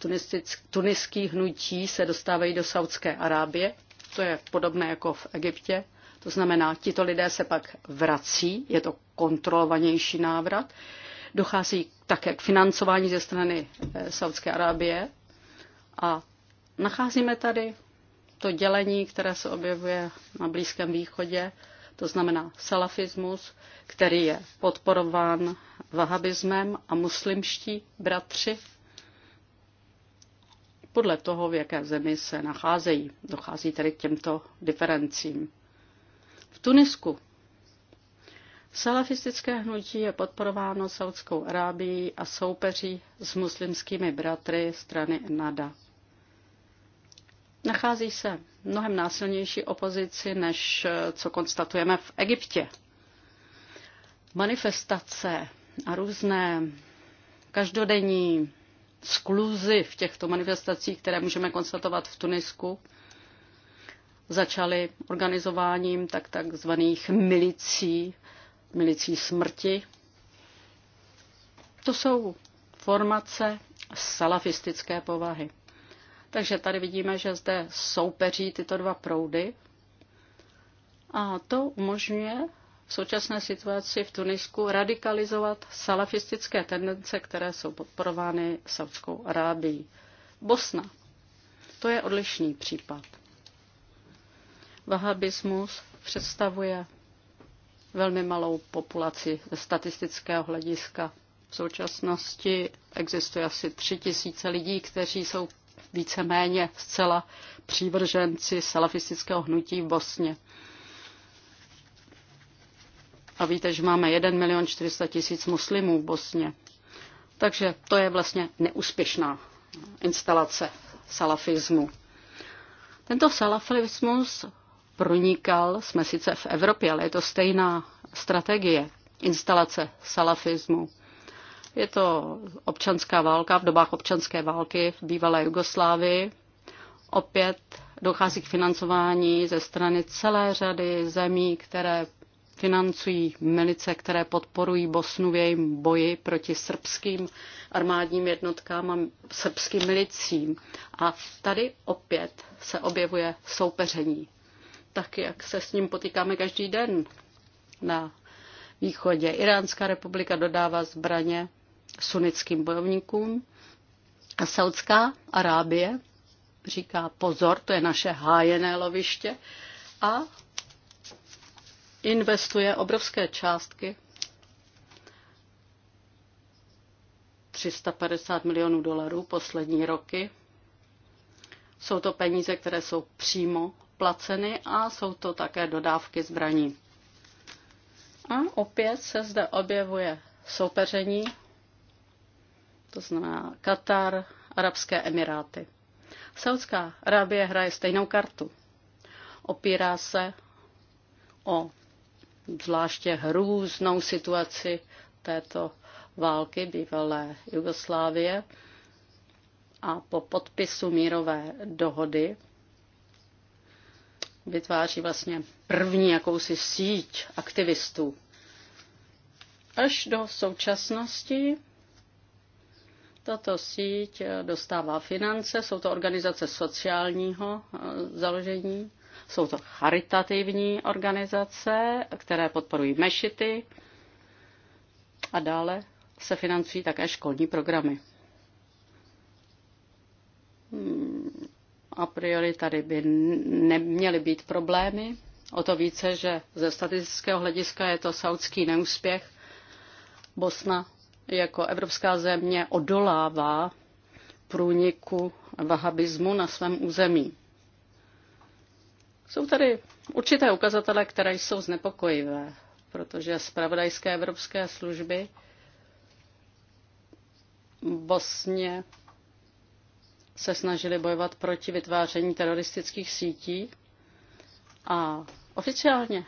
tuniských hnutí se dostávají do Saudské Arábie. To je podobné jako v Egyptě. To znamená, tito lidé se pak vrací, je to kontrolovanější návrat. Dochází také k financování ze strany eh, Saudské Arábie a nacházíme tady to dělení, které se objevuje na Blízkém východě, to znamená salafismus, který je podporován vahabismem a muslimští bratři podle toho, v jaké zemi se nacházejí. Dochází tedy k těmto diferencím. V Tunisku Salafistické hnutí je podporováno Saudskou Arábií a soupeří s muslimskými bratry strany NADA. Nachází se mnohem násilnější opozici, než eh, co konstatujeme v Egyptě. Manifestace a různé každodenní skluzy v těchto manifestacích, které můžeme konstatovat v Tunisku, začaly organizováním tak takzvaných milicí, milicí smrti. To jsou formace salafistické povahy. Takže tady vidíme, že zde soupeří tyto dva proudy a to umožňuje v současné situaci v Tunisku radikalizovat salafistické tendence, které jsou podporovány Saudskou Arábií. Bosna. To je odlišný případ. Vahabismus představuje velmi malou populaci ze statistického hlediska. V současnosti existuje asi tři tisíce lidí, kteří jsou víceméně zcela přívrženci salafistického hnutí v Bosně. A víte, že máme 1 milion 400 tisíc muslimů v Bosně. Takže to je vlastně neúspěšná instalace salafismu. Tento salafismus pronikal, jsme sice v Evropě, ale je to stejná strategie instalace salafismu. Je to občanská válka, v dobách občanské války v bývalé Jugoslávii. Opět dochází k financování ze strany celé řady zemí, které financují milice, které podporují Bosnu v jejím boji proti srbským armádním jednotkám a srbským milicím. A tady opět se objevuje soupeření tak, jak se s ním potýkáme každý den na východě. Iránská republika dodává zbraně sunnickým bojovníkům a Saudská Arábie říká pozor, to je naše hájené loviště a investuje obrovské částky 350 milionů dolarů poslední roky. Jsou to peníze, které jsou přímo placeny a jsou to také dodávky zbraní. A opět se zde objevuje soupeření, to znamená Katar, Arabské Emiráty. Saudská Arábie hraje stejnou kartu. Opírá se o zvláště hrůznou situaci této války bývalé Jugoslávie a po podpisu mírové dohody vytváří vlastně první jakousi síť aktivistů. Až do současnosti tato síť eh, dostává finance, jsou to organizace sociálního eh, založení, jsou to charitativní organizace, které podporují mešity a dále se financují také školní programy. A priori tady by neměly být problémy, o to více, že ze statistického hlediska je to saudský neúspěch. Bosna jako evropská země odolává průniku vahabismu na svém území. Jsou tady určité ukazatele, které jsou znepokojivé, protože zpravodajské evropské služby Bosně se snažili bojovat proti vytváření teroristických sítí a oficiálně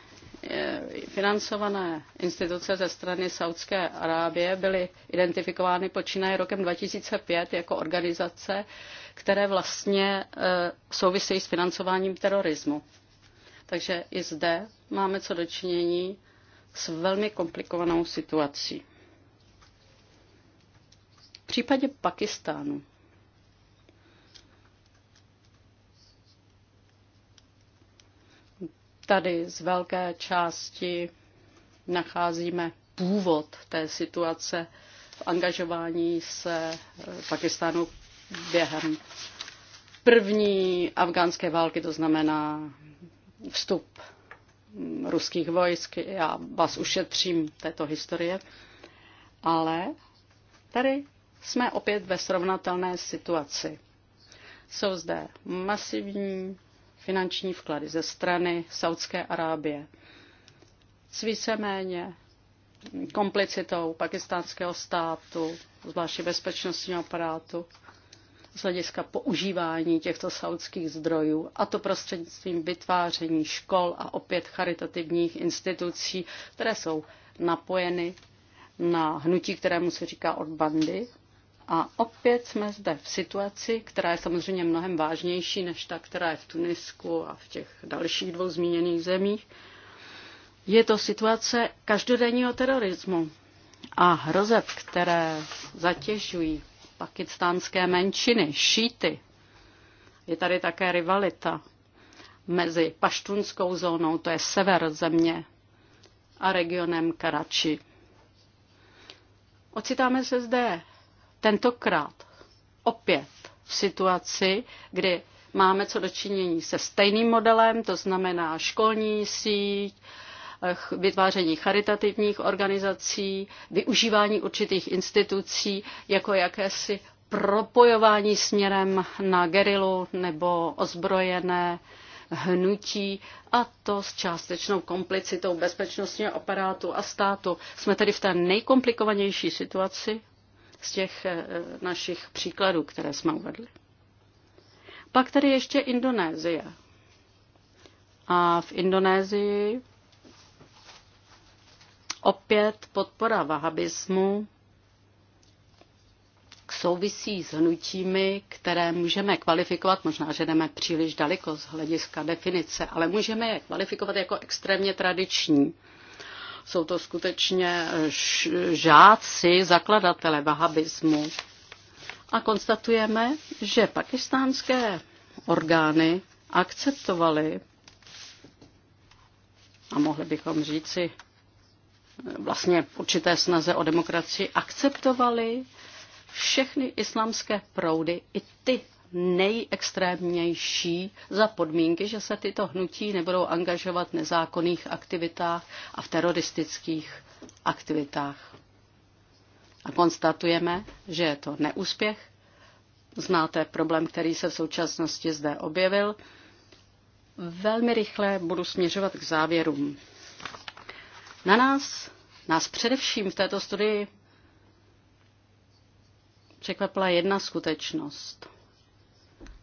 eh, financované instituce ze strany Saudské Arábie byly identifikovány počínaje rokem 2005 jako organizace, které vlastně eh, souvisejí s financováním terorismu. Takže i zde máme co dočinění s velmi komplikovanou situací. V případě Pakistánu Tady z velké části nacházíme původ té situace v angažování se eh, Pakistánu během první afgánské války, to znamená vstup ruských vojsk. Já vás ušetřím této historie. Ale tady jsme opět ve srovnatelné situaci. Jsou zde masivní finanční vklady ze strany Saudské Arábie. S víceméně komplicitou pakistánského státu, zvláště bezpečnostního aparátu, z hlediska používání těchto saudských zdrojů, a to prostřednictvím vytváření škol a opět charitativních institucí, které jsou napojeny na hnutí, kterému se říká od bandy, a opět jsme zde v situaci, která je samozřejmě mnohem vážnější než ta, která je v Tunisku a v těch dalších dvou zmíněných zemích. Je to situace každodenního terorismu a hrozeb, které zatěžují pakistánské menšiny, šíty. Je tady také rivalita mezi paštunskou zónou, to je sever země, a regionem Karači. Ocitáme se zde Tentokrát opět v situaci, kdy máme co dočinění se stejným modelem, to znamená školní síť, eh, vytváření charitativních organizací, využívání určitých institucí jako jakési propojování směrem na gerilu nebo ozbrojené hnutí a to s částečnou komplicitou bezpečnostního aparátu a státu. Jsme tedy v té nejkomplikovanější situaci z těch eh, našich příkladů, které jsme uvedli. Pak tady ještě Indonésie. A v Indonésii opět podpora vahabismu souvisí s hnutími, které můžeme kvalifikovat, možná, že jdeme příliš daleko z hlediska definice, ale můžeme je kvalifikovat jako extrémně tradiční. Jsou to skutečně eh, žáci, zakladatele vahabismu. A konstatujeme, že pakistánské orgány akceptovaly, a mohli bychom říci eh, vlastně určité snaze o demokracii, akceptovali všechny islámské proudy, i ty, nejextrémnější za podmínky, že se tyto hnutí nebudou angažovat v nezákonných aktivitách a v teroristických aktivitách. A konstatujeme, že je to neúspěch. Znáte problém, který se v současnosti zde objevil. Velmi rychle budu směřovat k závěrům. Na nás, nás především v této studii překvapila jedna skutečnost.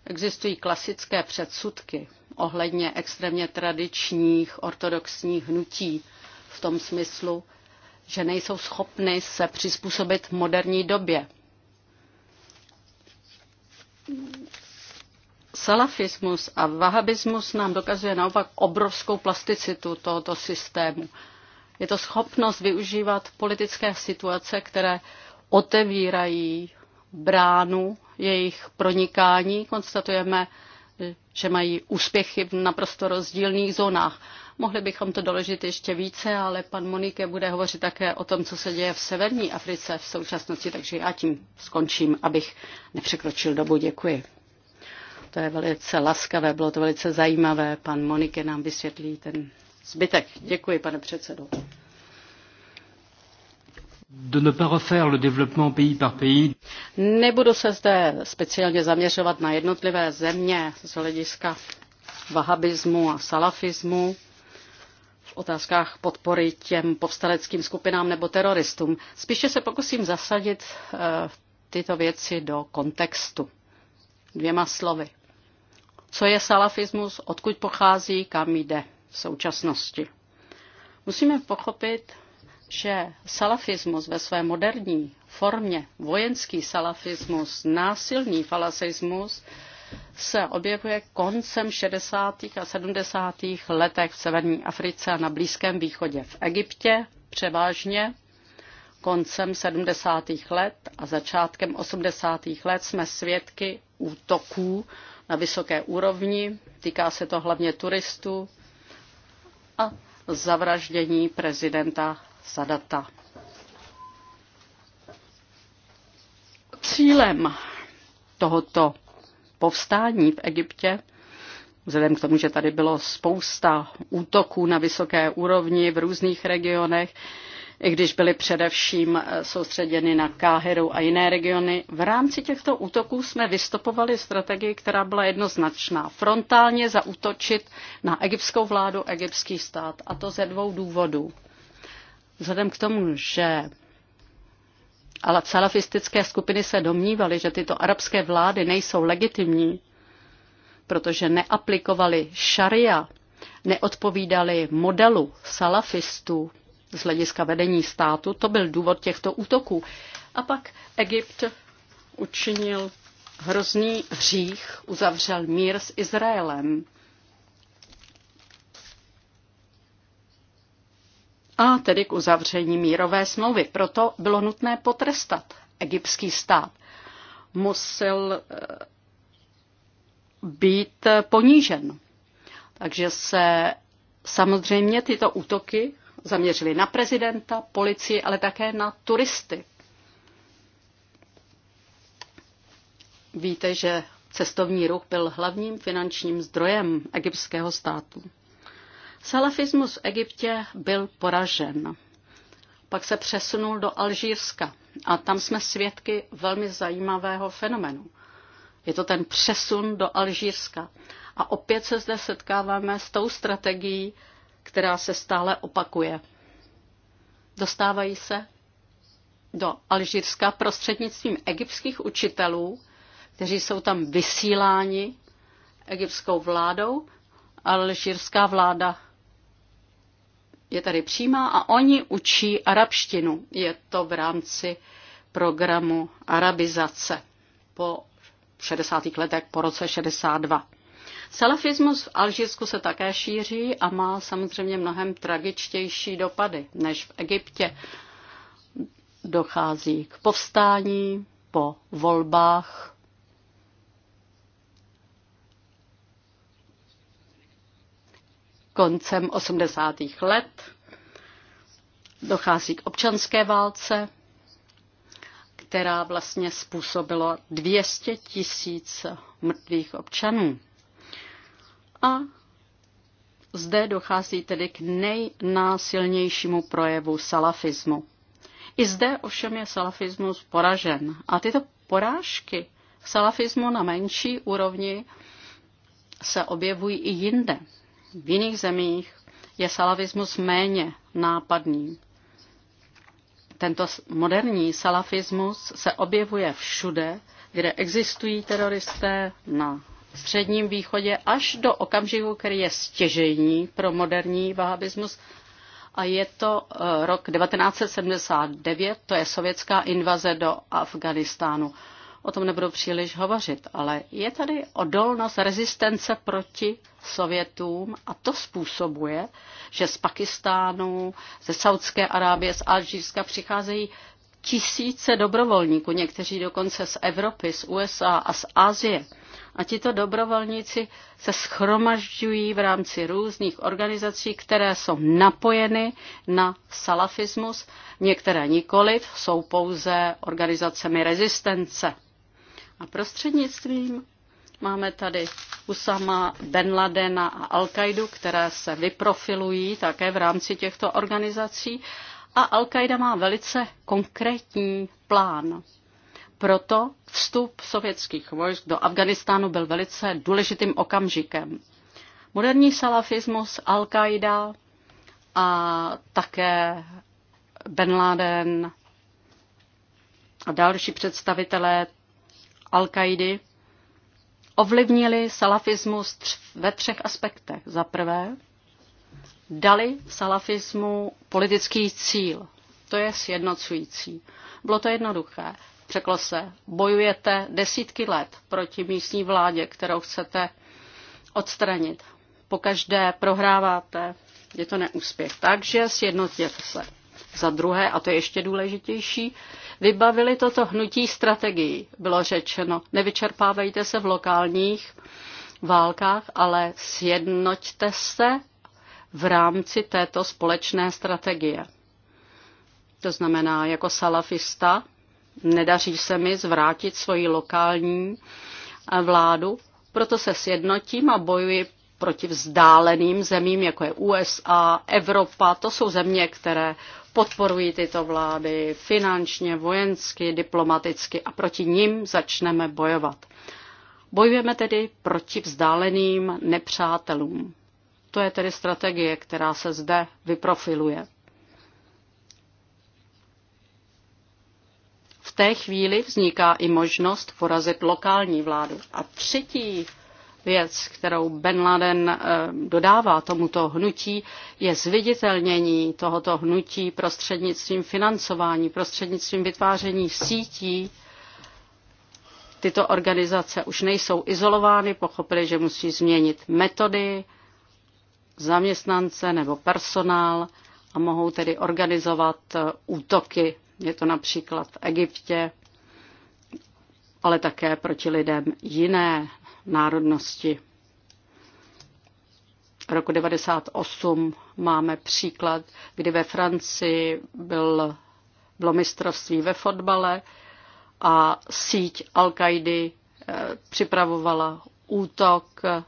Existují klasické předsudky ohledně extrémně tradičních ortodoxních hnutí v tom smyslu, že nejsou schopny se přizpůsobit moderní době. Salafismus a vahabismus nám dokazuje naopak obrovskou plasticitu tohoto systému. Je to schopnost využívat politické situace, které otevírají bránu jejich pronikání. Konstatujeme, že mají úspěchy v naprosto rozdílných zónách. Mohli bychom to doložit ještě více, ale pan Monike bude hovořit také o tom, co se děje v severní Africe v současnosti, takže já tím skončím, abych nepřekročil dobu. Děkuji. To je velice laskavé, bylo to velice zajímavé. Pan Monike nám vysvětlí ten zbytek. Děkuji, pane předsedo de ne pas refaire le développement pays par pays. Nebudu se zde speciálně zaměřovat na jednotlivé země z hlediska vahabismu a salafismu v otázkách podpory těm povstaleckým skupinám nebo teroristům. Spíše se pokusím zasadit eh, tyto věci do kontextu. Dvěma slovy. Co je salafismus, odkud pochází, kam jde v současnosti. Musíme pochopit, že salafismus ve své moderní formě, vojenský salafismus, násilný falasismus, se objevuje koncem 60. a 70. letech v severní Africe a na Blízkém východě. V Egyptě převážně koncem 70. let a začátkem 80. let jsme svědky útoků na vysoké úrovni. Týká se to hlavně turistů a zavraždění prezidenta sadata. Cílem tohoto povstání v Egyptě, vzhledem k tomu, že tady bylo spousta útoků na vysoké úrovni v různých regionech, i když byly především eh, soustředěny na Káheru a jiné regiony. V rámci těchto útoků jsme vystupovali strategii, která byla jednoznačná. Frontálně zaútočit na egyptskou vládu, egyptský stát. A to ze dvou důvodů. Vzhledem k tomu, že ale salafistické skupiny se domnívaly, že tyto arabské vlády nejsou legitimní, protože neaplikovali šaria, neodpovídali modelu salafistů z hlediska vedení státu. To byl důvod těchto útoků. A pak Egypt učinil hrozný hřích, uzavřel mír s Izraelem. a tedy k uzavření mírové smlouvy. Proto bylo nutné potrestat egyptský stát. Musel eh, být ponížen. Takže se samozřejmě tyto útoky zaměřily na prezidenta, policii, ale také na turisty. Víte, že cestovní ruch byl hlavním finančním zdrojem egyptského státu. Salafismus v Egyptě byl poražen. Pak se přesunul do Alžírska a tam jsme svědky velmi zajímavého fenomenu. Je to ten přesun do Alžírska. A opět se zde setkáváme s tou strategií, která se stále opakuje. Dostávají se do Alžírska prostřednictvím egyptských učitelů, kteří jsou tam vysíláni egyptskou vládou. Alžírská vláda je tady přímá a oni učí arabštinu. Je to v rámci programu arabizace po 60. letech, po roce 62. Salafismus v Alžírsku se také šíří a má samozřejmě mnohem tragičtější dopady než v Egyptě. Dochází k povstání po volbách koncem 80. let. Dochází k občanské válce, která vlastně způsobila 200 tisíc mrtvých občanů. A zde dochází tedy k nejnásilnějšímu projevu salafismu. I zde ovšem je salafismus poražen. A tyto porážky salafismu na menší úrovni se objevují i jinde. V jiných zemích je salafismus méně nápadný. Tento moderní salafismus se objevuje všude, kde existují teroristé na středním východě až do okamžiku, který je stěžejní pro moderní vahabismus. A je to eh, rok 1979, to je sovětská invaze do Afganistánu o tom nebudu příliš hovořit, ale je tady odolnost rezistence proti Sovětům a to způsobuje, že z Pakistánu, ze Saudské Arábie, z Alžírska přicházejí tisíce dobrovolníků, někteří dokonce z Evropy, z USA a z Asie. A tito dobrovolníci se schromažďují v rámci různých organizací, které jsou napojeny na salafismus, některé nikoliv, jsou pouze organizacemi rezistence. A prostřednictvím máme tady Usama Ben Ladena a al qaidu které se vyprofilují také v rámci těchto organizací. A al qaida má velice konkrétní plán. Proto vstup sovětských vojsk do Afganistánu byl velice důležitým okamžikem. Moderní salafismus, al qaida a také Ben Laden a další představitelé al kaidy ovlivnili salafismus ve třech aspektech. Za prvé, dali salafismu politický cíl. To je sjednocující. Bylo to jednoduché. Řeklo se, bojujete desítky let proti místní vládě, kterou chcete odstranit. Pokaždé prohráváte, je to neúspěch. Takže sjednotěte se za druhé, a to je ještě důležitější, vybavili toto hnutí strategií. Bylo řečeno, nevyčerpávejte se v lokálních válkách, ale sjednoťte se v rámci této společné strategie. To znamená, jako salafista nedaří se mi zvrátit svoji lokální vládu, proto se sjednotím a bojuji proti vzdáleným zemím, jako je USA, Evropa. To jsou země, které podporují tyto vlády finančně, vojensky, diplomaticky a proti nim začneme bojovat. Bojujeme tedy proti vzdáleným nepřátelům. To je tedy strategie, která se zde vyprofiluje. V té chvíli vzniká i možnost porazit lokální vládu. A třetí věc, kterou Ben Laden eh, dodává tomuto hnutí, je zviditelnění tohoto hnutí prostřednictvím financování, prostřednictvím vytváření sítí. Tyto organizace už nejsou izolovány, pochopili, že musí změnit metody, zaměstnance nebo personál a mohou tedy organizovat eh, útoky. Je to například v Egyptě, ale také proti lidem jiné národnosti. Roku 1998 máme příklad, kdy ve Francii byl, bylo mistrovství ve fotbale a síť Al-Kaidy eh, připravovala útok eh,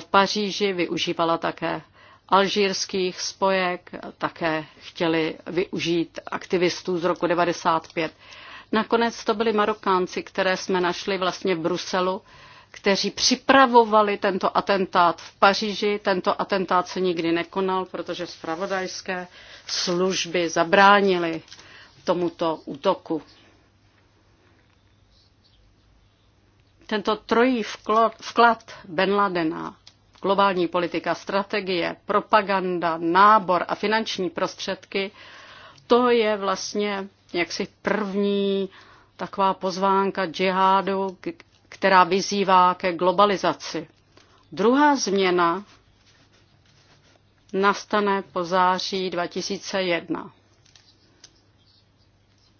v Paříži, využívala také alžírských spojek, také chtěli využít aktivistů z roku 95. Nakonec to byli Marokánci, které jsme našli vlastně v Bruselu kteří připravovali tento atentát v Paříži. Tento atentát se nikdy nekonal, protože spravodajské služby zabránili tomuto útoku. Tento trojí vklad, vklad Ben Ladena, globální politika, strategie, propaganda, nábor a finanční prostředky, to je vlastně jaksi první taková pozvánka džihádu, která vyzývá ke globalizaci. Druhá změna nastane po září 2001.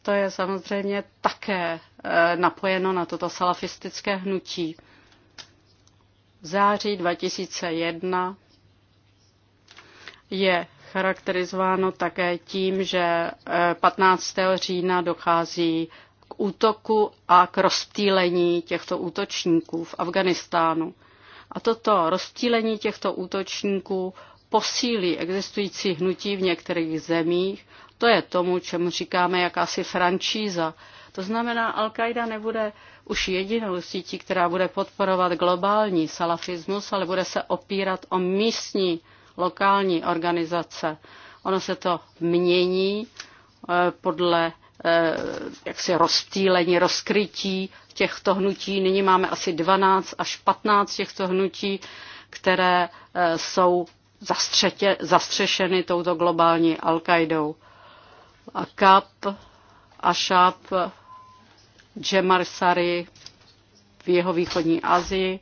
To je samozřejmě také eh, napojeno na toto salafistické hnutí. V září 2001 je charakterizováno také tím, že 15. Eh, října dochází k útoku a k rozptýlení těchto útočníků v Afganistánu. A toto rozptýlení těchto útočníků posílí existující hnutí v některých zemích. To je tomu, čemu říkáme jakási franšíza. To znamená, Al-Qaida nebude už jedinou sítí, která bude podporovat globální salafismus, ale bude se opírat o místní lokální organizace. Ono se to mění eh, podle Eh, jaksi rozptýlení, rozkrytí těchto hnutí. Nyní máme asi 12 až 15 těchto hnutí, které eh, jsou zastřetě, zastřešeny touto globální Al-Qaidou. A Kap, Ashab, Džemarsary v jeho východní Asii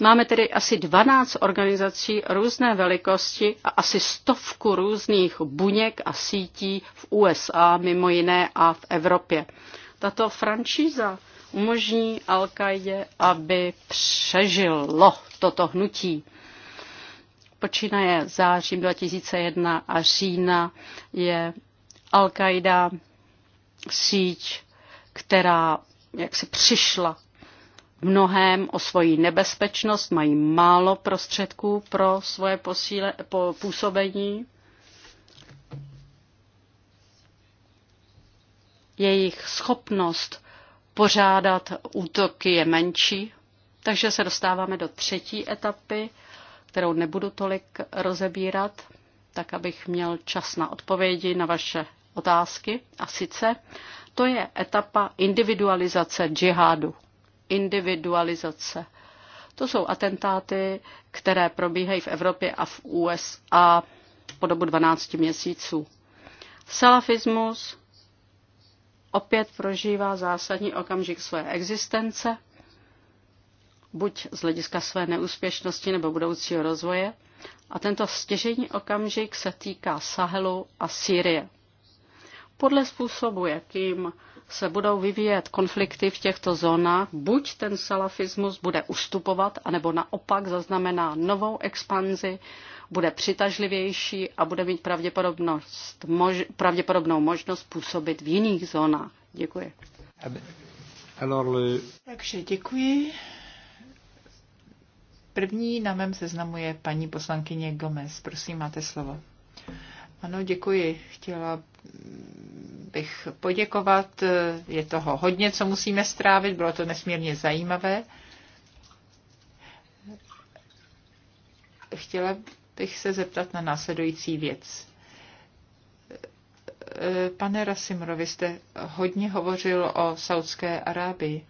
Máme tedy asi 12 organizací různé velikosti a asi stovku různých buněk a sítí v USA, mimo jiné a v Evropě. Tato franšíza umožní al aby přežilo toto hnutí počínaje zářím 2001 a října je Al-Qaida síť, která jak se přišla v mnohem o svoji nebezpečnost, mají málo prostředků pro svoje posíle, po působení. Jejich schopnost pořádat útoky je menší, takže se dostáváme do třetí etapy, kterou nebudu tolik rozebírat, tak abych měl čas na odpovědi na vaše otázky. A sice to je etapa individualizace džihádu individualizace. To jsou atentáty, které probíhají v Evropě a v USA po dobu 12 měsíců. Salafismus opět prožívá zásadní okamžik své existence, buď z hlediska své neúspěšnosti nebo budoucího rozvoje. A tento stěžení okamžik se týká Sahelu a Sýrie. Podle způsobu, jakým se budou vyvíjet konflikty v těchto zónách, buď ten salafismus bude ustupovat, anebo naopak zaznamená novou expanzi, bude přitažlivější a bude mít pravděpodobnost, mož, pravděpodobnou možnost působit v jiných zónách. Děkuji. Takže děkuji. První na mém seznamu je paní poslankyně Gomez. Prosím, máte slovo. Ano, děkuji. Chtěla bych poděkovat. Je toho hodně, co musíme strávit, bylo to nesmírně zajímavé. Chtěla bych se zeptat na následující věc. Pane Rasimrovi, jste hodně hovořil o Saudské Arábii.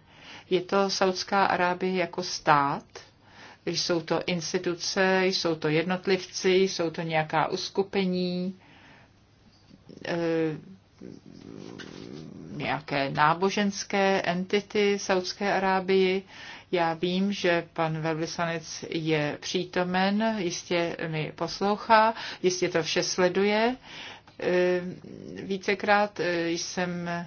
Je to Saudská Arábie jako stát? Jsou to instituce, jsou to jednotlivci, jsou to nějaká uskupení? nějaké náboženské entity Saudské Arábii. Já vím, že pan velvyslanec je přítomen, jistě mi poslouchá, jistě to vše sleduje. E, vícekrát e, jsem e,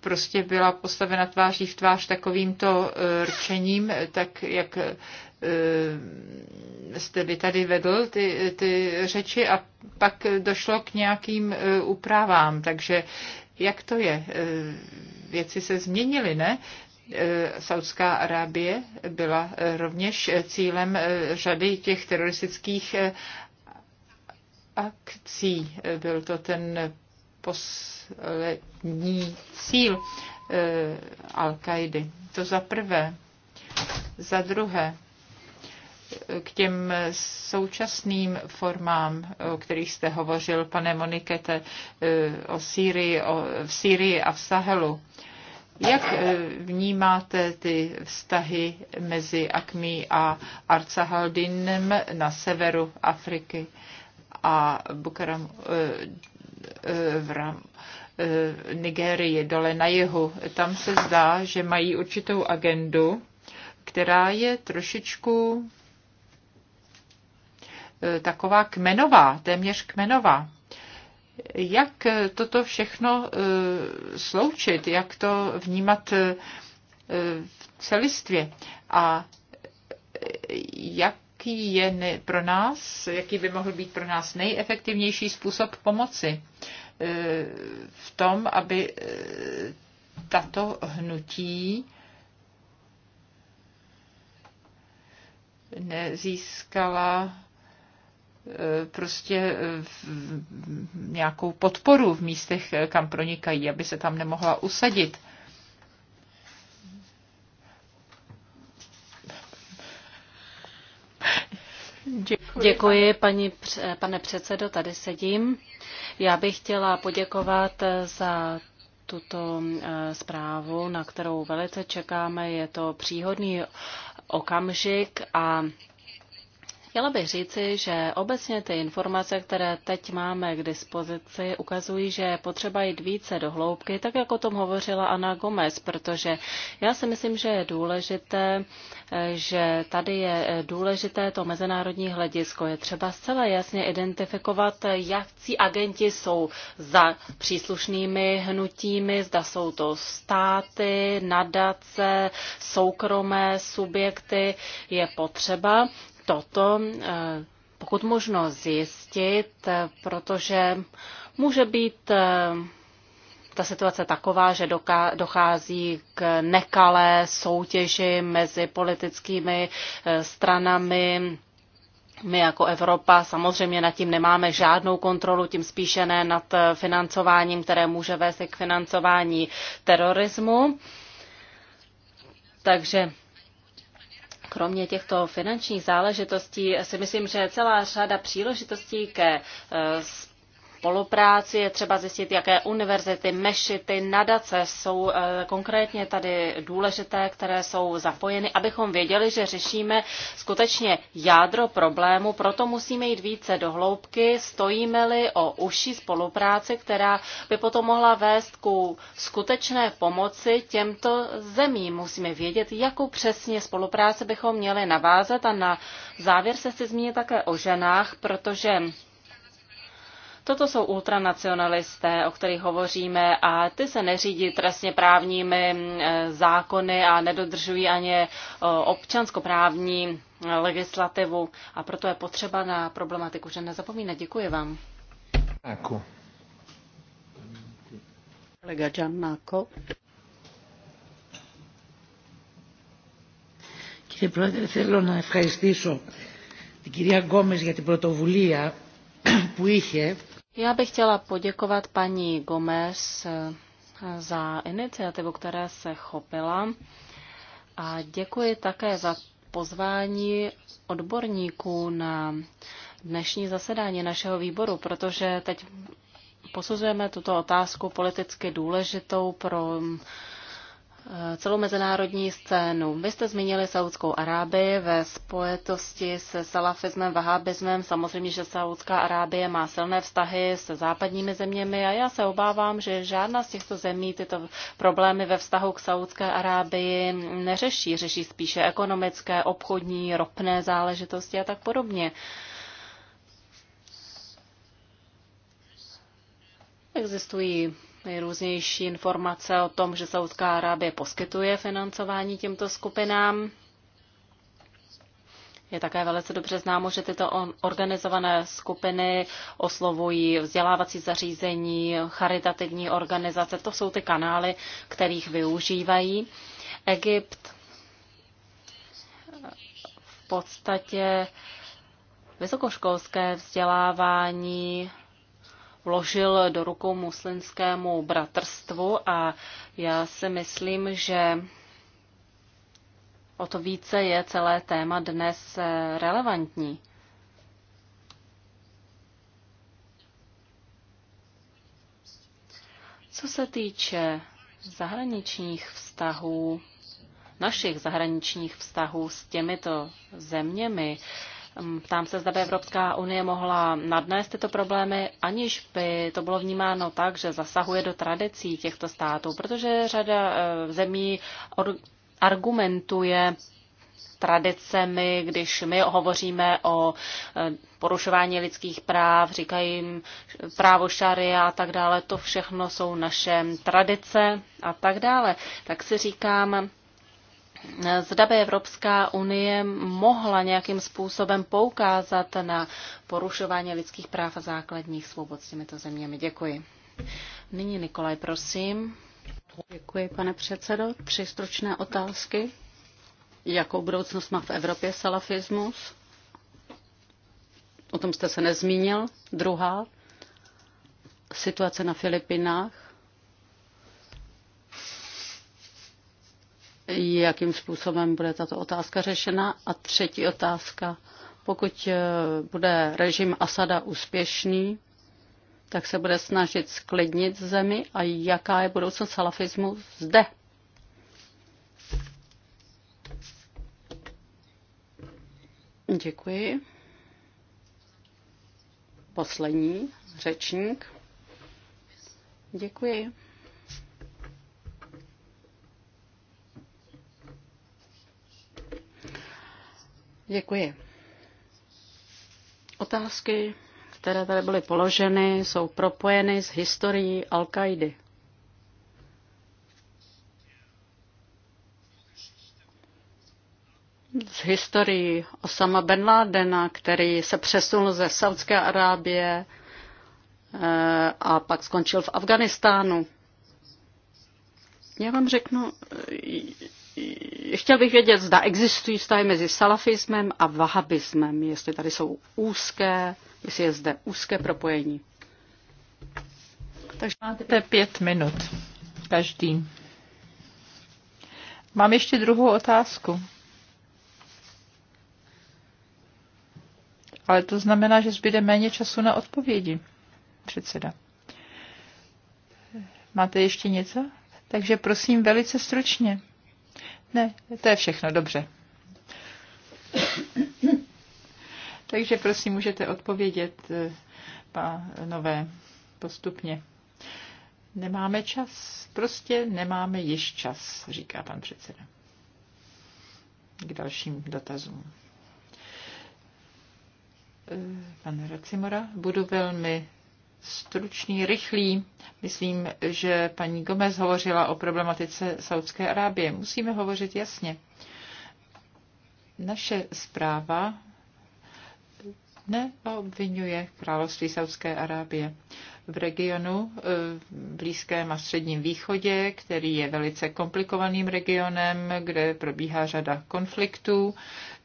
prostě byla postavena tváří v tvář takovýmto rčením, tak jak Eh, jste by tady vedl ty, ty řeči a pak došlo k nějakým eh, úpravám. Takže jak to je? Eh, věci se změnily, ne? Saudská Arábie byla rovněž cílem řady těch teroristických akcí. Byl to ten poslední cíl Al-Kaidy. To za prvé. Za druhé, k těm současným formám, o kterých jste hovořil, pane Monikete, e, o Sýrii, o, v Sýrii a v Sahelu. Jak e, vnímáte ty vztahy mezi Akmi a Arcahaldinem na severu Afriky a Bukaram e, v Ram, Nigérii, dole na jihu? Tam se zdá, že mají určitou agendu, která je trošičku E, taková kmenová, téměř kmenová. Jak toto všechno e, sloučit, jak to vnímat e, v celistvě a jaký je pro nás, jaký by mohl být pro nás nejefektivnější způsob pomoci v tom, aby tato hnutí nezískala Eh, prostě eh, nějakou podporu v místech, eh, kam pronikají, aby se tam nemohla usadit. Děkuji, Děkuji paní, pane předsedo, tady sedím. Já bych chtěla poděkovat za tuto zprávu, na kterou velice čekáme. Je to příhodný okamžik a Chtěla bych říci, že obecně ty informace, které teď máme k dispozici, ukazují, že je potřeba jít více do hloubky, tak jak o tom hovořila Ana Gomez, protože já si myslím, že je důležité, že tady je důležité to mezinárodní hledisko. Je třeba zcela jasně identifikovat, jakcí agenti jsou za příslušnými hnutími, zda jsou to státy, nadace, soukromé subjekty. Je potřeba toto eh, pokud možno zjistit, protože může být eh, ta situace taková, že dochází k nekalé soutěži mezi politickými eh, stranami. My jako Evropa samozřejmě nad tím nemáme žádnou kontrolu, tím spíše ne nad financováním, které může vést k financování terorismu. Takže kromě těchto finančních záležitostí si myslím, že je celá řada příležitostí ke spolupráci. Je třeba zjistit, jaké univerzity, mešity, nadace jsou eh, konkrétně tady důležité, které jsou zapojeny, abychom věděli, že řešíme skutečně jádro problému. Proto musíme jít více do hloubky, stojíme-li o užší spolupráci, která by potom mohla vést ku skutečné pomoci těmto zemím. Musíme vědět, jakou přesně spolupráci bychom měli navázat a na závěr se chci zmínit také o ženách, protože Toto jsou ultranacionalisté, o kterých hovoříme a ty se neřídí trestně právními mm, e, zákony a nedodržují ani e, občanskoprávní e, legislativu a proto je potřeba na problematiku že nezapomínat. Děkuji vám. Děkuji. Jako. Kolega Giannaco. Κύριε Πρόεδρε, θέλω να ευχαριστήσω την κυρία Γκόμες για την πρωτοβουλία που είχε já bych chtěla poděkovat paní Gomez eh, za iniciativu, které se chopila a děkuji také za pozvání odborníků na dnešní zasedání našeho výboru, protože teď posuzujeme tuto otázku politicky důležitou pro celou mezinárodní scénu. Vy jste zmínili Saudskou Arábii ve spojitosti se salafismem, vahabismem. Samozřejmě, že Saudská Arábie má silné vztahy se západními zeměmi a já se obávám, že žádná z těchto zemí tyto problémy ve vztahu k Saudské Arábii neřeší. Řeší spíše ekonomické, obchodní, ropné záležitosti a tak podobně. Existují nejrůznější informace o tom, že Saudská Arábie poskytuje financování těmto skupinám. Je také velice dobře známo, že tyto organizované skupiny oslovují vzdělávací zařízení, charitativní organizace. To jsou ty kanály, kterých využívají. Egypt v podstatě vysokoškolské vzdělávání vložil do rukou muslimskému bratrstvu a já si myslím, že o to více je celé téma dnes eh, relevantní. Co se týče zahraničních vztahů, našich zahraničních vztahů s těmito zeměmi, Ehm, ptám se, zda by Evropská unie mohla nadnést tyto problémy, aniž by to bylo vnímáno tak, že zasahuje do tradicí těchto států, protože řada eh, zemí argumentuje tradicemi, když my hovoříme o eh, porušování lidských práv, říkají eh, právo šaria a tak dále, to všechno jsou naše tradice a tak dále. Tak si říkám, Zda by Evropská unie mohla nějakým způsobem poukázat na porušování lidských práv a základních svobod s těmito zeměmi. Děkuji. Nyní Nikolaj, prosím. Děkuji, pane předsedo. Tři stručné otázky. Jakou budoucnost má v Evropě salafismus? O tom jste se nezmínil. Druhá, situace na Filipinách jakým způsobem bude tato otázka řešena. A třetí otázka, pokud eh, bude režim Asada úspěšný, tak se bude snažit sklidnit zemi a jaká je budoucnost salafismu zde. Děkuji. Poslední řečník. Děkuji. Děkuji. Otázky, které tady byly položeny, jsou propojeny s historií al kaidy S historií Osama Ben Ladena, který se přesunul ze Saudské Arábie eh, a pak skončil v Afganistánu. Já vám řeknu, chtěl bych vědět, zda existují vztahy mezi salafismem a vahabismem, jestli tady jsou úzké, jestli je zde úzké propojení. Takže máte pět minut každý. Mám ještě druhou otázku. Ale to znamená, že zbyde méně času na odpovědi, předseda. Máte ještě něco? Takže prosím velice stručně. Ne, to je všechno, dobře. Takže prosím, můžete odpovědět, eh, pánové, postupně. Nemáme čas, prostě nemáme již čas, říká pan předseda. K dalším dotazům. Eh, pan Racimora, budu velmi stručný, rychlý. Myslím, že paní Gomez hovořila o problematice Saudské Arábie. Musíme hovořit jasně. Naše zpráva neobvinuje království Saudské Arábie. V regionu eh, blízkém a středním východě, který je velice komplikovaným regionem, kde probíhá řada konfliktů,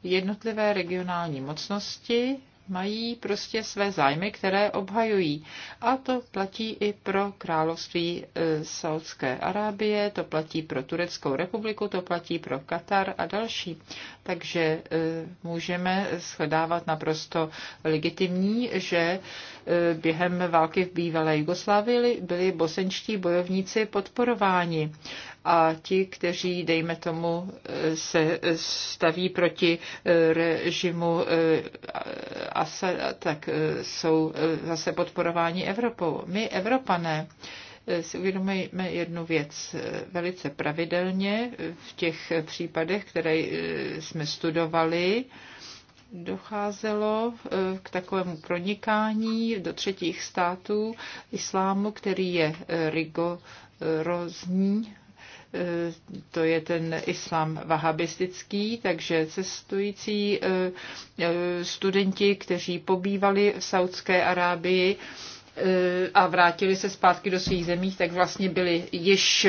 jednotlivé regionální mocnosti mají prostě své zájmy, které obhajují. A to platí i pro království e, Saudské Arábie, to platí pro Tureckou republiku, to platí pro Katar a další. Takže e, můžeme shledávat naprosto legitimní, že e, během války v bývalé Jugoslávii byli bosenčtí bojovníci podporováni a ti, kteří, dejme tomu, eh, se eh, staví proti eh, režimu Asada, tak jsou zase podporováni Evropou. My, Evropané, si uvědomujeme jednu věc. Velice pravidelně v těch případech, které jsme studovali, docházelo k takovému pronikání do třetích států islámu, který je rigorozní to je ten islám vahabistický, takže cestující eh, eh, studenti, kteří pobývali v Saudské Arábii, Eh, a vrátili se zpátky do svých zemí, tak vlastně byli již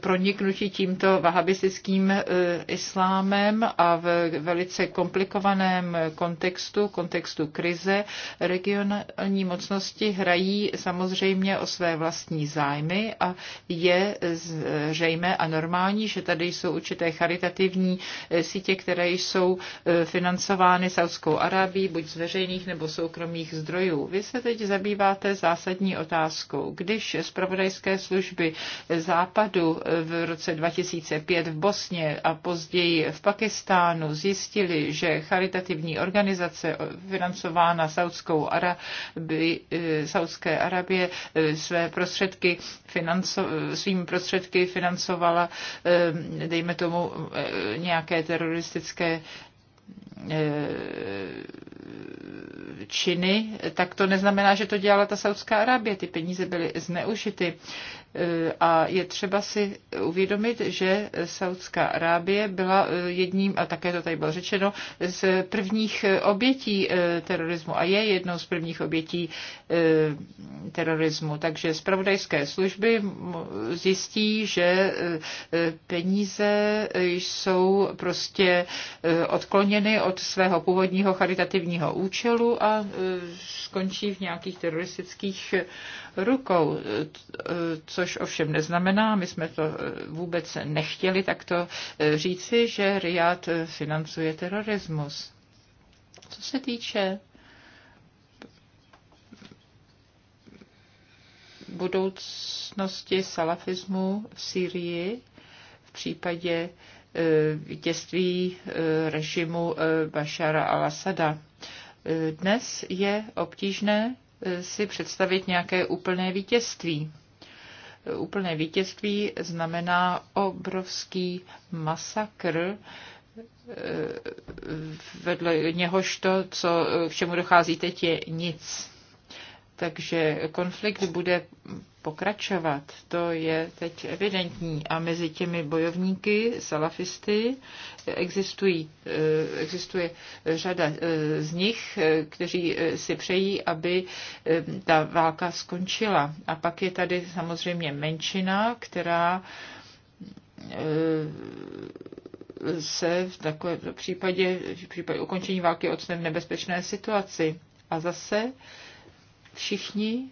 proniknuti tímto vahabistickým eh, islámem a v velice komplikovaném kontextu, kontextu krize, regionální mocnosti hrají samozřejmě o své vlastní zájmy a je zřejmé a normální, že tady jsou určité charitativní eh, sítě, které jsou financovány Saudskou Arábí, buď z veřejných nebo soukromých zdrojů. Vy se teď zabýváte velice zásadní otázkou. Když zpravodajské služby západu v roce 2005 v Bosně a později v Pakistánu zjistili, že charitativní organizace financována Saudskou Arabi, Saudské Arabie své prostředky financo, svými prostředky financovala, dejme tomu, nějaké teroristické činy, tak to neznamená, že to dělala ta Saudská Arábie. Ty peníze byly zneužity. A je třeba si uvědomit, že Saudská Arábie byla e, jedním, a také to tady bylo řečeno, z prvních e, obětí e, terorismu a je jednou z prvních obětí terorismu. Takže zpravodajské služby zjistí, že peníze jsou prostě odkloněny od svého původního charitativního účelu a skončí v nějakých teroristických rukou, co což ovšem neznamená, my jsme to eh, vůbec nechtěli takto eh, říci, že Riad eh, financuje terorismus. Co se týče budoucnosti salafismu v Syrii v případě vítězství režimu Bašara al-Asada. Dnes je obtížné si představit nějaké úplné vítězství úplné vítězství znamená obrovský masakr, eh, vedle něhož to, co, k čemu dochází teď, je nic. Takže konflikt bude pokračovat. To je teď evidentní. A mezi těmi bojovníky, salafisty, existují, eh, existuje řada eh, z nich, eh, kteří si přejí, aby ta válka skončila. A pak je tady samozřejmě menšina, která se v takovém případě, v případě ukončení války odstane v nebezpečné situaci. A zase všichni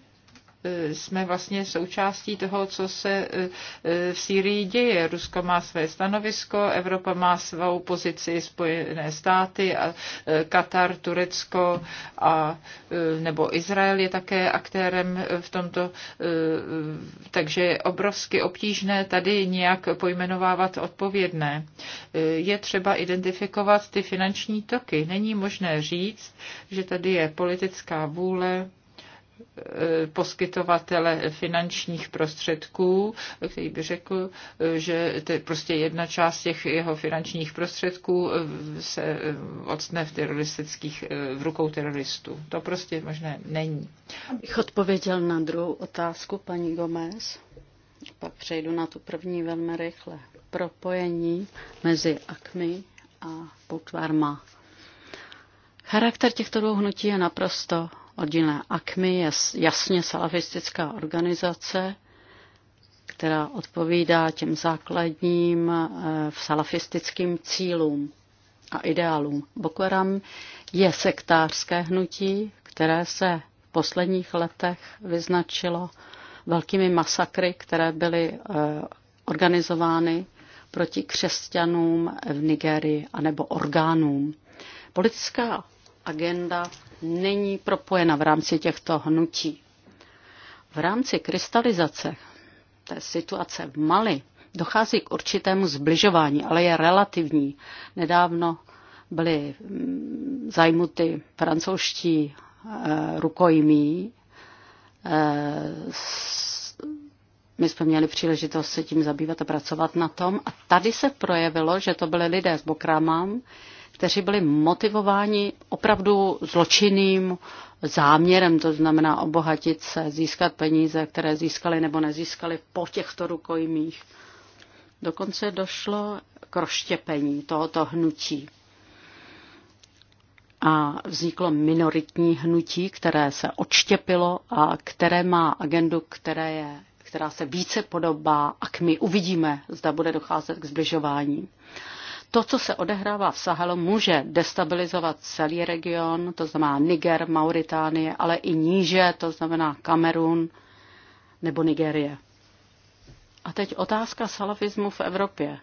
Eh, jsme vlastně součástí toho, co se eh, v Sýrii děje. Rusko má své stanovisko, Evropa má svou pozici, Spojené státy, a eh, Katar, Turecko a, nebo Izrael je také aktérem v tomto, takže je obrovsky obtížné tady nějak pojmenovávat odpovědné. Je třeba identifikovat ty finanční toky. Není možné říct, že tady je politická vůle Eh, poskytovatele finančních prostředků, který by řekl, eh, že to je prostě jedna část těch jeho finančních prostředků eh, se odstne v, teroristických, v rukou teroristů. To prostě možné není. Abych odpověděl na druhou otázku, paní Gomez, pak přejdu na tu první velmi rychle. Propojení mezi Akmi a bukvarma. Charakter těchto dvou hnutí je naprosto Odinné AKMI je jasně salafistická organizace, která odpovídá těm základním eh, salafistickým cílům a ideálům. Boko Haram je sektářské hnutí, které se v posledních letech vyznačilo velkými masakry, které byly eh, organizovány proti křesťanům v Nigerii anebo orgánům. Politická agenda není propojena v rámci těchto hnutí. V rámci krystalizace té situace v Mali dochází k určitému zbližování, ale je relativní. Nedávno byli mm, zajmuty francouzští eh, rukojmí. Eh, my jsme měli příležitost se tím zabývat a pracovat na tom. A tady se projevilo, že to byly lidé z Bokramám, kteří byli motivováni opravdu zločinným záměrem, to znamená obohatit se, získat peníze, které získali nebo nezískali po těchto rukojmích. Dokonce došlo k roštěpení tohoto hnutí. A vzniklo minoritní hnutí, které se odštěpilo a které má agendu, které je, která se více podobá a k my uvidíme, zda bude docházet k zbližování. To, co se odehrává v Sahelu, může destabilizovat celý region, to znamená Niger, Mauritánie, ale i níže, to znamená Kamerun nebo Nigerie. A teď otázka salafismu v Evropě.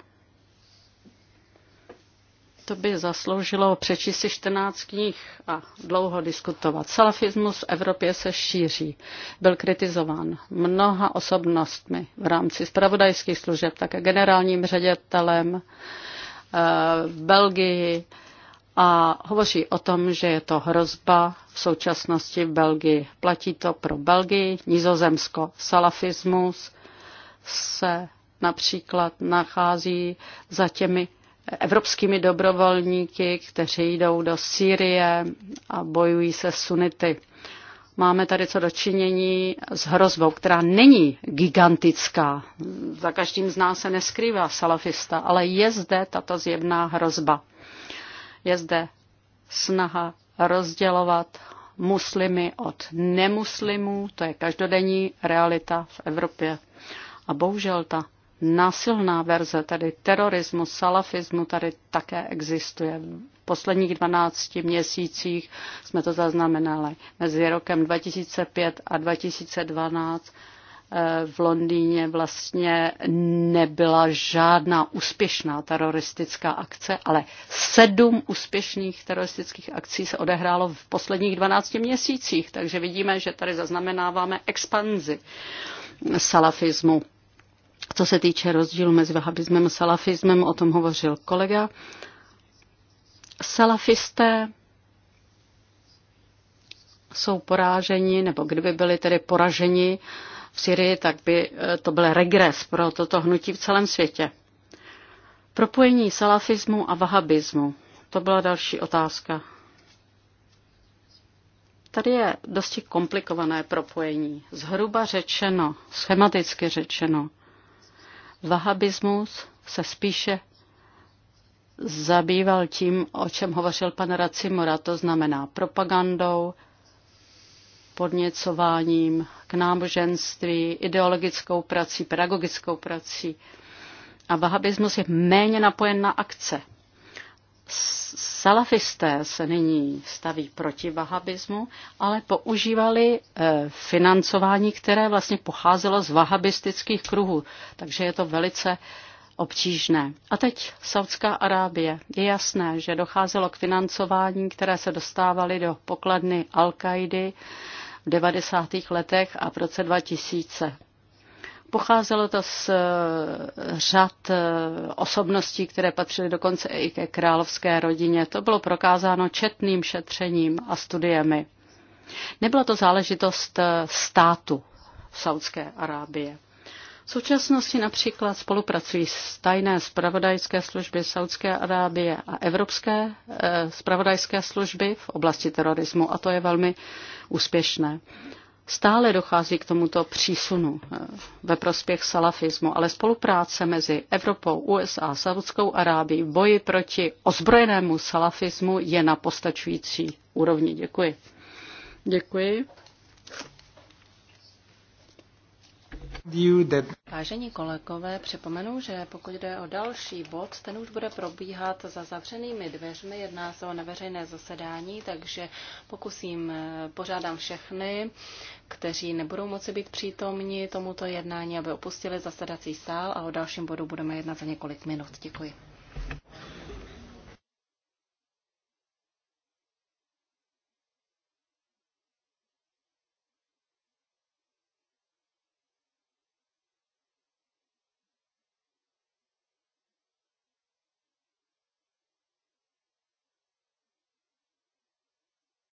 To by zasloužilo přečíst si 14 knih a dlouho diskutovat. Salafismus v Evropě se šíří. Byl kritizován mnoha osobnostmi v rámci spravodajských služeb, také generálním ředitelem Eh, v Belgii a hovoří o tom, že je to hrozba v současnosti v Belgii. Platí to pro Belgii, Nizozemsko. Salafismus se například nachází za těmi evropskými dobrovolníky, kteří jdou do Sýrie a bojují se sunity. Máme tady co dočinění s hrozbou, která není gigantická. Za každým z nás se neskrývá salafista, ale je zde tato zjevná hrozba. Je zde snaha rozdělovat muslimy od nemuslimů, to je každodenní realita v Evropě. A bohužel ta násilná verze, tedy terorismu, salafismu, tady také existuje. V posledních 12 měsících jsme to zaznamenali. Mezi rokem 2005 a 2012 eh, v Londýně vlastně nebyla žádná úspěšná teroristická akce, ale sedm úspěšných teroristických akcí se odehrálo v posledních 12 měsících, takže vidíme, že tady zaznamenáváme expanzi salafismu. Co se týče rozdílu mezi vahabismem a salafismem, o tom hovořil kolega. Salafisté jsou poráženi, nebo kdyby byli tedy poraženi v Syrii, tak by eh, to byl regres pro toto hnutí v celém světě. Propojení salafismu a vahabismu. To byla další otázka. Tady je dosti komplikované propojení. Zhruba řečeno, schematicky řečeno. Vahabismus se spíše zabýval tím, o čem hovořil pan Racimora, to znamená propagandou, podněcováním k náboženství, ideologickou prací, pedagogickou prací. A vahabismus je méně napojen na akce. Salafisté se nyní staví proti vahabismu, ale používali eh, financování, které vlastně pocházelo z vahabistických kruhů, takže je to velice obtížné. A teď Saudská Arábie. Je jasné, že docházelo k financování, které se dostávaly do pokladny Al-Kaidy v 90. letech a v roce 2000. Pocházelo to z eh, řad eh, osobností, které patřily dokonce i ke královské rodině. To bylo prokázáno četným šetřením a studiemi. Nebyla to záležitost eh, státu Saudské Arábie. V současnosti například spolupracují tajné spravodajské služby Saudské Arábie a evropské spravodajské služby v oblasti terorismu a to je velmi úspěšné. Stále dochází k tomuto přísunu eh, ve prospěch salafismu, ale spolupráce mezi Evropou, USA Saudskou Arábií v boji proti ozbrojenému salafismu je na postačující úrovni. Děkuji. Děkuji. Vážení kolegové, připomenu, že pokud jde o další bod, ten už bude probíhat za zavřenými dveřmi, jedná se o neveřejné zasedání, takže pokusím, eh, pořádám všechny, kteří nebudou moci být přítomni tomuto jednání, aby opustili zasedací sál a o dalším bodu budeme jednat za několik minut. Děkuji.